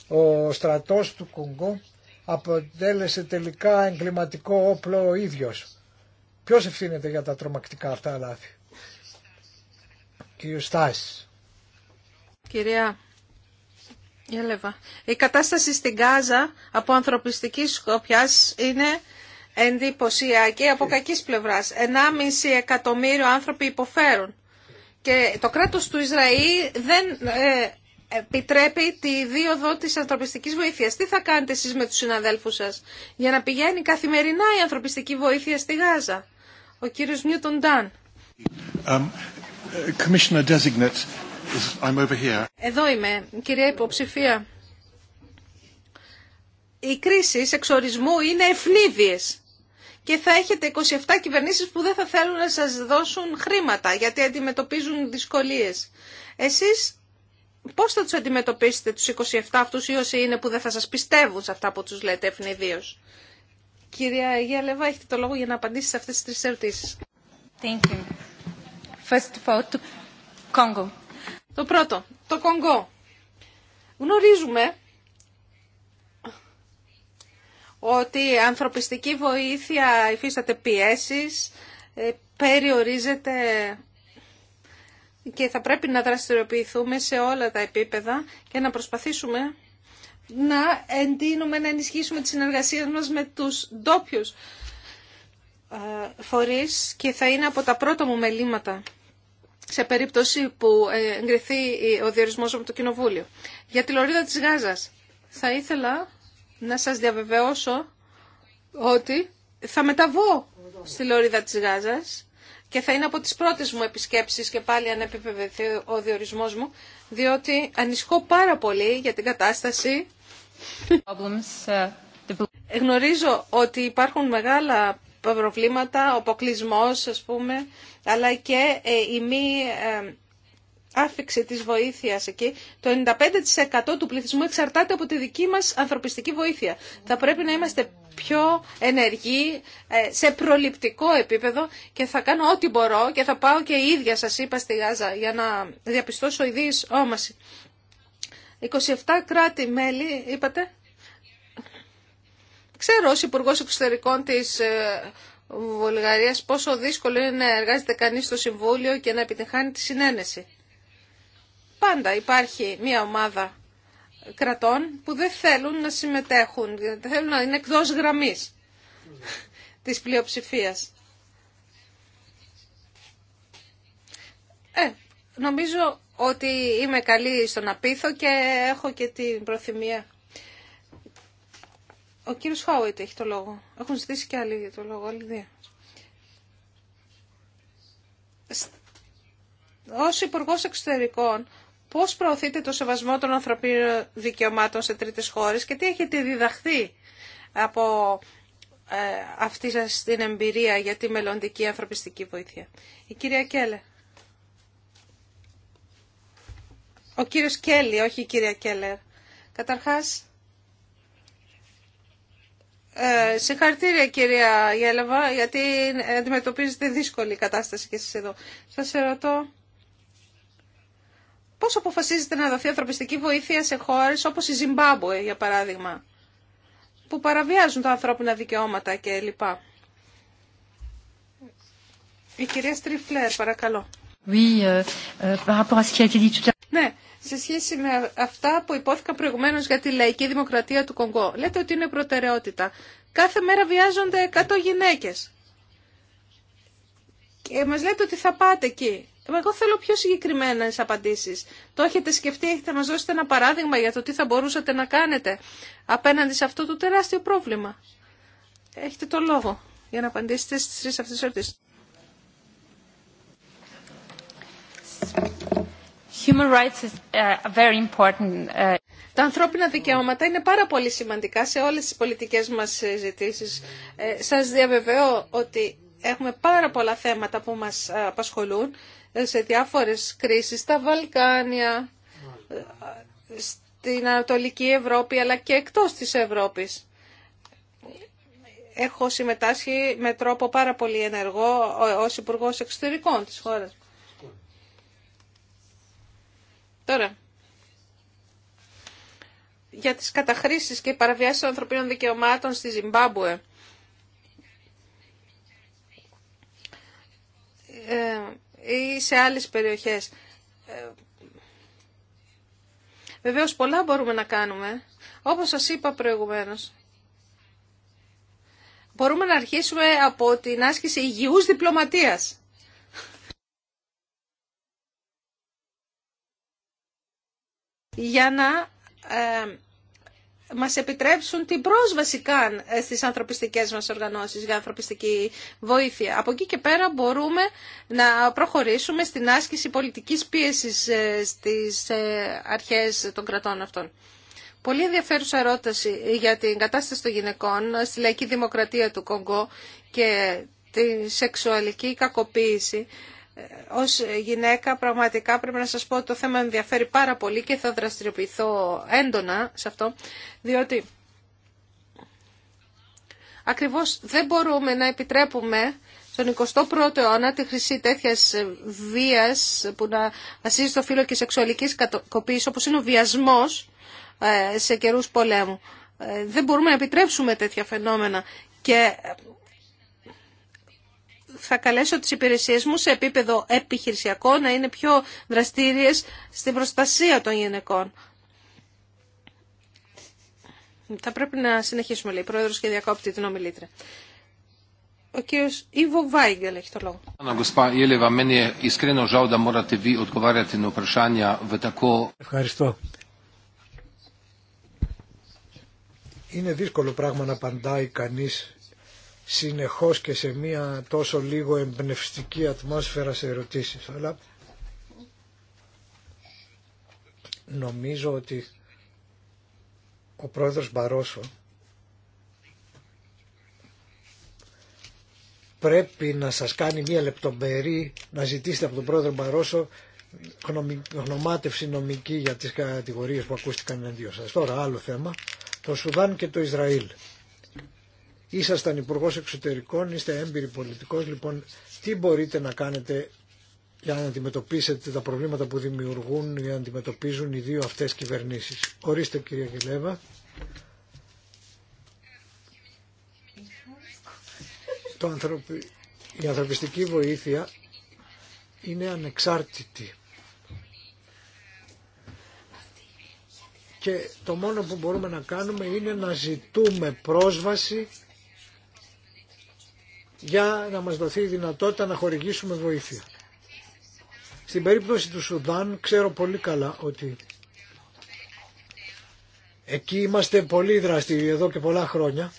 [SPEAKER 3] Ο στρατός του Κονγκό αποτέλεσε τελικά εγκληματικό όπλο ο ίδιος. Ποιο ευθύνεται για τα τρομακτικά αυτά λάθη.
[SPEAKER 1] Κυρία Γελέβα, η κατάσταση στην Γάζα από ανθρωπιστική σκοπιά είναι εντυπωσιακή από κακή πλευρά 1,5 εκατομμύριο άνθρωποι υποφέρουν και το κράτος του Ισραήλ δεν ε, επιτρέπει τη δίωδο της ανθρωπιστικής βοήθειας. Τι θα κάνετε εσείς με τους συναδέλφους σας για να πηγαίνει καθημερινά η ανθρωπιστική βοήθεια στη Γάζα. Ο κύριος Νιούτον Ντάν. Εδώ είμαι, κυρία υποψηφία. Οι κρίσει εξορισμού είναι ευνίδιε. και θα έχετε 27 κυβερνήσεις που δεν θα θέλουν να σας δώσουν χρήματα γιατί αντιμετωπίζουν δυσκολίες. Εσείς πώ θα του αντιμετωπίσετε του 27 αυτού ή όσοι είναι που δεν θα σας πιστεύουν σε αυτά που τους λέτε ευνίδιω. Κυρία Αγία Λεβά, έχετε το λόγο για να απαντήσετε σε αυτές τις τρει ερωτήσει. Thank First Το πρώτο, το Κονγκό. Γνωρίζουμε ότι η ανθρωπιστική βοήθεια υφίσταται πιέσεις, ε, περιορίζεται και θα πρέπει να δραστηριοποιηθούμε σε όλα τα επίπεδα και να προσπαθήσουμε να εντείνουμε, να ενισχύσουμε τη συνεργασία μας με τους ντόπιου ε, φορείς και θα είναι από τα πρώτα μου μελήματα σε περίπτωση που ε, εγκριθεί ο διορισμός από το Κοινοβούλιο. Για τη Λωρίδα της Γάζας θα ήθελα να σας διαβεβαιώσω ότι θα μεταβώ στη Λωρίδα της Γάζας και θα είναι από τις πρώτες μου επισκέψεις και πάλι αν επιβεβαιωθεί ο διορισμός μου, διότι ανησυχώ πάρα πολύ για την κατάσταση. Ε, Γνωρίζω ότι υπάρχουν μεγάλα προβλήματα, ο αποκλεισμό, ας πούμε, αλλά και ε, η μη ε, άφηξη της βοήθειας εκεί. Το 95% του πληθυσμού εξαρτάται από τη δική μας ανθρωπιστική βοήθεια. Θα πρέπει να είμαστε πιο ενεργοί ε, σε προληπτικό επίπεδο και θα κάνω ό,τι μπορώ και θα πάω και η ίδια σας είπα στη Γάζα για να διαπιστώσω ιδίες όμαση. 27 κράτη-μέλη, είπατε, Ξέρω ως υπουργό Εξωτερικών της ε, Βουλγαρίας πόσο δύσκολο είναι να εργάζεται κανείς στο Συμβούλιο και να επιτυχάνει τη συνένεση. Πάντα υπάρχει μια ομάδα κρατών που δεν θέλουν να συμμετέχουν, δεν θέλουν να είναι γραμής γραμμή της πλειοψηφίας. Ε, νομίζω ότι είμαι καλή στον απίθο και έχω και την προθυμία ο κύριο Χάουιτ έχει το λόγο. Έχουν ζητήσει και άλλοι το λόγο, δύο. Ω υπουργό Εξωτερικών, πώς προωθείτε το σεβασμό των ανθρωπίνων δικαιωμάτων σε τρίτες χώρες και τι έχετε διδαχθεί από ε, αυτή σας την εμπειρία για τη μελλοντική ανθρωπιστική βοήθεια. Η κυρία Κέλλε. Ο κύριος Κέλλη, όχι η κυρία Κέλλερ. Καταρχάς, ε, συγχαρητήρια κυρία Γέλεβα, γιατί αντιμετωπίζετε δύσκολη κατάσταση και εσείς εδώ. Σας ερωτώ, πώς αποφασίζετε να δοθεί ανθρωπιστική βοήθεια σε χώρες όπως η Ζιμπάμπουε, για παράδειγμα, που παραβιάζουν τα ανθρώπινα δικαιώματα και κλπ. Η κυρία Στριφλέρ, παρακαλώ. Ναι, σε σχέση με αυτά που υπόθηκαν προηγουμένως για τη λαϊκή δημοκρατία του Κονγκό. Λέτε ότι είναι προτεραιότητα. Κάθε μέρα βιάζονται 100 γυναίκες. Και μας λέτε ότι θα πάτε εκεί. Εγώ θέλω πιο συγκεκριμένες απαντήσεις. Το έχετε σκεφτεί, έχετε μας δώσετε ένα παράδειγμα για το τι θα μπορούσατε να κάνετε απέναντι σε αυτό το τεράστιο πρόβλημα. Έχετε το λόγο για να απαντήσετε στις τρεις αυτές τις Uh, uh, Τα ανθρώπινα δικαιώματα είναι πάρα πολύ σημαντικά σε όλες τις πολιτικές μας συζητήσεις. Ε, σας διαβεβαιώ ότι έχουμε πάρα πολλά θέματα που μας ε, απασχολούν ε, σε διάφορες κρίσεις, στα Βαλκάνια, στην Ανατολική Ευρώπη, αλλά και εκτός της Ευρώπης. Έχω συμμετάσχει με τρόπο πάρα πολύ ενεργό ως υπουργός Εξωτερικών της χώρας. Τώρα, για τις καταχρήσεις και παραβιάσεις των ανθρωπίνων δικαιωμάτων στη Ζιμπάμπουε. Ε, ή σε άλλες περιοχές. Ε, βεβαίως πολλά μπορούμε να κάνουμε. Όπως σας είπα προηγουμένως, μπορούμε να αρχίσουμε από την άσκηση υγιούς διπλωματίας. για να ε, μας επιτρέψουν την πρόσβαση καν ε, στις ανθρωπιστικές μας οργανώσεις για ανθρωπιστική βοήθεια. Από εκεί και πέρα μπορούμε να προχωρήσουμε στην άσκηση πολιτικής πίεσης ε, στις αρχές των κρατών αυτών. Πολύ ενδιαφέρουσα ερώτηση για την κατάσταση των γυναικών στη λαϊκή δημοκρατία του Κονγκό και τη σεξουαλική κακοποίηση ως γυναίκα πραγματικά πρέπει να σας πω ότι το θέμα ενδιαφέρει πάρα πολύ και θα δραστηριοποιηθώ έντονα σε αυτό, διότι ακριβώς δεν μπορούμε να επιτρέπουμε στον 21ο αιώνα τη χρυσή τέτοια βίας που να ασύζει στο φύλλο και σεξουαλικής κατοκοπής όπως είναι ο βιασμός ε, σε καιρούς πολέμου. Ε, δεν μπορούμε να επιτρέψουμε τέτοια φαινόμενα και θα καλέσω τις υπηρεσίες μου σε επίπεδο επιχειρησιακό να είναι πιο δραστήριες στην προστασία των γυναικών. Θα πρέπει να συνεχίσουμε, λέει, πρόεδρος και διακόπτη την ομιλήτρια. Ο κύριος Ιβο Βάιγκελ έχει το λόγο.
[SPEAKER 3] Ευχαριστώ. Είναι δύσκολο πράγμα να απαντάει κανείς συνεχώς και σε μία τόσο λίγο εμπνευστική ατμόσφαιρα σε ερωτήσεις. Αλλά νομίζω ότι ο πρόεδρος Μπαρόσο πρέπει να σας κάνει μία λεπτομερή, να ζητήσετε από τον πρόεδρο Μπαρόσο γνωμάτευση νομική για τις κατηγορίες που ακούστηκαν εναντίον σας. Τώρα άλλο θέμα, το Σουδάν και το Ισραήλ. Ήσασταν υπουργό Εξωτερικών, είστε έμπειροι πολιτικός, λοιπόν τι μπορείτε να κάνετε για να αντιμετωπίσετε τα προβλήματα που δημιουργούν ή αντιμετωπίζουν οι δύο αυτές κυβερνήσεις. Ορίστε κυρία Γελέβα. Το ανθρωπι... Η ανθρωπιστική βοήθεια είναι ανεξάρτητη. Και το μόνο που μπορούμε να κάνουμε είναι να ζητούμε πρόσβαση για να μας δοθεί η δυνατότητα να χορηγήσουμε βοήθεια. Στην περίπτωση του Σουδάν ξέρω πολύ καλά ότι εκεί είμαστε πολύ δραστηροί εδώ και πολλά χρόνια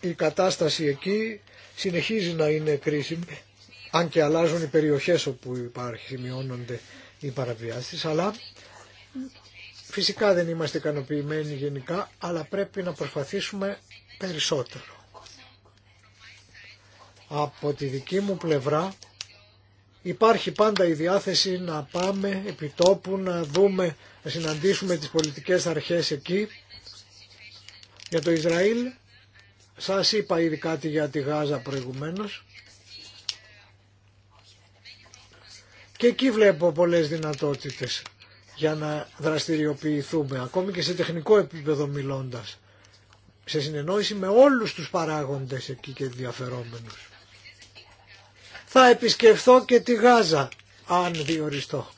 [SPEAKER 3] η κατάσταση εκεί συνεχίζει να είναι κρίσιμη αν και αλλάζουν οι περιοχές όπου υπάρχει, μειώνονται οι παραβιάσεις αλλά Φυσικά δεν είμαστε ικανοποιημένοι γενικά, αλλά πρέπει να προσπαθήσουμε περισσότερο. Από τη δική μου πλευρά υπάρχει πάντα η διάθεση να πάμε επί τόπου, να δούμε, να συναντήσουμε τις πολιτικές αρχές εκεί. Για το Ισραήλ, σας είπα ήδη κάτι για τη Γάζα προηγουμένως. Και εκεί βλέπω πολλές δυνατότητες για να δραστηριοποιηθούμε, ακόμη και σε τεχνικό επίπεδο μιλώντας, σε συνεννόηση με όλους τους παράγοντες εκεί και ενδιαφερόμενους. Θα επισκεφθώ και τη Γάζα, αν διοριστώ.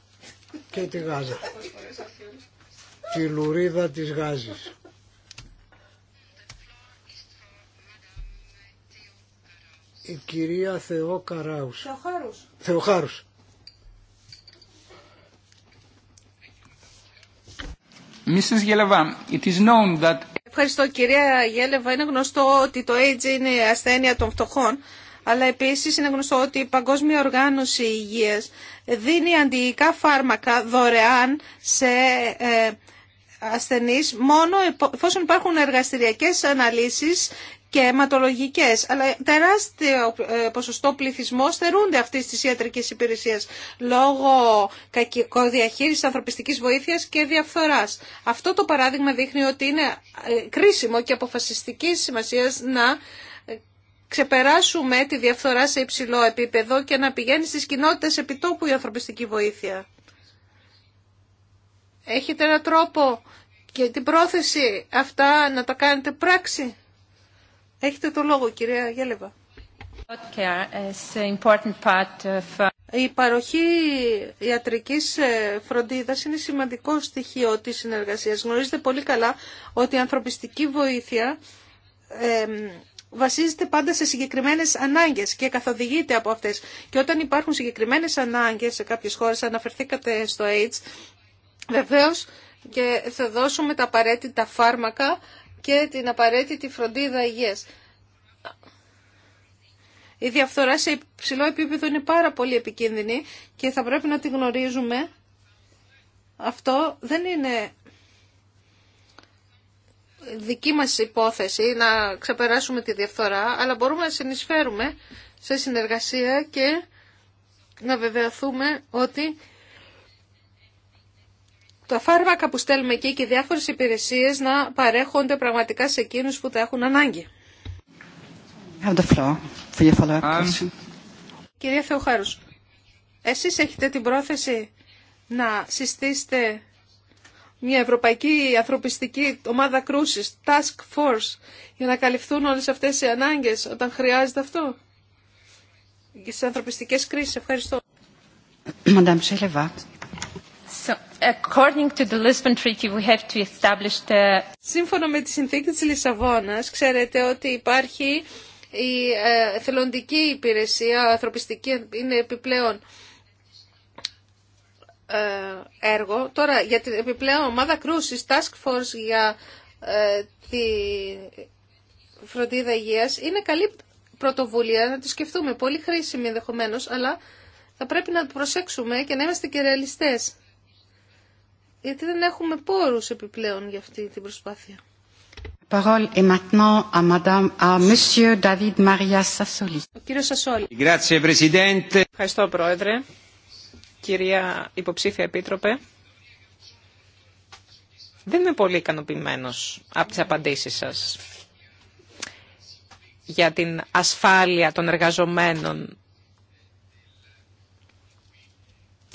[SPEAKER 3] Και τη Γάζα. Τη λουρίδα της Γάζης. Η κυρία Θεό Καράους. Θεοχάρους. Θεοχάρους.
[SPEAKER 1] Ευχαριστώ κυρία Γέλεβα. Είναι γνωστό ότι το AIDS είναι ασθένεια των φτωχών, αλλά επίσης είναι γνωστό ότι η Παγκόσμια Οργάνωση Υγείας δίνει αντιϊκά φάρμακα δωρεάν σε ε, ασθενείς μόνο εφόσον υπάρχουν εργαστηριακές αναλύσεις και αιματολογικές. Αλλά τεράστιο ε, ποσοστό πληθυσμό θερούνται αυτή τη ιατρική υπηρεσία λόγω διαχείριση ανθρωπιστική βοήθειας και διαφθοράς. Αυτό το παράδειγμα δείχνει ότι είναι ε, κρίσιμο και αποφασιστική σημασία να ε, ξεπεράσουμε τη διαφθορά σε υψηλό επίπεδο και να πηγαίνει στις κοινότητες επιτόπου η ανθρωπιστική βοήθεια. Έχετε έναν τρόπο και την πρόθεση αυτά να τα κάνετε πράξη. Έχετε το λόγο, κυρία Γέλεβα. Η παροχή ιατρικής ε, φροντίδας είναι σημαντικό στοιχείο της συνεργασίας. Γνωρίζετε πολύ καλά ότι η ανθρωπιστική βοήθεια ε, βασίζεται πάντα σε συγκεκριμένες ανάγκες και καθοδηγείται από αυτές. Και όταν υπάρχουν συγκεκριμένες ανάγκες σε κάποιες χώρες, αναφερθήκατε στο AIDS, βεβαίως και θα δώσουμε τα απαραίτητα φάρμακα και την απαραίτητη φροντίδα υγείας. Η διαφθορά σε υψηλό επίπεδο είναι πάρα πολύ επικίνδυνη και θα πρέπει να τη γνωρίζουμε. Αυτό δεν είναι δική μας υπόθεση να ξεπεράσουμε τη διαφθορά, αλλά μπορούμε να συνεισφέρουμε σε συνεργασία και να βεβαιωθούμε ότι τα φάρμακα που στέλνουμε εκεί και οι διάφορες υπηρεσίες να παρέχονται πραγματικά σε εκείνους που τα έχουν ανάγκη.
[SPEAKER 2] Have the floor for um,
[SPEAKER 1] Κυρία Θεοχάρου, εσείς έχετε την πρόθεση να συστήσετε μια ευρωπαϊκή ανθρωπιστική ομάδα κρούσης, task force, για να καλυφθούν όλες αυτές οι ανάγκες όταν χρειάζεται αυτό. Και στις ανθρωπιστικές κρίσεις. Ευχαριστώ. Σύμφωνα με τη συνθήκη της Λισαβόνας, ξέρετε ότι υπάρχει η ε, εθελοντική υπηρεσία, ανθρωπιστική, είναι επιπλέον ε, έργο. Τώρα, για την επιπλέον ομάδα κρούσης, Task Force για ε, τη φροντίδα υγείας, είναι καλή πρωτοβουλία, να τη σκεφτούμε, πολύ χρήσιμη ενδεχομένω, αλλά θα πρέπει να προσέξουμε και να είμαστε και ρεαλιστές γιατί δεν έχουμε πόρους επιπλέον για αυτή την προσπάθεια.
[SPEAKER 2] Parole est maintenant à Madame, à Monsieur David Maria Σασόλη.
[SPEAKER 4] Ευχαριστώ, Πρόεδρε. Κυρία Υποψήφια Επίτροπε, δεν είμαι πολύ ικανοποιημένο από τι απαντήσει σα για την ασφάλεια των εργαζομένων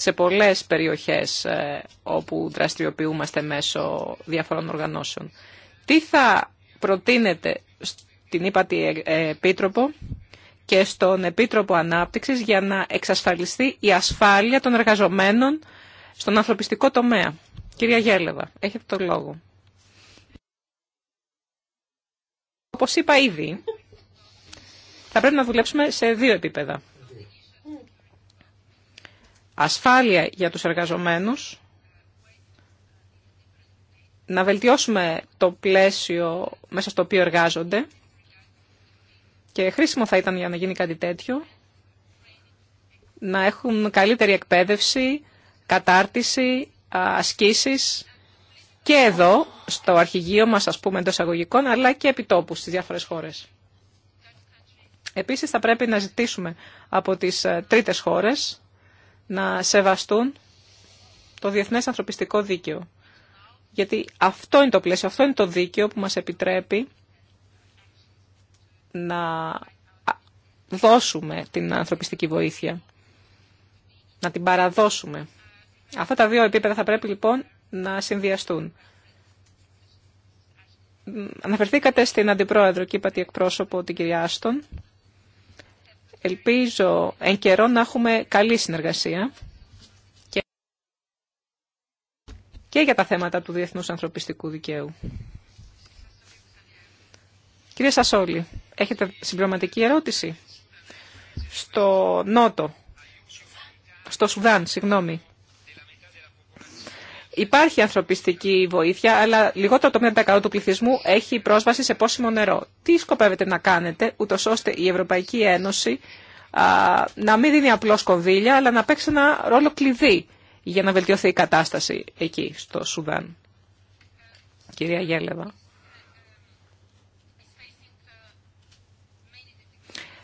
[SPEAKER 4] σε πολλές περιοχές ε, όπου δραστηριοποιούμαστε μέσω διαφορών οργανώσεων. Τι θα προτείνετε στην ύπατη ε, επίτροπο και στον Επίτροπο Ανάπτυξης για να εξασφαλιστεί η ασφάλεια των εργαζομένων στον ανθρωπιστικό τομέα. Κυρία Γέλεβα, έχετε το λόγο. Όπως είπα ήδη, θα πρέπει να δουλέψουμε σε δύο επίπεδα ασφάλεια για τους εργαζομένους, να βελτιώσουμε το πλαίσιο μέσα στο οποίο εργάζονται και χρήσιμο θα ήταν για να γίνει κάτι τέτοιο, να έχουν καλύτερη εκπαίδευση, κατάρτιση, ασκήσεις και εδώ, στο αρχηγείο μας, ας πούμε, εντός αγωγικών, αλλά και επιτόπου στις διάφορες χώρες. Επίσης, θα πρέπει να ζητήσουμε από τις ε, τρίτες χώρες να σεβαστούν το διεθνές ανθρωπιστικό δίκαιο. Γιατί αυτό είναι το πλαίσιο, αυτό είναι το δίκαιο που μας επιτρέπει να δώσουμε την ανθρωπιστική βοήθεια, να την παραδώσουμε. Αυτά τα δύο επίπεδα θα πρέπει λοιπόν να συνδυαστούν. Αναφερθήκατε στην Αντιπρόεδρο και είπατε εκπρόσωπο την κυρία Άστον Ελπίζω εν καιρό να έχουμε καλή συνεργασία και, για τα θέματα του Διεθνούς Ανθρωπιστικού Δικαίου. Κύριε Σασόλη, έχετε συμπληρωματική ερώτηση. Στο Νότο, στο Σουδάν, συγγνώμη, Υπάρχει ανθρωπιστική βοήθεια, αλλά λιγότερο το 50% του πληθυσμού έχει πρόσβαση σε πόσιμο νερό. Τι σκοπεύετε να κάνετε, ούτω ώστε η Ευρωπαϊκή Ένωση α, να μην δίνει απλώ κονδύλια, αλλά να παίξει ένα ρόλο κλειδί για να βελτιωθεί η κατάσταση εκεί, στο Σουδάν. Κυρία Γέλεβα.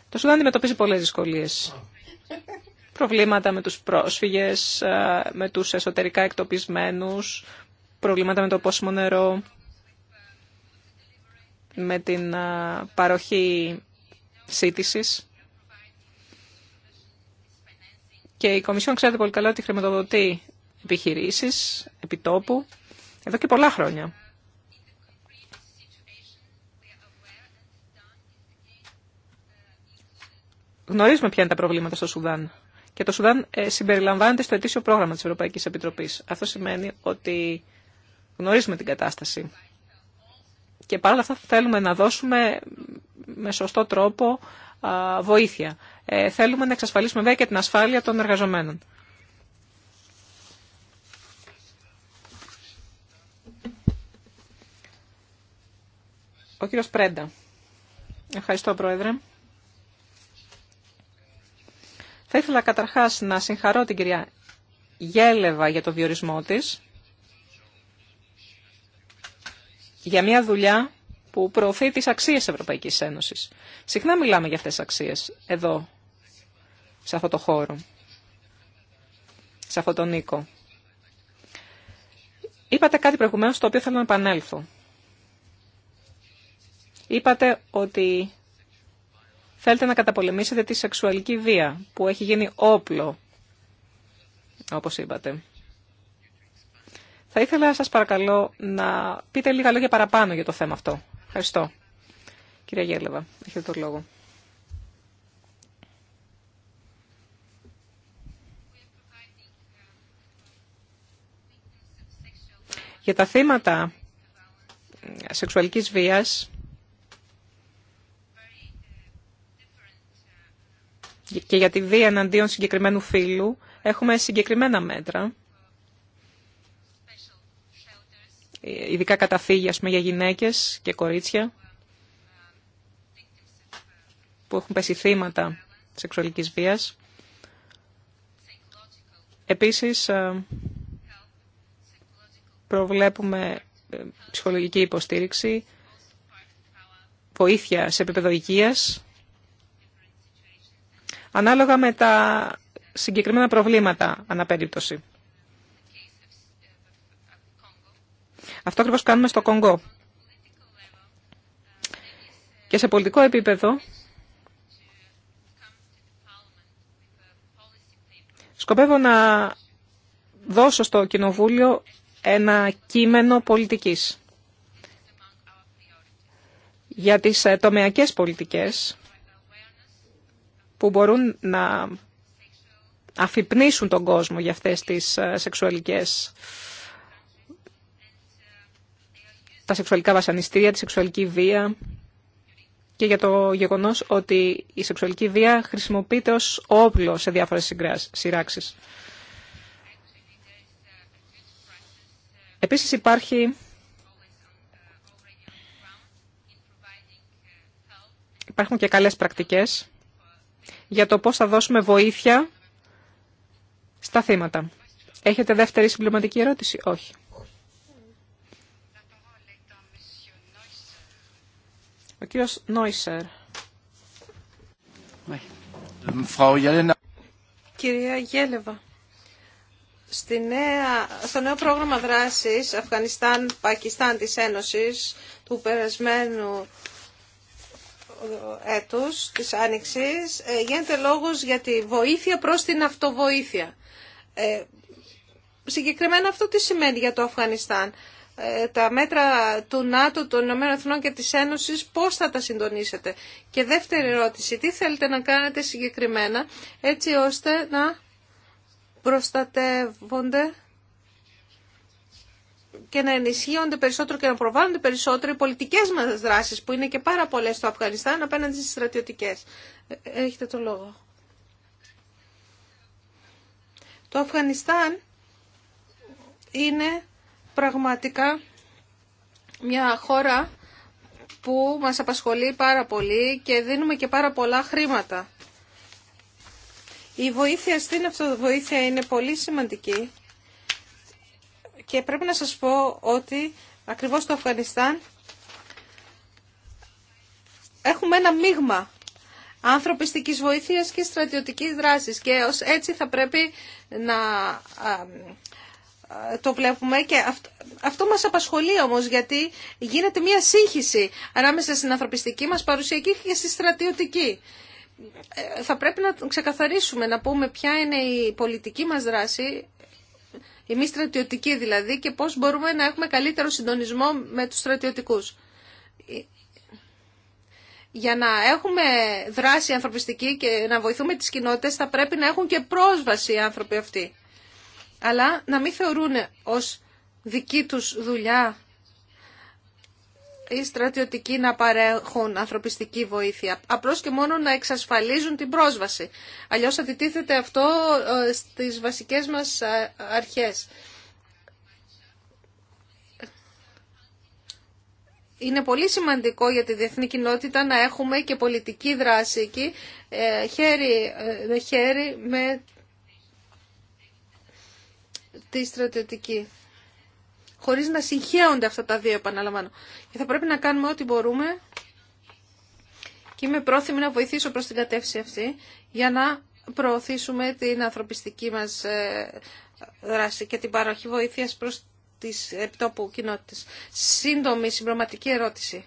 [SPEAKER 4] Το Σουδάν αντιμετωπίζει πολλές δυσκολίες προβλήματα με τους πρόσφυγες, ε, με τους εσωτερικά εκτοπισμένους, προβλήματα με το πόσιμο νερό, με την ε, παροχή σύντησης. Και η Κομισιόν ξέρετε πολύ καλά ότι χρηματοδοτεί επιχειρήσεις, επιτόπου, εδώ και πολλά χρόνια. Γνωρίζουμε ποια είναι τα προβλήματα στο Σουδάν και το Σουδάν ε, συμπεριλαμβάνεται στο ετήσιο πρόγραμμα της Ευρωπαϊκής Επιτροπής. Αυτό σημαίνει ότι γνωρίζουμε την κατάσταση και παρόλα αυτά θέλουμε να δώσουμε με σωστό τρόπο βοήθεια. Ε, θέλουμε να εξασφαλίσουμε βέβαια και την ασφάλεια των εργαζομένων. Ο κύριος Πρέντα. Ευχαριστώ, Πρόεδρε. Θα ήθελα καταρχάς να συγχαρώ την κυρία Γέλεβα για το διορισμό της, για μια δουλειά που προωθεί τις αξίες της Ευρωπαϊκής Ένωσης. Συχνά μιλάμε για αυτές τις αξίες εδώ, σε αυτό το χώρο, σε αυτό τον οίκο. Είπατε κάτι προηγουμένως στο οποίο θέλω να επανέλθω. Είπατε ότι θέλετε να καταπολεμήσετε τη σεξουαλική βία που έχει γίνει όπλο, όπως είπατε. Θα ήθελα σας παρακαλώ να πείτε λίγα λόγια παραπάνω για το θέμα αυτό. Ευχαριστώ. Κυρία Γέλεβα, έχετε το λόγο. Για τα θύματα σεξουαλικής βίας και για τη βία εναντίον συγκεκριμένου φύλου έχουμε συγκεκριμένα μέτρα. Ειδικά καταφύγια πούμε, για γυναίκες και κορίτσια που έχουν πέσει θύματα σεξουαλικής βίας. Επίσης, ε, προβλέπουμε ε, ψυχολογική υποστήριξη, βοήθεια σε επίπεδο υγείας ανάλογα με τα συγκεκριμένα προβλήματα αναπερίπτωση. Αυτό ακριβώς κάνουμε στο Κονγκό. Και σε πολιτικό επίπεδο σκοπεύω να δώσω στο Κοινοβούλιο ένα κείμενο πολιτικής για τις ε, τομεακές πολιτικές που μπορούν να αφυπνίσουν τον κόσμο για αυτές τις ε, σεξουαλικές τα σεξουαλικά βασανιστήρια, τη σεξουαλική βία και για το γεγονός ότι η σεξουαλική βία χρησιμοποιείται ως όπλο σε διάφορες σειράξεις. Επίσης υπάρχει υπάρχουν και καλές πρακτικές για το πώς θα δώσουμε βοήθεια στα θύματα. Έχετε δεύτερη συμπληρωματική ερώτηση? Όχι. Ο κύριος Νόισερ.
[SPEAKER 1] Κυρία Γέλεβα, στη νέα, στο νέο πρόγραμμα δράσης Αφγανιστάν-Πακιστάν της Ένωσης του περασμένου έτους της Άνοιξης ε, γίνεται λόγος για τη βοήθεια προς την αυτοβοήθεια. Ε, συγκεκριμένα αυτό τι σημαίνει για το Αφγανιστάν. Ε, τα μέτρα του ΝΑΤΟ, των Ηνωμένων και της Ένωσης πώς θα τα συντονίσετε. Και δεύτερη ερώτηση, τι θέλετε να κάνετε συγκεκριμένα έτσι ώστε να προστατεύονται και να ενισχύονται περισσότερο και να προβάλλονται περισσότερο οι πολιτικές μας δράσεις που είναι και πάρα πολλέ στο Αφγανιστάν απέναντι στι στρατιωτικές. Ε, έχετε το λόγο. Το Αφγανιστάν είναι πραγματικά μια χώρα που μας απασχολεί πάρα πολύ και δίνουμε και πάρα πολλά χρήματα. Η βοήθεια στην αυτοβοήθεια είναι πολύ σημαντική και πρέπει να σας πω ότι ακριβώς στο Αφγανιστάν έχουμε ένα μείγμα ανθρωπιστικής βοήθειας και στρατιωτικής δράσης και ως έτσι θα πρέπει να το βλέπουμε και αυτό, αυτό μας απασχολεί όμως γιατί γίνεται μια σύγχυση ανάμεσα στην ανθρωπιστική μας παρουσιακή και στη στρατιωτική. Ε, θα πρέπει να ξεκαθαρίσουμε, να πούμε ποια είναι η πολιτική μας δράση οι μη στρατιωτικοί δηλαδή και πώς μπορούμε να έχουμε καλύτερο συντονισμό με τους στρατιωτικούς. Για να έχουμε δράση ανθρωπιστική και να βοηθούμε τις κοινότητες θα πρέπει να έχουν και πρόσβαση οι άνθρωποι αυτοί. Αλλά να μην θεωρούν ως δική τους δουλειά οι στρατιωτικοί να παρέχουν ανθρωπιστική βοήθεια. Απλώς και μόνο να εξασφαλίζουν την πρόσβαση. Αλλιώς αντιτίθεται αυτό ε, στις βασικές μας ε, αρχές. Είναι πολύ σημαντικό για τη διεθνή κοινότητα να έχουμε και πολιτική δράση εκεί, ε, χέρι με χέρι με τη στρατιωτική χωρίς να συγχέονται αυτά τα δύο, επαναλαμβάνω. Και θα πρέπει να κάνουμε ό,τι μπορούμε και είμαι πρόθυμη να βοηθήσω προς την κατεύθυνση αυτή για να προωθήσουμε την ανθρωπιστική μας ε, δράση και την παροχή βοήθειας προς τις επιτόπου κοινότητες. Σύντομη συμπροματική ερώτηση.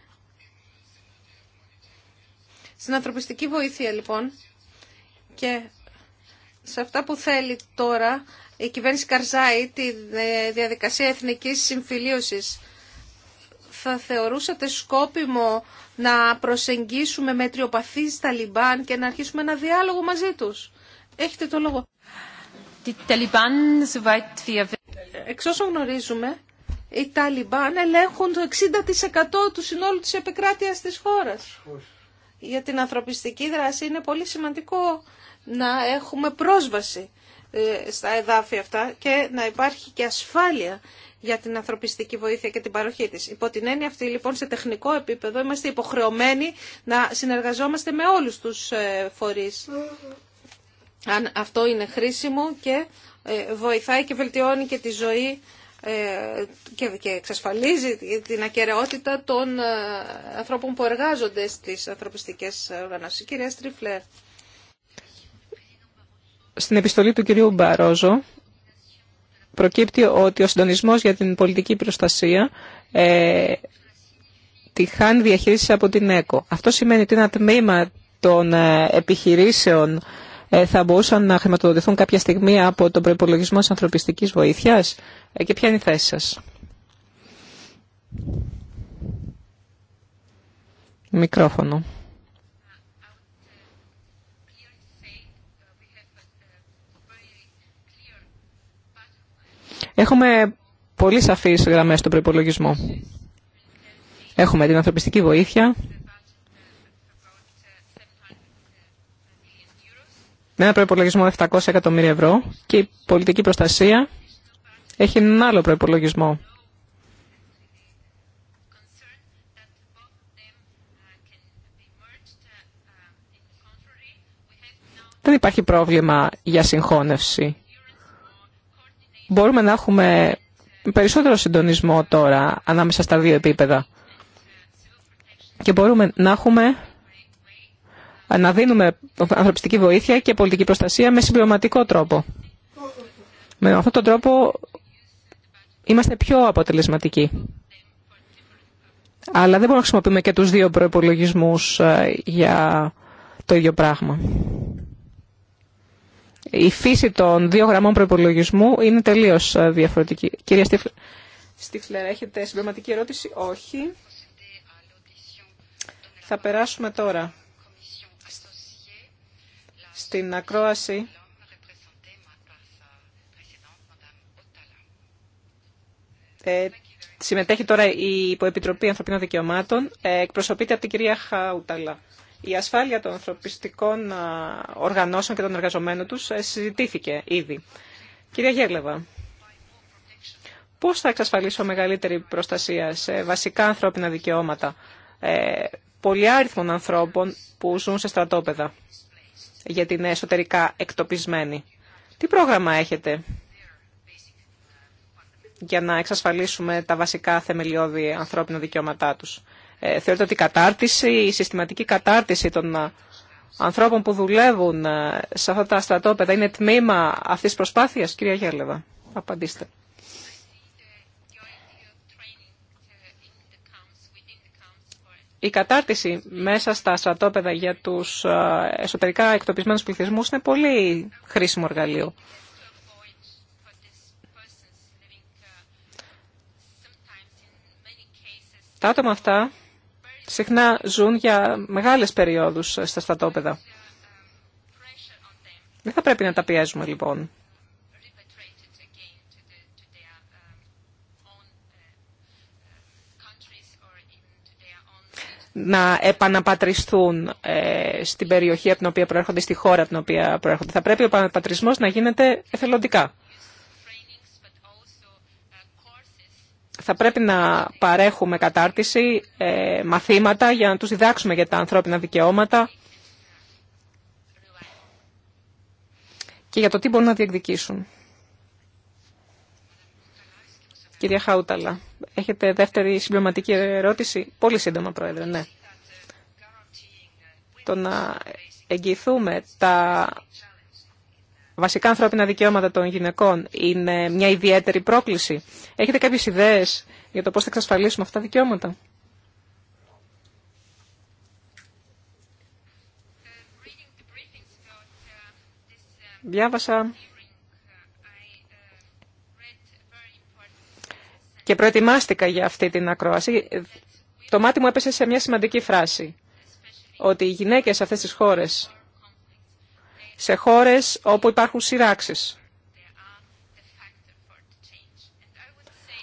[SPEAKER 1] Στην ανθρωπιστική βοήθεια λοιπόν και σε αυτά που θέλει τώρα η κυβέρνηση Καρζάη, τη ε, διαδικασία εθνικής συμφιλίωσης. Θα θεωρούσατε σκόπιμο να προσεγγίσουμε με τριοπαθείς τα Λιμπάν και να αρχίσουμε ένα διάλογο μαζί τους. Έχετε το λόγο. Εξ όσων γνωρίζουμε, οι Ταλιμπάν ελέγχουν το 60% του συνόλου της επικράτειας της χώρας για την ανθρωπιστική δράση είναι πολύ σημαντικό να έχουμε πρόσβαση ε, στα εδάφη αυτά και να υπάρχει και ασφάλεια για την ανθρωπιστική βοήθεια και την παροχή της. Υπό την έννοια αυτή λοιπόν σε τεχνικό επίπεδο είμαστε υποχρεωμένοι να συνεργαζόμαστε με όλους τους ε, φορείς. Αν αυτό είναι χρήσιμο και ε, βοηθάει και βελτιώνει και τη ζωή ε, και εξασφαλίζει την ακαιρεότητα των ε, ανθρώπων που εργάζονται στις ανθρωπιστικές οργανώσεις. Κυρία Στριφλέρ.
[SPEAKER 4] Στην επιστολή του κυρίου Μπαρόζο προκύπτει ότι ο συντονισμός για την πολιτική προστασία ε, τη χάν διαχείριση από την ΕΚΟ. Αυτό σημαίνει ότι ένα τμήμα των ε, επιχειρήσεων ε, θα μπορούσαν να χρηματοδοτηθούν κάποια στιγμή από τον προπολογισμό της ανθρωπιστικής βοήθειας ε, και ποια είναι η θέση σα. Μικρόφωνο. Έχουμε πολύ σαφείς γραμμές στον προπολογισμό. Έχουμε την ανθρωπιστική βοήθεια, με ένα προπολογισμό 700 εκατομμύρια ευρώ και η πολιτική προστασία έχει έναν άλλο προπολογισμό. Δεν υπάρχει πρόβλημα για συγχώνευση. Μπορούμε να έχουμε περισσότερο συντονισμό τώρα ανάμεσα στα δύο επίπεδα. Και μπορούμε να έχουμε να δίνουμε ανθρωπιστική βοήθεια και πολιτική προστασία με συμπληρωματικό τρόπο. Με αυτόν τον τρόπο είμαστε πιο αποτελεσματικοί. Αλλά δεν μπορούμε να χρησιμοποιούμε και τους δύο προϋπολογισμούς ε, για το ίδιο πράγμα. Η φύση των δύο γραμμών προϋπολογισμού είναι τελείως ε, διαφορετική. Κυρία Στίφλερ, έχετε συμπληρωματική ερώτηση. Όχι. Θα περάσουμε τώρα στην ακρόαση ε, συμμετέχει τώρα η Υποεπιτροπή Ανθρωπίνων Δικαιωμάτων, ε, εκπροσωπείται από την κυρία Χάουταλα. Η ασφάλεια των ανθρωπιστικών οργανώσεων και των εργαζομένων τους ε, συζητήθηκε ήδη. Κυρία Γέλεβα, πώς θα εξασφαλίσω μεγαλύτερη προστασία σε βασικά ανθρώπινα δικαιώματα ε, πολυάριθμων ανθρώπων που ζουν σε στρατόπεδα γιατί είναι εσωτερικά εκτοπισμένοι. Τι πρόγραμμα έχετε για να εξασφαλίσουμε τα βασικά θεμελιώδη ανθρώπινα δικαιώματά τους. Ε, θεωρείτε ότι η κατάρτιση, η συστηματική κατάρτιση των ε, ανθρώπων που δουλεύουν ε, σε αυτά τα στρατόπεδα είναι τμήμα αυτής της προσπάθειας, κυρία Γέλεβα. Απαντήστε. η κατάρτιση μέσα στα στρατόπεδα για τους ε, εσωτερικά εκτοπισμένους πληθυσμούς είναι πολύ χρήσιμο εργαλείο. Τα άτομα αυτά συχνά ζουν για μεγάλες περιόδους ε, στα στρατόπεδα. Δεν θα πρέπει να τα πιέζουμε λοιπόν. να επαναπατριστούν ε, στην περιοχή από την οποία προέρχονται, στη χώρα από την οποία προέρχονται. Θα πρέπει ο επαναπατρισμός να γίνεται εθελοντικά. Θα πρέπει να παρέχουμε κατάρτιση, ε, μαθήματα για να τους διδάξουμε για τα ανθρώπινα δικαιώματα και για το τι μπορούν να διεκδικήσουν. Κυρία Χάουταλα, έχετε δεύτερη συμπληρωματική ερώτηση. Πολύ σύντομα, Πρόεδρε, ναι. Το να εγγυηθούμε τα βασικά ανθρώπινα δικαιώματα των γυναικών είναι μια ιδιαίτερη πρόκληση. Έχετε κάποιες ιδέες για το πώς θα εξασφαλίσουμε αυτά τα δικαιώματα. Διάβασα και προετοιμάστηκα για αυτή την ακρόαση, το μάτι μου έπεσε σε μια σημαντική φράση. Ότι οι γυναίκες σε αυτές τις χώρες, σε χώρες όπου υπάρχουν σειράξεις,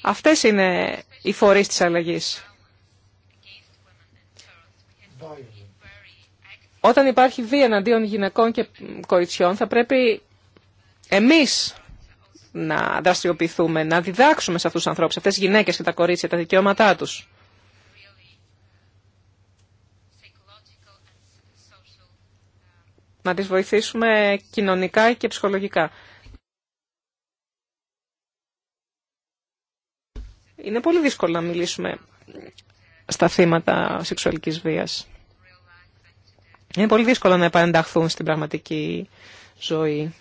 [SPEAKER 4] αυτές είναι οι φορείς της αλλαγής. Όταν υπάρχει βία εναντίον γυναικών και κοριτσιών, θα πρέπει εμείς να δραστηριοποιηθούμε, να διδάξουμε σε αυτούς τους ανθρώπους, αυτές τις γυναίκες και τα κορίτσια, τα δικαιώματά τους. Να τις βοηθήσουμε κοινωνικά και ψυχολογικά. Είναι πολύ δύσκολο να μιλήσουμε στα θύματα σεξουαλικής βίας. Είναι πολύ δύσκολο να επανενταχθούν στην πραγματική ζωή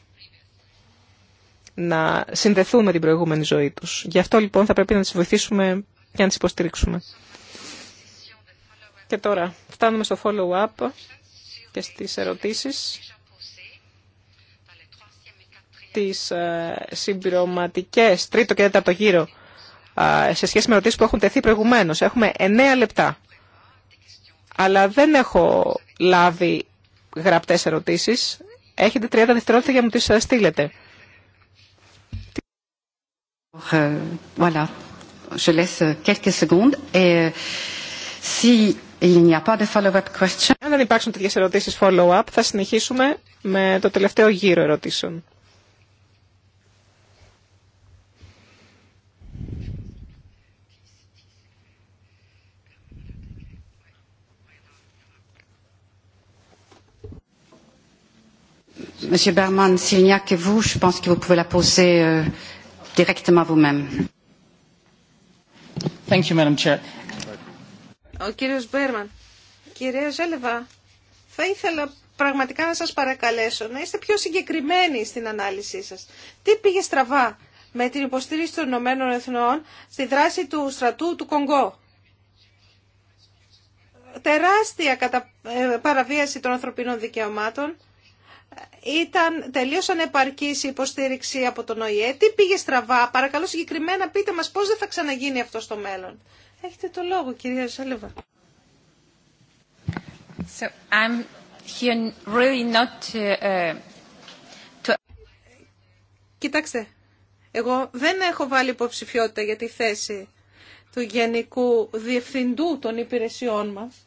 [SPEAKER 4] να συνδεθούν με την προηγούμενη ζωή τους. Γι' αυτό λοιπόν θα πρέπει να τις βοηθήσουμε και να τις υποστηρίξουμε. Και τώρα φτάνουμε στο follow-up και στις ερωτήσεις τις ε, συμπληρωματικέ τρίτο και τέταρτο γύρο σε σχέση με ερωτήσεις που έχουν τεθεί προηγουμένως. Έχουμε εννέα λεπτά, αλλά δεν έχω λάβει γραπτές ερωτήσεις.
[SPEAKER 2] Έχετε 30 δευτερόλεπτα για να μου τις ε, στείλετε. Voilà, je laisse quelques secondes. Et si il n'y a pas de follow-up question... Αν δεν υπάρξουν τέτοιες ερωτήσεις follow-up, θα συνεχίσουμε
[SPEAKER 4] με το τελευταίο γύρο ερωτήσεων.
[SPEAKER 2] Monsieur Berman, s'il n'y a que vous, je pense que vous pouvez la poser directement vous-même. Thank you, Madam
[SPEAKER 1] Ο κύριος Μπέρμαν. Κυρία Ζέλεβα, θα ήθελα πραγματικά να σας παρακαλέσω να είστε πιο συγκεκριμένοι στην ανάλυση σας. Τι πήγε στραβά με την υποστήριξη των Ηνωμένων Εθνών στη δράση του στρατού του Κονγκό. Τεράστια ε, παραβίαση των ανθρωπίνων δικαιωμάτων ήταν τελείως ανεπαρκής η υποστήριξη από τον ΟΗΕ. Τι πήγε στραβά, παρακαλώ συγκεκριμένα πείτε μας πώς δεν θα ξαναγίνει αυτό στο μέλλον. Έχετε το λόγο κυρία Σάλεβα. So, I'm here really not uh, to, Κοιτάξτε, εγώ δεν έχω βάλει υποψηφιότητα για τη θέση του Γενικού Διευθυντού των Υπηρεσιών μας.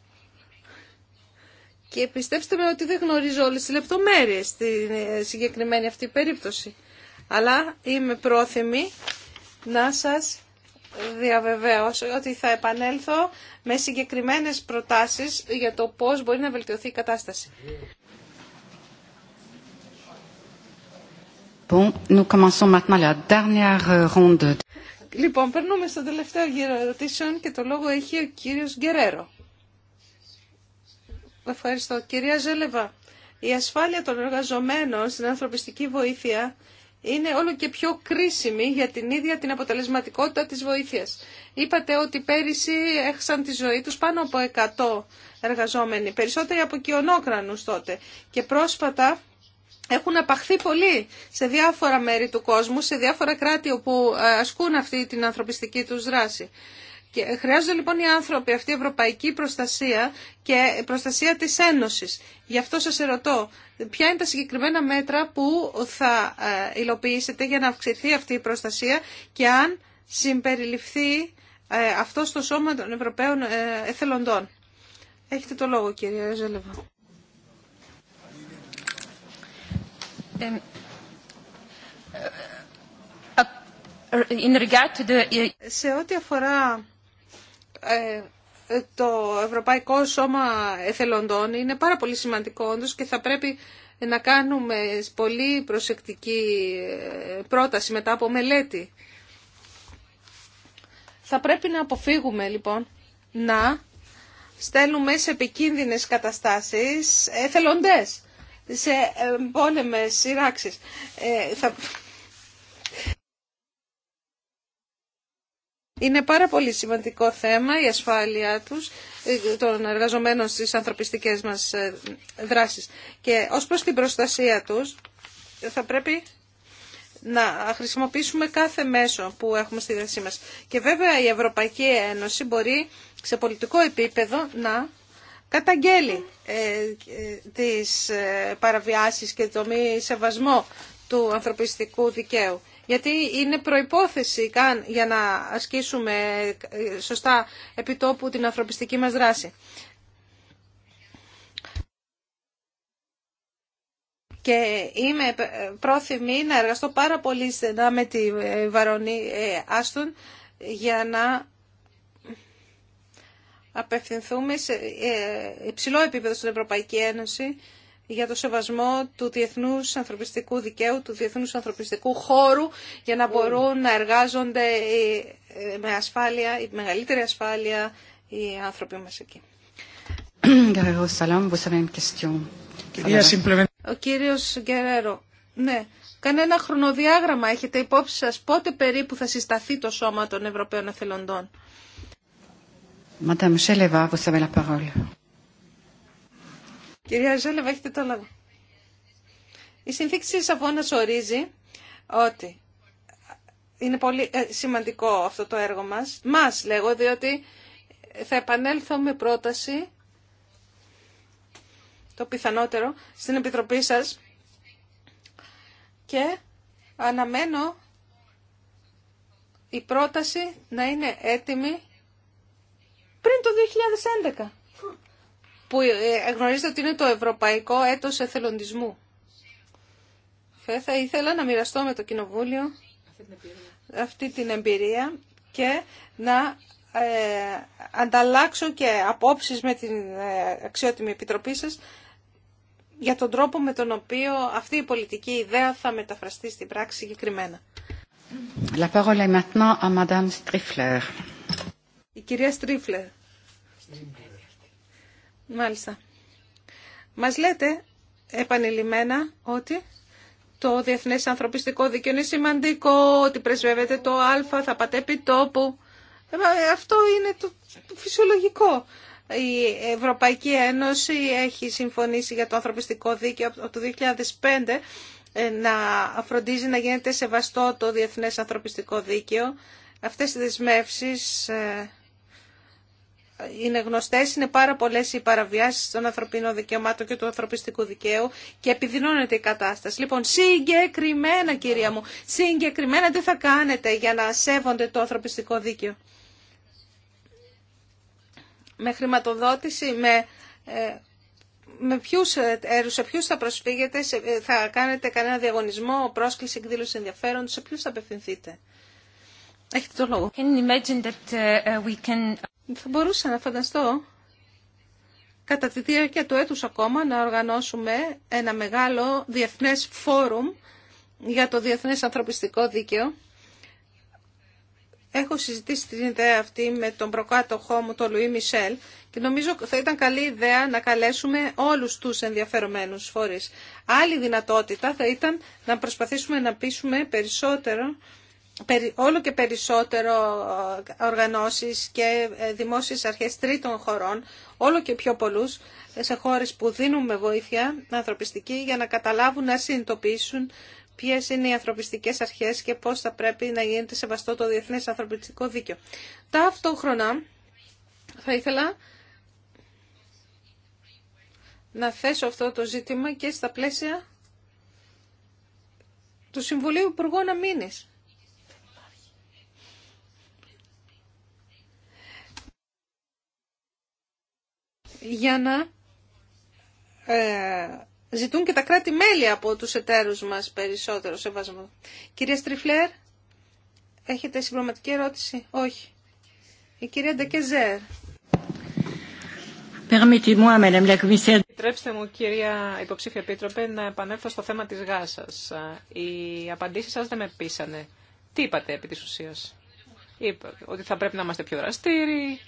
[SPEAKER 1] Και πιστέψτε με ότι δεν γνωρίζω όλες τις λεπτομέρειες στη ε, συγκεκριμένη αυτή περίπτωση. Αλλά είμαι πρόθυμη να σας διαβεβαίωσω ότι θα επανέλθω με συγκεκριμένες προτάσεις για το πώς μπορεί να βελτιωθεί η κατάσταση.
[SPEAKER 2] Bon, nous commençons maintenant la dernière euh, ronde.
[SPEAKER 1] Λοιπόν, περνούμε στο τελευταίο γύρο ερωτήσεων και το λόγο έχει ο κύριος Γκερέρο. Ευχαριστώ. Κυρία Ζέλεβα, η ασφάλεια των εργαζομένων στην ανθρωπιστική βοήθεια είναι όλο και πιο κρίσιμη για την ίδια την αποτελεσματικότητα της βοήθειας. Είπατε ότι πέρυσι έχασαν τη ζωή τους πάνω από 100 εργαζόμενοι, περισσότεροι από κοιονόκρανους τότε. Και πρόσφατα έχουν απαχθεί πολύ σε διάφορα μέρη του κόσμου, σε διάφορα κράτη όπου ε, ασκούν αυτή την ανθρωπιστική τους δράση. Και χρειάζονται λοιπόν οι άνθρωποι αυτή η ευρωπαϊκή προστασία και προστασία της Ένωσης. Γι' αυτό σας ερωτώ, ποια είναι τα συγκεκριμένα μέτρα που θα υλοποιήσετε για να αυξηθεί αυτή η προστασία και αν συμπεριληφθεί αυτό στο σώμα των Ευρωπαίων εθελοντών. Έχετε το λόγο κύριε Ζέλεβα. Σε ό,τι αφορά ε, το Ευρωπαϊκό Σώμα Εθελοντών είναι πάρα πολύ σημαντικό όντως και θα πρέπει να κάνουμε πολύ προσεκτική ε, πρόταση μετά από μελέτη. Θα πρέπει να αποφύγουμε λοιπόν να στέλνουμε σε επικίνδυνες καταστάσεις εθελοντές, σε πόλεμες σειράξεις. Ε, θα Είναι πάρα πολύ σημαντικό θέμα η ασφάλειά τους ε, των εργαζομένων στις ανθρωπιστικές μας ε, δράσεις. Και ως προς την προστασία τους θα πρέπει να χρησιμοποιήσουμε κάθε μέσο που έχουμε στη δράση μας. Και βέβαια η Ευρωπαϊκή Ένωση μπορεί σε πολιτικό επίπεδο να καταγγέλει ε, τις παραβιάσεις και το μη σεβασμό του ανθρωπιστικού δικαίου γιατί είναι προϋπόθεση καν για να ασκήσουμε σωστά επιτόπου την ανθρωπιστική μας δράση. Και είμαι πρόθυμη να εργαστώ πάρα πολύ στενά με τη Βαρονή ε, Άστον για να απευθυνθούμε σε ε, υψηλό επίπεδο στην Ευρωπαϊκή Ένωση για το σεβασμό του διεθνού ανθρωπιστικού δικαίου, του διεθνού ανθρωπιστικού χώρου, για να μπορούν να εργάζονται ε, με ασφάλεια, με μεγαλύτερη ασφάλεια οι άνθρωποι μα εκεί. Ο κύριος Γκερέρο, ναι. Κανένα χρονοδιάγραμμα έχετε υπόψη σας πότε περίπου θα συσταθεί το σώμα των Ευρωπαίων Εθελοντών.
[SPEAKER 2] Madame vous avez
[SPEAKER 1] Κυρία Ζέλεβα, έχετε το λόγο. Η συνθήκη της Λισαβόνας ορίζει ότι είναι πολύ ε, σημαντικό αυτό το έργο μας. Μας λέγω, διότι θα επανέλθω με πρόταση, το πιθανότερο, στην Επιτροπή σας και αναμένω η πρόταση να είναι έτοιμη πριν το 2011 που ε, γνωρίζετε ότι είναι το Ευρωπαϊκό Έτος Εθελοντισμού. Θα ήθελα να μοιραστώ με το Κοινοβούλιο αυτή την εμπειρία και να ε, ανταλλάξω και απόψεις με την ε, αξιότιμη επιτροπή σας για τον τρόπο με τον οποίο αυτή η πολιτική ιδέα θα μεταφραστεί στην πράξη συγκεκριμένα.
[SPEAKER 2] La parole est maintenant
[SPEAKER 1] Η κυρία Στρίφλερ. Μάλιστα. Μας λέτε επανειλημμένα ότι το διεθνές ανθρωπιστικό δίκαιο είναι σημαντικό, ότι πρεσβεύεται το α, θα πατέ επί τόπου. Ε, αυτό είναι το φυσιολογικό. Η Ευρωπαϊκή Ένωση έχει συμφωνήσει για το ανθρωπιστικό δίκαιο από το 2005 ε, να φροντίζει να γίνεται σεβαστό το διεθνές ανθρωπιστικό δίκαιο. Αυτές οι δεσμεύσεις ε, είναι γνωστές, είναι πάρα πολλές οι παραβιάσεις των ανθρωπίνων δικαιωμάτων και του ανθρωπιστικού δικαίου και επιδεινώνεται η κατάσταση. Λοιπόν, συγκεκριμένα κυρία μου, συγκεκριμένα τι θα κάνετε για να σέβονται το ανθρωπιστικό δίκαιο. Με χρηματοδότηση, με... Ε, με ποιους, σε ποιους θα προσφύγετε, ε, θα κάνετε κανένα διαγωνισμό, πρόσκληση, εκδήλωση ενδιαφέροντος, σε ποιους θα απευθυνθείτε. Έχετε το λόγο. Θα μπορούσα να φανταστώ κατά τη διάρκεια του έτους ακόμα να οργανώσουμε ένα μεγάλο διεθνές φόρουμ για το διεθνές ανθρωπιστικό δίκαιο. Έχω συζητήσει την ιδέα αυτή με τον προκάτοχό μου, τον Λουί Μισελ, και νομίζω θα ήταν καλή ιδέα να καλέσουμε όλους τους ενδιαφερομένους φορείς. Άλλη δυνατότητα θα ήταν να προσπαθήσουμε να πείσουμε περισσότερο όλο και περισσότερο ε, οργανώσεις και ε, δημόσιες αρχές τρίτων χωρών, όλο και πιο πολλούς, ε, σε χώρες που δίνουμε βοήθεια ανθρωπιστική για να καταλάβουν, να συνειδητοποιήσουν ποιε είναι οι ανθρωπιστικές αρχές και πώς θα πρέπει να γίνεται σεβαστό το διεθνές ανθρωπιστικό δίκαιο. Ταυτόχρονα θα ήθελα να θέσω αυτό το ζήτημα και στα πλαίσια του Συμβουλίου Υπουργών Αμήνης για να ε, ζητούν και τα κράτη-μέλη από τους εταίρους μας περισσότερο σεβασμό. Κυρία Στριφλέρ, έχετε συμπληρωματική ερώτηση. Όχι. Η κυρία Ντεκεζέρ. Επιτρέψτε μου, κυρία Υποψήφια Επίτροπε, να επανέλθω
[SPEAKER 4] στο θέμα της γάσας. Οι απαντήσεις σας δεν με πείσανε. Τι είπατε επί της ουσίας. Είπα ότι θα πρέπει να είμαστε πιο δραστήριοι,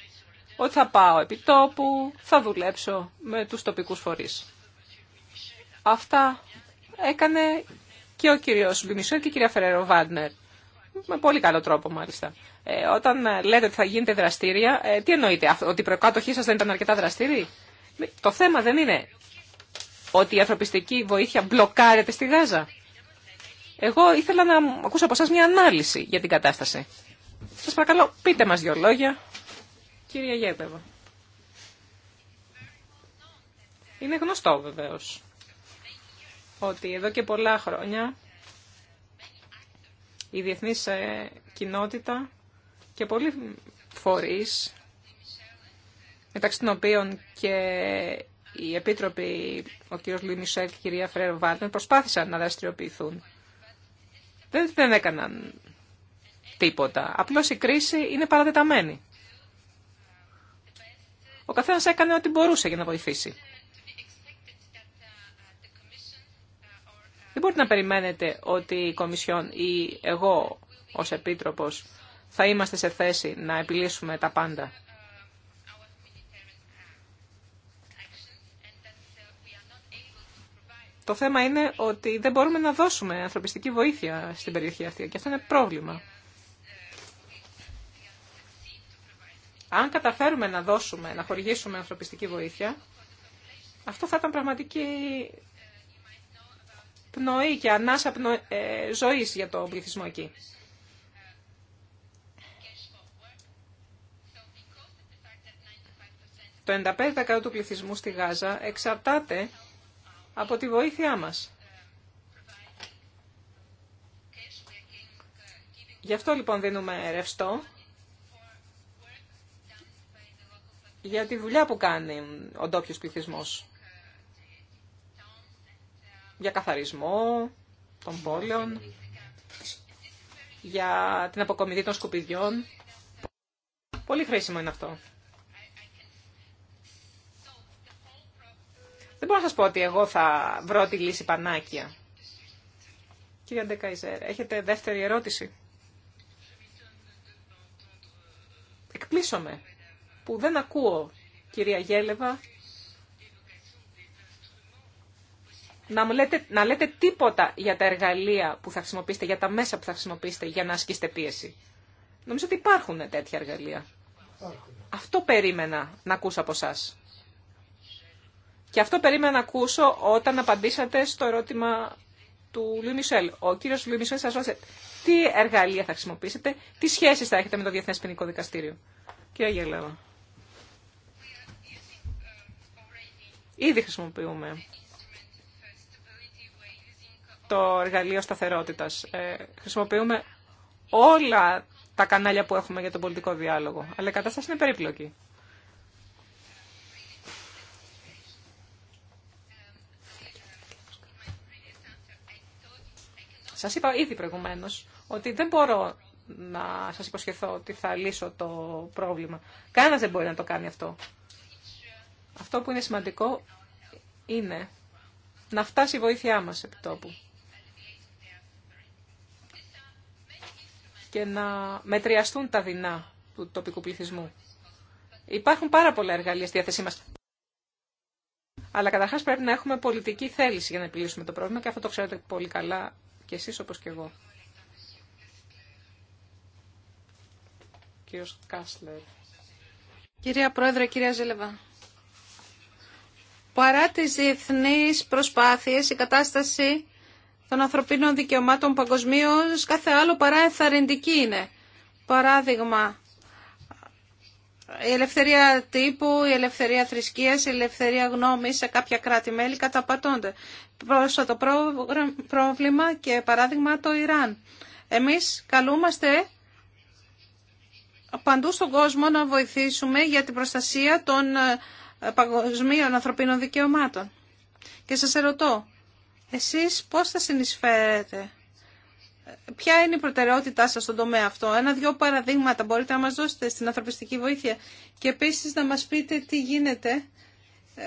[SPEAKER 4] ότι θα πάω επί τόπου, θα δουλέψω με τους τοπικούς φορείς. Αυτά έκανε και ο κύριος Μπιμισό και η κυρία Φέρερο Βάντνερ. Με πολύ καλό τρόπο μάλιστα. Ε, όταν ε, λέτε ότι θα γίνετε δραστήρια, ε, τι εννοείτε, ότι οι προκάτοχή σας δεν ήταν αρκετά δραστήρι. Ε, το θέμα δεν είναι ότι η ανθρωπιστική βοήθεια μπλοκάρεται στη Γάζα. Εγώ ήθελα να ακούσω από εσά μια ανάλυση για την κατάσταση. Σας παρακαλώ, πείτε μας δύο λόγια Κυρία Γέπεβα. Είναι γνωστό βεβαίως ότι εδώ και πολλά χρόνια η διεθνής ε, κοινότητα και πολλοί φορείς, μεταξύ των οποίων και οι επίτροποι, ο κ. Λουί και η κυρία Φρέρο Βάλτεν, προσπάθησαν να δραστηριοποιηθούν. Δεν, έκαναν τίποτα. Απλώς η κρίση είναι παρατεταμένη. Ο καθένας έκανε ό,τι μπορούσε για να βοηθήσει. Δεν μπορείτε να περιμένετε ότι η Κομισιόν ή εγώ ως Επίτροπος θα είμαστε σε θέση να επιλύσουμε τα πάντα. Το θέμα είναι ότι δεν μπορούμε να δώσουμε ανθρωπιστική βοήθεια στην περιοχή αυτή και αυτό είναι πρόβλημα. Αν καταφέρουμε να δώσουμε, να χορηγήσουμε ανθρωπιστική βοήθεια, αυτό θα ήταν πραγματική πνοή και ανάσα πνο... Ε, ζωής για τον πληθυσμό εκεί. Το 95% του πληθυσμού στη Γάζα εξαρτάται από τη βοήθειά μας. Γι' αυτό λοιπόν δίνουμε ρευστό για τη δουλειά που κάνει ο ντόπιο πληθυσμό. Για καθαρισμό των πόλεων, για την αποκομιδή των σκουπιδιών. Πολύ χρήσιμο είναι αυτό. Δεν μπορώ να σας πω ότι εγώ θα βρω τη λύση πανάκια. Κύριε Ντεκαϊζέρ, έχετε δεύτερη ερώτηση. με που δεν ακούω, κυρία Γέλεβα, να, μου λέτε, να λέτε τίποτα για τα εργαλεία που θα χρησιμοποιήσετε, για τα μέσα που θα χρησιμοποιήσετε για να ασκήσετε πίεση. Νομίζω ότι υπάρχουν τέτοια εργαλεία. Αυτό περίμενα να ακούσω από εσά. Και αυτό περίμενα να ακούσω όταν απαντήσατε στο ερώτημα του Λουί Ο κύριο Λουί Μισελ σας ρώτησε τι εργαλεία θα χρησιμοποιήσετε, τι σχέσει θα έχετε με το Διεθνές Ποινικό Δικαστήριο. Κύριε Γελέβα. Ήδη χρησιμοποιούμε το εργαλείο σταθερότητας. Ε, χρησιμοποιούμε όλα τα κανάλια που έχουμε για τον πολιτικό διάλογο. Αλλά η κατάσταση είναι περίπλοκη. Σας είπα ήδη προηγουμένως ότι δεν μπορώ να σας υποσχεθώ ότι θα λύσω το πρόβλημα. Κανένας δεν μπορεί να το κάνει αυτό. Αυτό που είναι σημαντικό είναι να φτάσει η βοήθειά μας επί τόπου. και να μετριαστούν τα δεινά του τοπικού πληθυσμού. Υπάρχουν πάρα πολλά εργαλεία στη διάθεσή μας. Αλλά καταρχάς πρέπει να έχουμε πολιτική θέληση για να επιλύσουμε το πρόβλημα και αυτό το ξέρετε πολύ καλά και εσείς όπως και εγώ. Κύριος Κάσλερ.
[SPEAKER 1] Κυρία Πρόεδρε, κυρία Ζελεβά. Παρά τις διεθνείς προσπάθειες, η κατάσταση των ανθρωπίνων δικαιωμάτων παγκοσμίω κάθε άλλο παρά εθαρρυντική είναι. Παράδειγμα, η ελευθερία τύπου, η ελευθερία θρησκείας, η ελευθερία γνώμης σε κάποια κράτη-μέλη καταπατώνται. Πρόσφατο πρόβλημα και παράδειγμα το Ιράν. Εμείς καλούμαστε παντού στον κόσμο να βοηθήσουμε για την προστασία των ε, παγκοσμίων ανθρωπίνων δικαιωμάτων. Και σας ερωτώ, εσείς πώς θα συνεισφέρετε, ποια είναι η προτεραιότητά σας στον τομέα αυτό. Ένα-δυο παραδείγματα μπορείτε να μας δώσετε στην ανθρωπιστική βοήθεια και επίσης να μας πείτε τι γίνεται ε,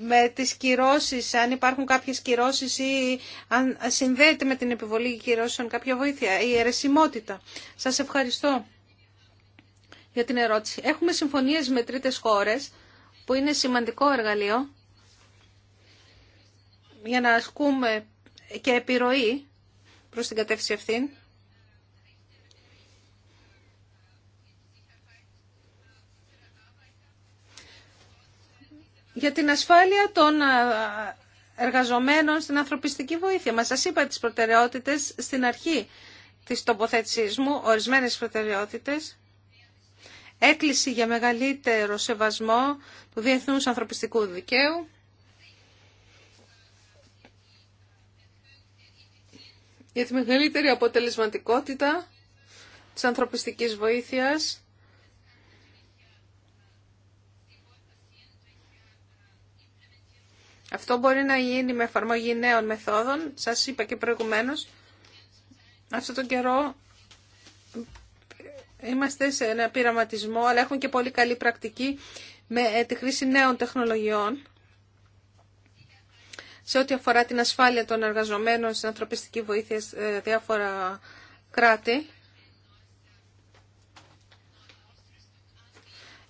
[SPEAKER 1] με τις κυρώσεις, αν υπάρχουν κάποιες κυρώσεις ή αν συνδέεται με την επιβολή κυρώσεων κάποια βοήθεια, η αιρεσιμότητα. Σας ευχαριστώ για την ερώτηση. Έχουμε συμφωνίες με τρίτες χώρες που είναι σημαντικό εργαλείο για να ασκούμε και επιρροή προς την κατεύθυνση αυτή. Για την ασφάλεια των εργαζομένων στην ανθρωπιστική βοήθεια. Μας σας είπα τις προτεραιότητες στην αρχή της τοποθέτησής μου, ορισμένες προτεραιότητες έκκληση για μεγαλύτερο σεβασμό του διεθνούς ανθρωπιστικού δικαίου. για τη μεγαλύτερη αποτελεσματικότητα της ανθρωπιστικής βοήθειας Αυτό μπορεί να γίνει με εφαρμογή νέων μεθόδων. Σας είπα και προηγουμένως, αυτόν τον καιρό Είμαστε σε ένα πειραματισμό, αλλά έχουμε και πολύ καλή πρακτική με ε, τη χρήση νέων τεχνολογιών σε ό,τι αφορά την ασφάλεια των εργαζομένων στην ανθρωπιστική βοήθεια σε ε, διάφορα κράτη.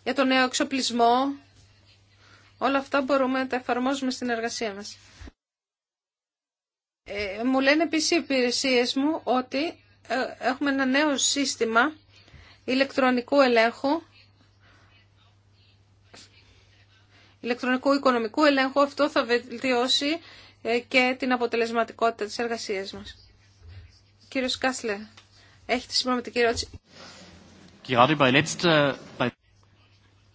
[SPEAKER 1] Για τον νέο εξοπλισμό, όλα αυτά μπορούμε να τα εφαρμόζουμε στην εργασία μας. Ε, μου λένε επίσης οι υπηρεσίες μου ότι έχουμε ένα νέο σύστημα ηλεκτρονικού ελέγχου, ηλεκτρονικού οικονομικού ελέγχου. Αυτό θα βελτιώσει ε, και την αποτελεσματικότητα της εργασίας μας. Κύριος Κάσλε, έχετε συμπραγματική ερώτηση.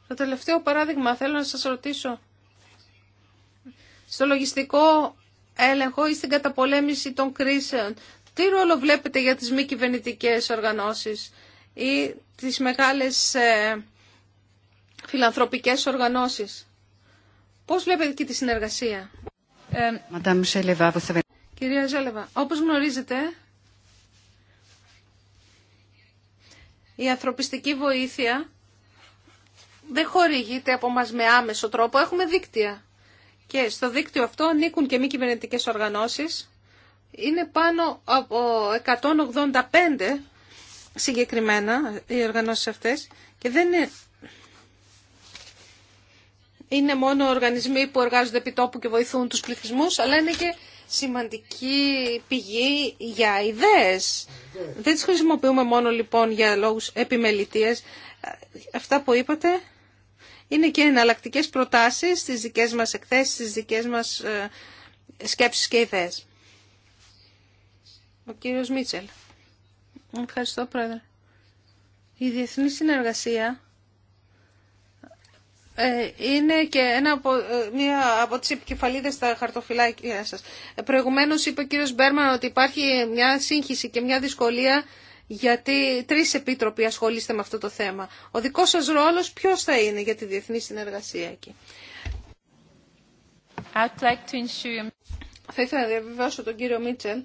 [SPEAKER 1] Το τελευταίο παράδειγμα θέλω να σας ρωτήσω. Στο λογιστικό έλεγχο ή στην καταπολέμηση των κρίσεων, τι ρόλο βλέπετε για τις μη κυβερνητικέ οργανώσεις ή τις μεγάλες ε, φιλανθρωπικές οργανώσεις. Πώς βλέπετε και τη συνεργασία.
[SPEAKER 2] Ε,
[SPEAKER 1] Κυρία Ζέλεβα, όπως γνωρίζετε, η ανθρωπιστική βοήθεια δεν χορηγείται από μας με άμεσο τρόπο. Έχουμε δίκτυα. Και στο δίκτυο αυτό ανήκουν και μη κυβερνητικέ οργανώσεις. Είναι πάνω από 185 συγκεκριμένα οι οργανώσεις αυτές και δεν είναι... μόνο οργανισμοί που εργάζονται επί τόπου και βοηθούν τους πληθυσμούς, αλλά είναι και σημαντική πηγή για ιδέες. Δεν τις χρησιμοποιούμε μόνο λοιπόν για λόγους επιμελητίας. Αυτά που είπατε είναι και εναλλακτικέ προτάσεις στις δικές μας εκθέσεις, στις δικές μας ε, σκέψεις και ιδέες. Ο κύριος Μίτσελ. Ευχαριστώ, Πρόεδρε. Η διεθνή συνεργασία ε, είναι και ένα από, ε, μία από τις επικεφαλίδες στα χαρτοφυλάκια ε, μια σύγχυση και μια δυσκολία γιατί τρεις επίτροποι ασχολείστε με αυτό το θέμα. Ο δικός σας ρόλος ποιος θα είναι για τη διεθνή συνεργασία εκεί. Like Θα ήθελα να διαβιβάσω τον κύριο Μίτσελ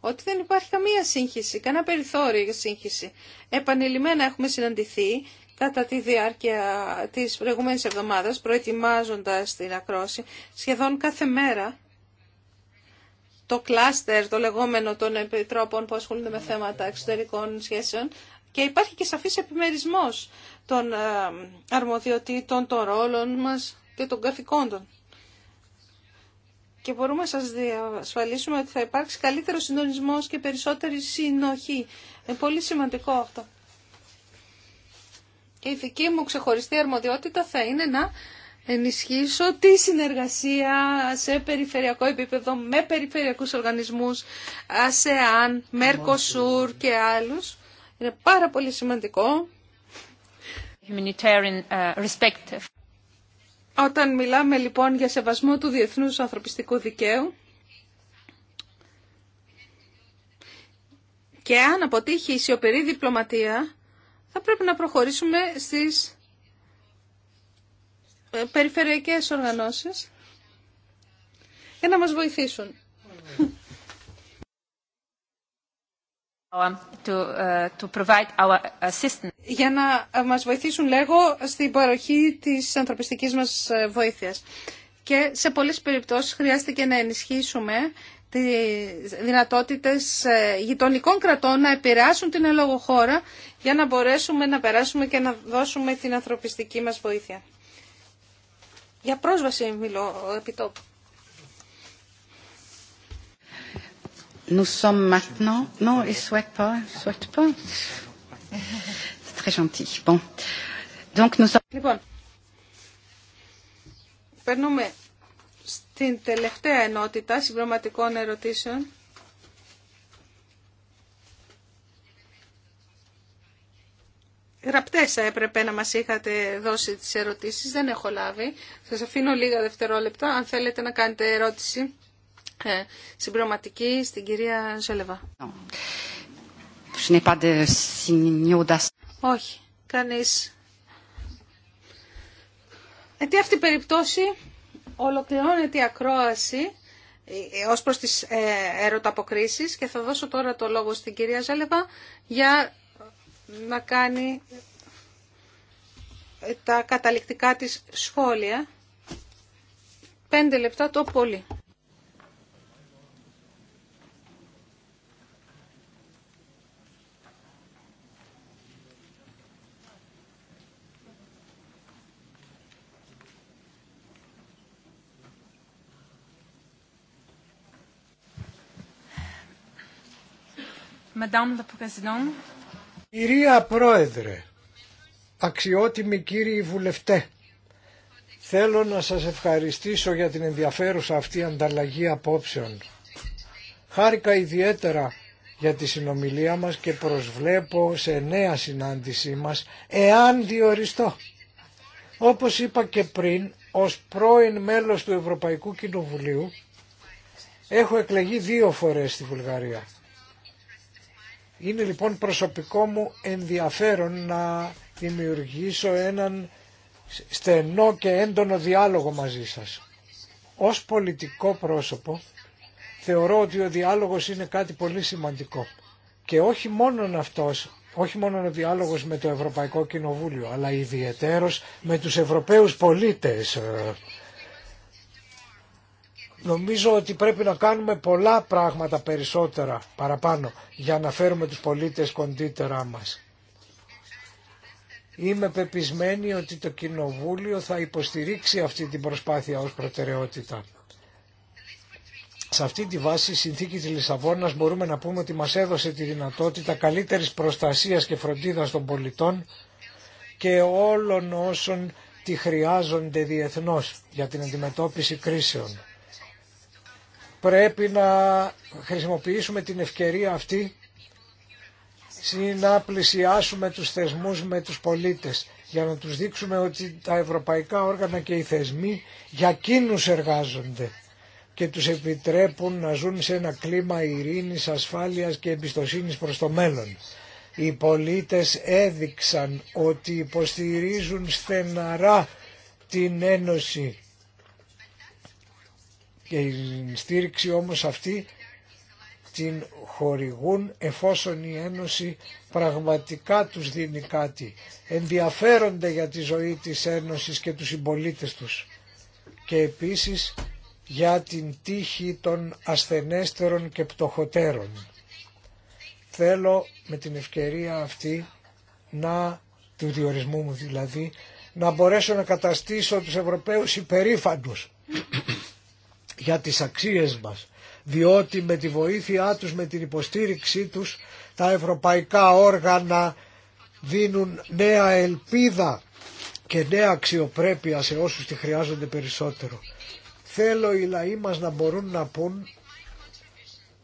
[SPEAKER 1] ότι δεν υπάρχει καμία σύγχυση, κανένα περιθώριο για σύγχυση. Επανειλημμένα έχουμε συναντηθεί κατά τη διάρκεια της προηγούμενης εβδομάδας, προετοιμάζοντας την ακρόση, σχεδόν κάθε μέρα το κλάστερ, το λεγόμενο των επιτρόπων που ασχολούνται με θέματα εξωτερικών σχέσεων και υπάρχει και σαφής επιμερισμός των ε, αρμοδιοτήτων, των ρόλων μας και των καθηκόντων και μπορούμε να σας διασφαλίσουμε ότι θα υπάρξει καλύτερο συντονισμός και περισσότερη συνοχή. Είναι πολύ σημαντικό αυτό. Και η δική μου ξεχωριστή αρμοδιότητα θα είναι να ενισχύσω τη συνεργασία σε περιφερειακό επίπεδο με περιφερειακούς οργανισμούς, ΑΣΕΑΝ, Μέρκοσουρ και άλλους. Είναι πάρα πολύ σημαντικό. Humanitarian, uh, όταν μιλάμε λοιπόν για σεβασμό του διεθνούς ανθρωπιστικού δικαίου και αν αποτύχει η σιωπηρή διπλωματία θα πρέπει να προχωρήσουμε στις ε, περιφερειακές οργανώσεις για να μας βοηθήσουν. Uh, για να ε, μας βοηθήσουν λέγω στην παροχή της ανθρωπιστικής μας ε, βοήθειας. Και σε πολλές περιπτώσεις χρειάστηκε να ενισχύσουμε τις δυνατότητες ε, γειτονικών κρατών να επηρεάσουν την ελόγω χώρα για να μπορέσουμε να περάσουμε και να δώσουμε την ανθρωπιστική μας βοήθεια. Για πρόσβαση μιλώ επιτόπου.
[SPEAKER 2] Nous sommes maintenant. Non, ne pas. C'est Λοιπόν,
[SPEAKER 1] περνούμε στην τελευταία ενότητα συμπληρωματικών ερωτήσεων. Γραπτές θα έπρεπε να μας είχατε δώσει τις ερωτήσεις, δεν έχω λάβει. Σας αφήνω λίγα δευτερόλεπτα, αν θέλετε να κάνετε ερώτηση. Ε, συμπληρωματική στην κυρία Ζέλεβα. Όχι, κανείς. Ετί αυτή η περιπτώση ολοκληρώνεται η ακρόαση ε, ως προς τις ε, ερωταποκρίσεις και θα δώσω τώρα το λόγο στην κυρία Ζέλεβα για να κάνει τα καταληκτικά της σχόλια. Πέντε λεπτά το πολύ.
[SPEAKER 3] Κυρία Πρόεδρε, αξιότιμοι κύριοι βουλευτέ, θέλω να σας ευχαριστήσω για την ενδιαφέρουσα αυτή ανταλλαγή απόψεων. Χάρηκα ιδιαίτερα για τη συνομιλία μας και προσβλέπω σε νέα συνάντησή μας, εάν διοριστώ. Όπως είπα και πριν, ως πρώην μέλος του Ευρωπαϊκού Κοινοβουλίου, έχω εκλεγεί δύο φορές στη Βουλγαρία είναι λοιπόν προσωπικό μου ενδιαφέρον να δημιουργήσω έναν στενό και έντονο διάλογο μαζί σας. Ως πολιτικό πρόσωπο θεωρώ ότι ο διάλογος είναι κάτι πολύ σημαντικό. Και όχι μόνο αυτός, όχι μόνο ο διάλογος με το Ευρωπαϊκό Κοινοβούλιο, αλλά ιδιαίτερος με τους Ευρωπαίους πολίτες. Ε, Νομίζω ότι πρέπει να κάνουμε πολλά πράγματα περισσότερα παραπάνω για να φέρουμε τους πολίτες κοντύτερά μας. Είμαι πεπισμένη ότι το Κοινοβούλιο θα υποστηρίξει αυτή την προσπάθεια ως προτεραιότητα. Σε αυτή τη βάση η συνθήκη της Λισαβόνας μπορούμε να πούμε ότι μας έδωσε τη δυνατότητα καλύτερης προστασίας και φροντίδας των πολιτών και όλων όσων τη χρειάζονται διεθνώς για την αντιμετώπιση κρίσεων πρέπει να χρησιμοποιήσουμε την ευκαιρία αυτή να πλησιάσουμε τους θεσμούς με τους πολίτες για να τους δείξουμε ότι τα ευρωπαϊκά όργανα και οι θεσμοί για εκείνους εργάζονται και τους επιτρέπουν να ζουν σε ένα κλίμα ειρήνης, ασφάλειας και εμπιστοσύνης προς το μέλλον. Οι πολίτες έδειξαν ότι υποστηρίζουν στεναρά την Ένωση και η στήριξη όμως αυτή την χορηγούν εφόσον η Ένωση πραγματικά τους δίνει κάτι. Ενδιαφέρονται για τη ζωή της Ένωσης και τους συμπολίτε τους. Και επίσης για την τύχη των ασθενέστερων και πτωχοτέρων. Θέλω με την ευκαιρία αυτή να, του διορισμού μου δηλαδή, να μπορέσω να καταστήσω τους Ευρωπαίους υπερήφαντους για τις αξίες μας διότι με τη βοήθειά τους, με την υποστήριξή τους τα ευρωπαϊκά όργανα δίνουν νέα ελπίδα και νέα αξιοπρέπεια σε όσους τη χρειάζονται περισσότερο. Θέλω οι λαοί μας να μπορούν να πούν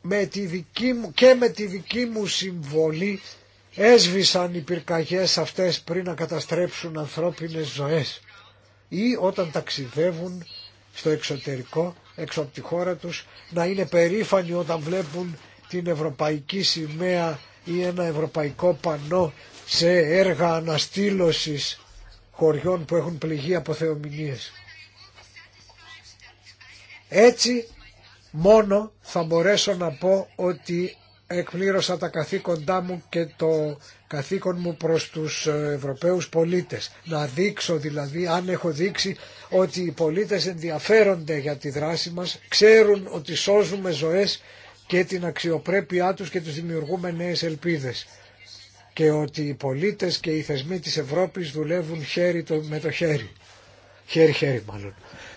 [SPEAKER 3] με τη δική μου, και με τη δική μου συμβολή έσβησαν οι πυρκαγιές αυτές πριν να καταστρέψουν ανθρώπινες ζωές ή όταν ταξιδεύουν στο εξωτερικό έξω από τη χώρα τους να είναι περήφανοι όταν βλέπουν την ευρωπαϊκή σημαία ή ένα ευρωπαϊκό πανό σε έργα αναστήλωσης χωριών που έχουν πληγεί από θεομηνίες. Έτσι μόνο θα μπορέσω να πω ότι εκπλήρωσα τα καθήκοντά μου και το καθήκον μου προς τους ε, Ευρωπαίους πολίτες. Να δείξω δηλαδή, αν έχω δείξει, ότι οι πολίτες ενδιαφέρονται για τη δράση μας, ξέρουν ότι σώζουμε ζωές και την αξιοπρέπειά τους και τους δημιουργούμε νέες ελπίδες. Και ότι οι πολίτες και οι θεσμοί της Ευρώπης δουλεύουν χέρι το, με το χέρι. Χέρι-χέρι μάλλον.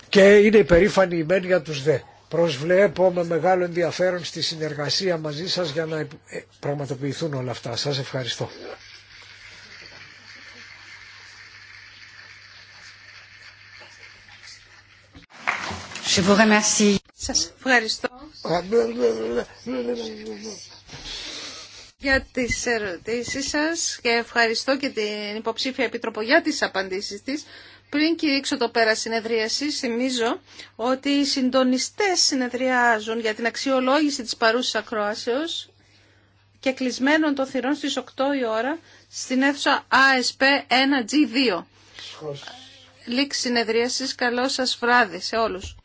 [SPEAKER 3] Και είναι υπερήφανοι οι για τους δε. Προσβλέπω με μεγάλο ενδιαφέρον στη συνεργασία μαζί σας για να ε, πραγματοποιηθούν όλα αυτά. Σας ευχαριστώ.
[SPEAKER 1] Σας ευχαριστώ για τις ερωτήσεις σας και ευχαριστώ και την υποψήφια Επιτροπογιά για τις απαντήσεις της. Πριν κηρύξω το πέρα συνεδρίαση, θυμίζω ότι οι συντονιστές συνεδριάζουν για την αξιολόγηση της παρούσης ακροάσεως και κλεισμένων των θυρών στις 8 η ώρα στην αίθουσα ASP 1G2. Λήξη συνεδρίασης, καλό σας
[SPEAKER 2] βράδυ σε όλους.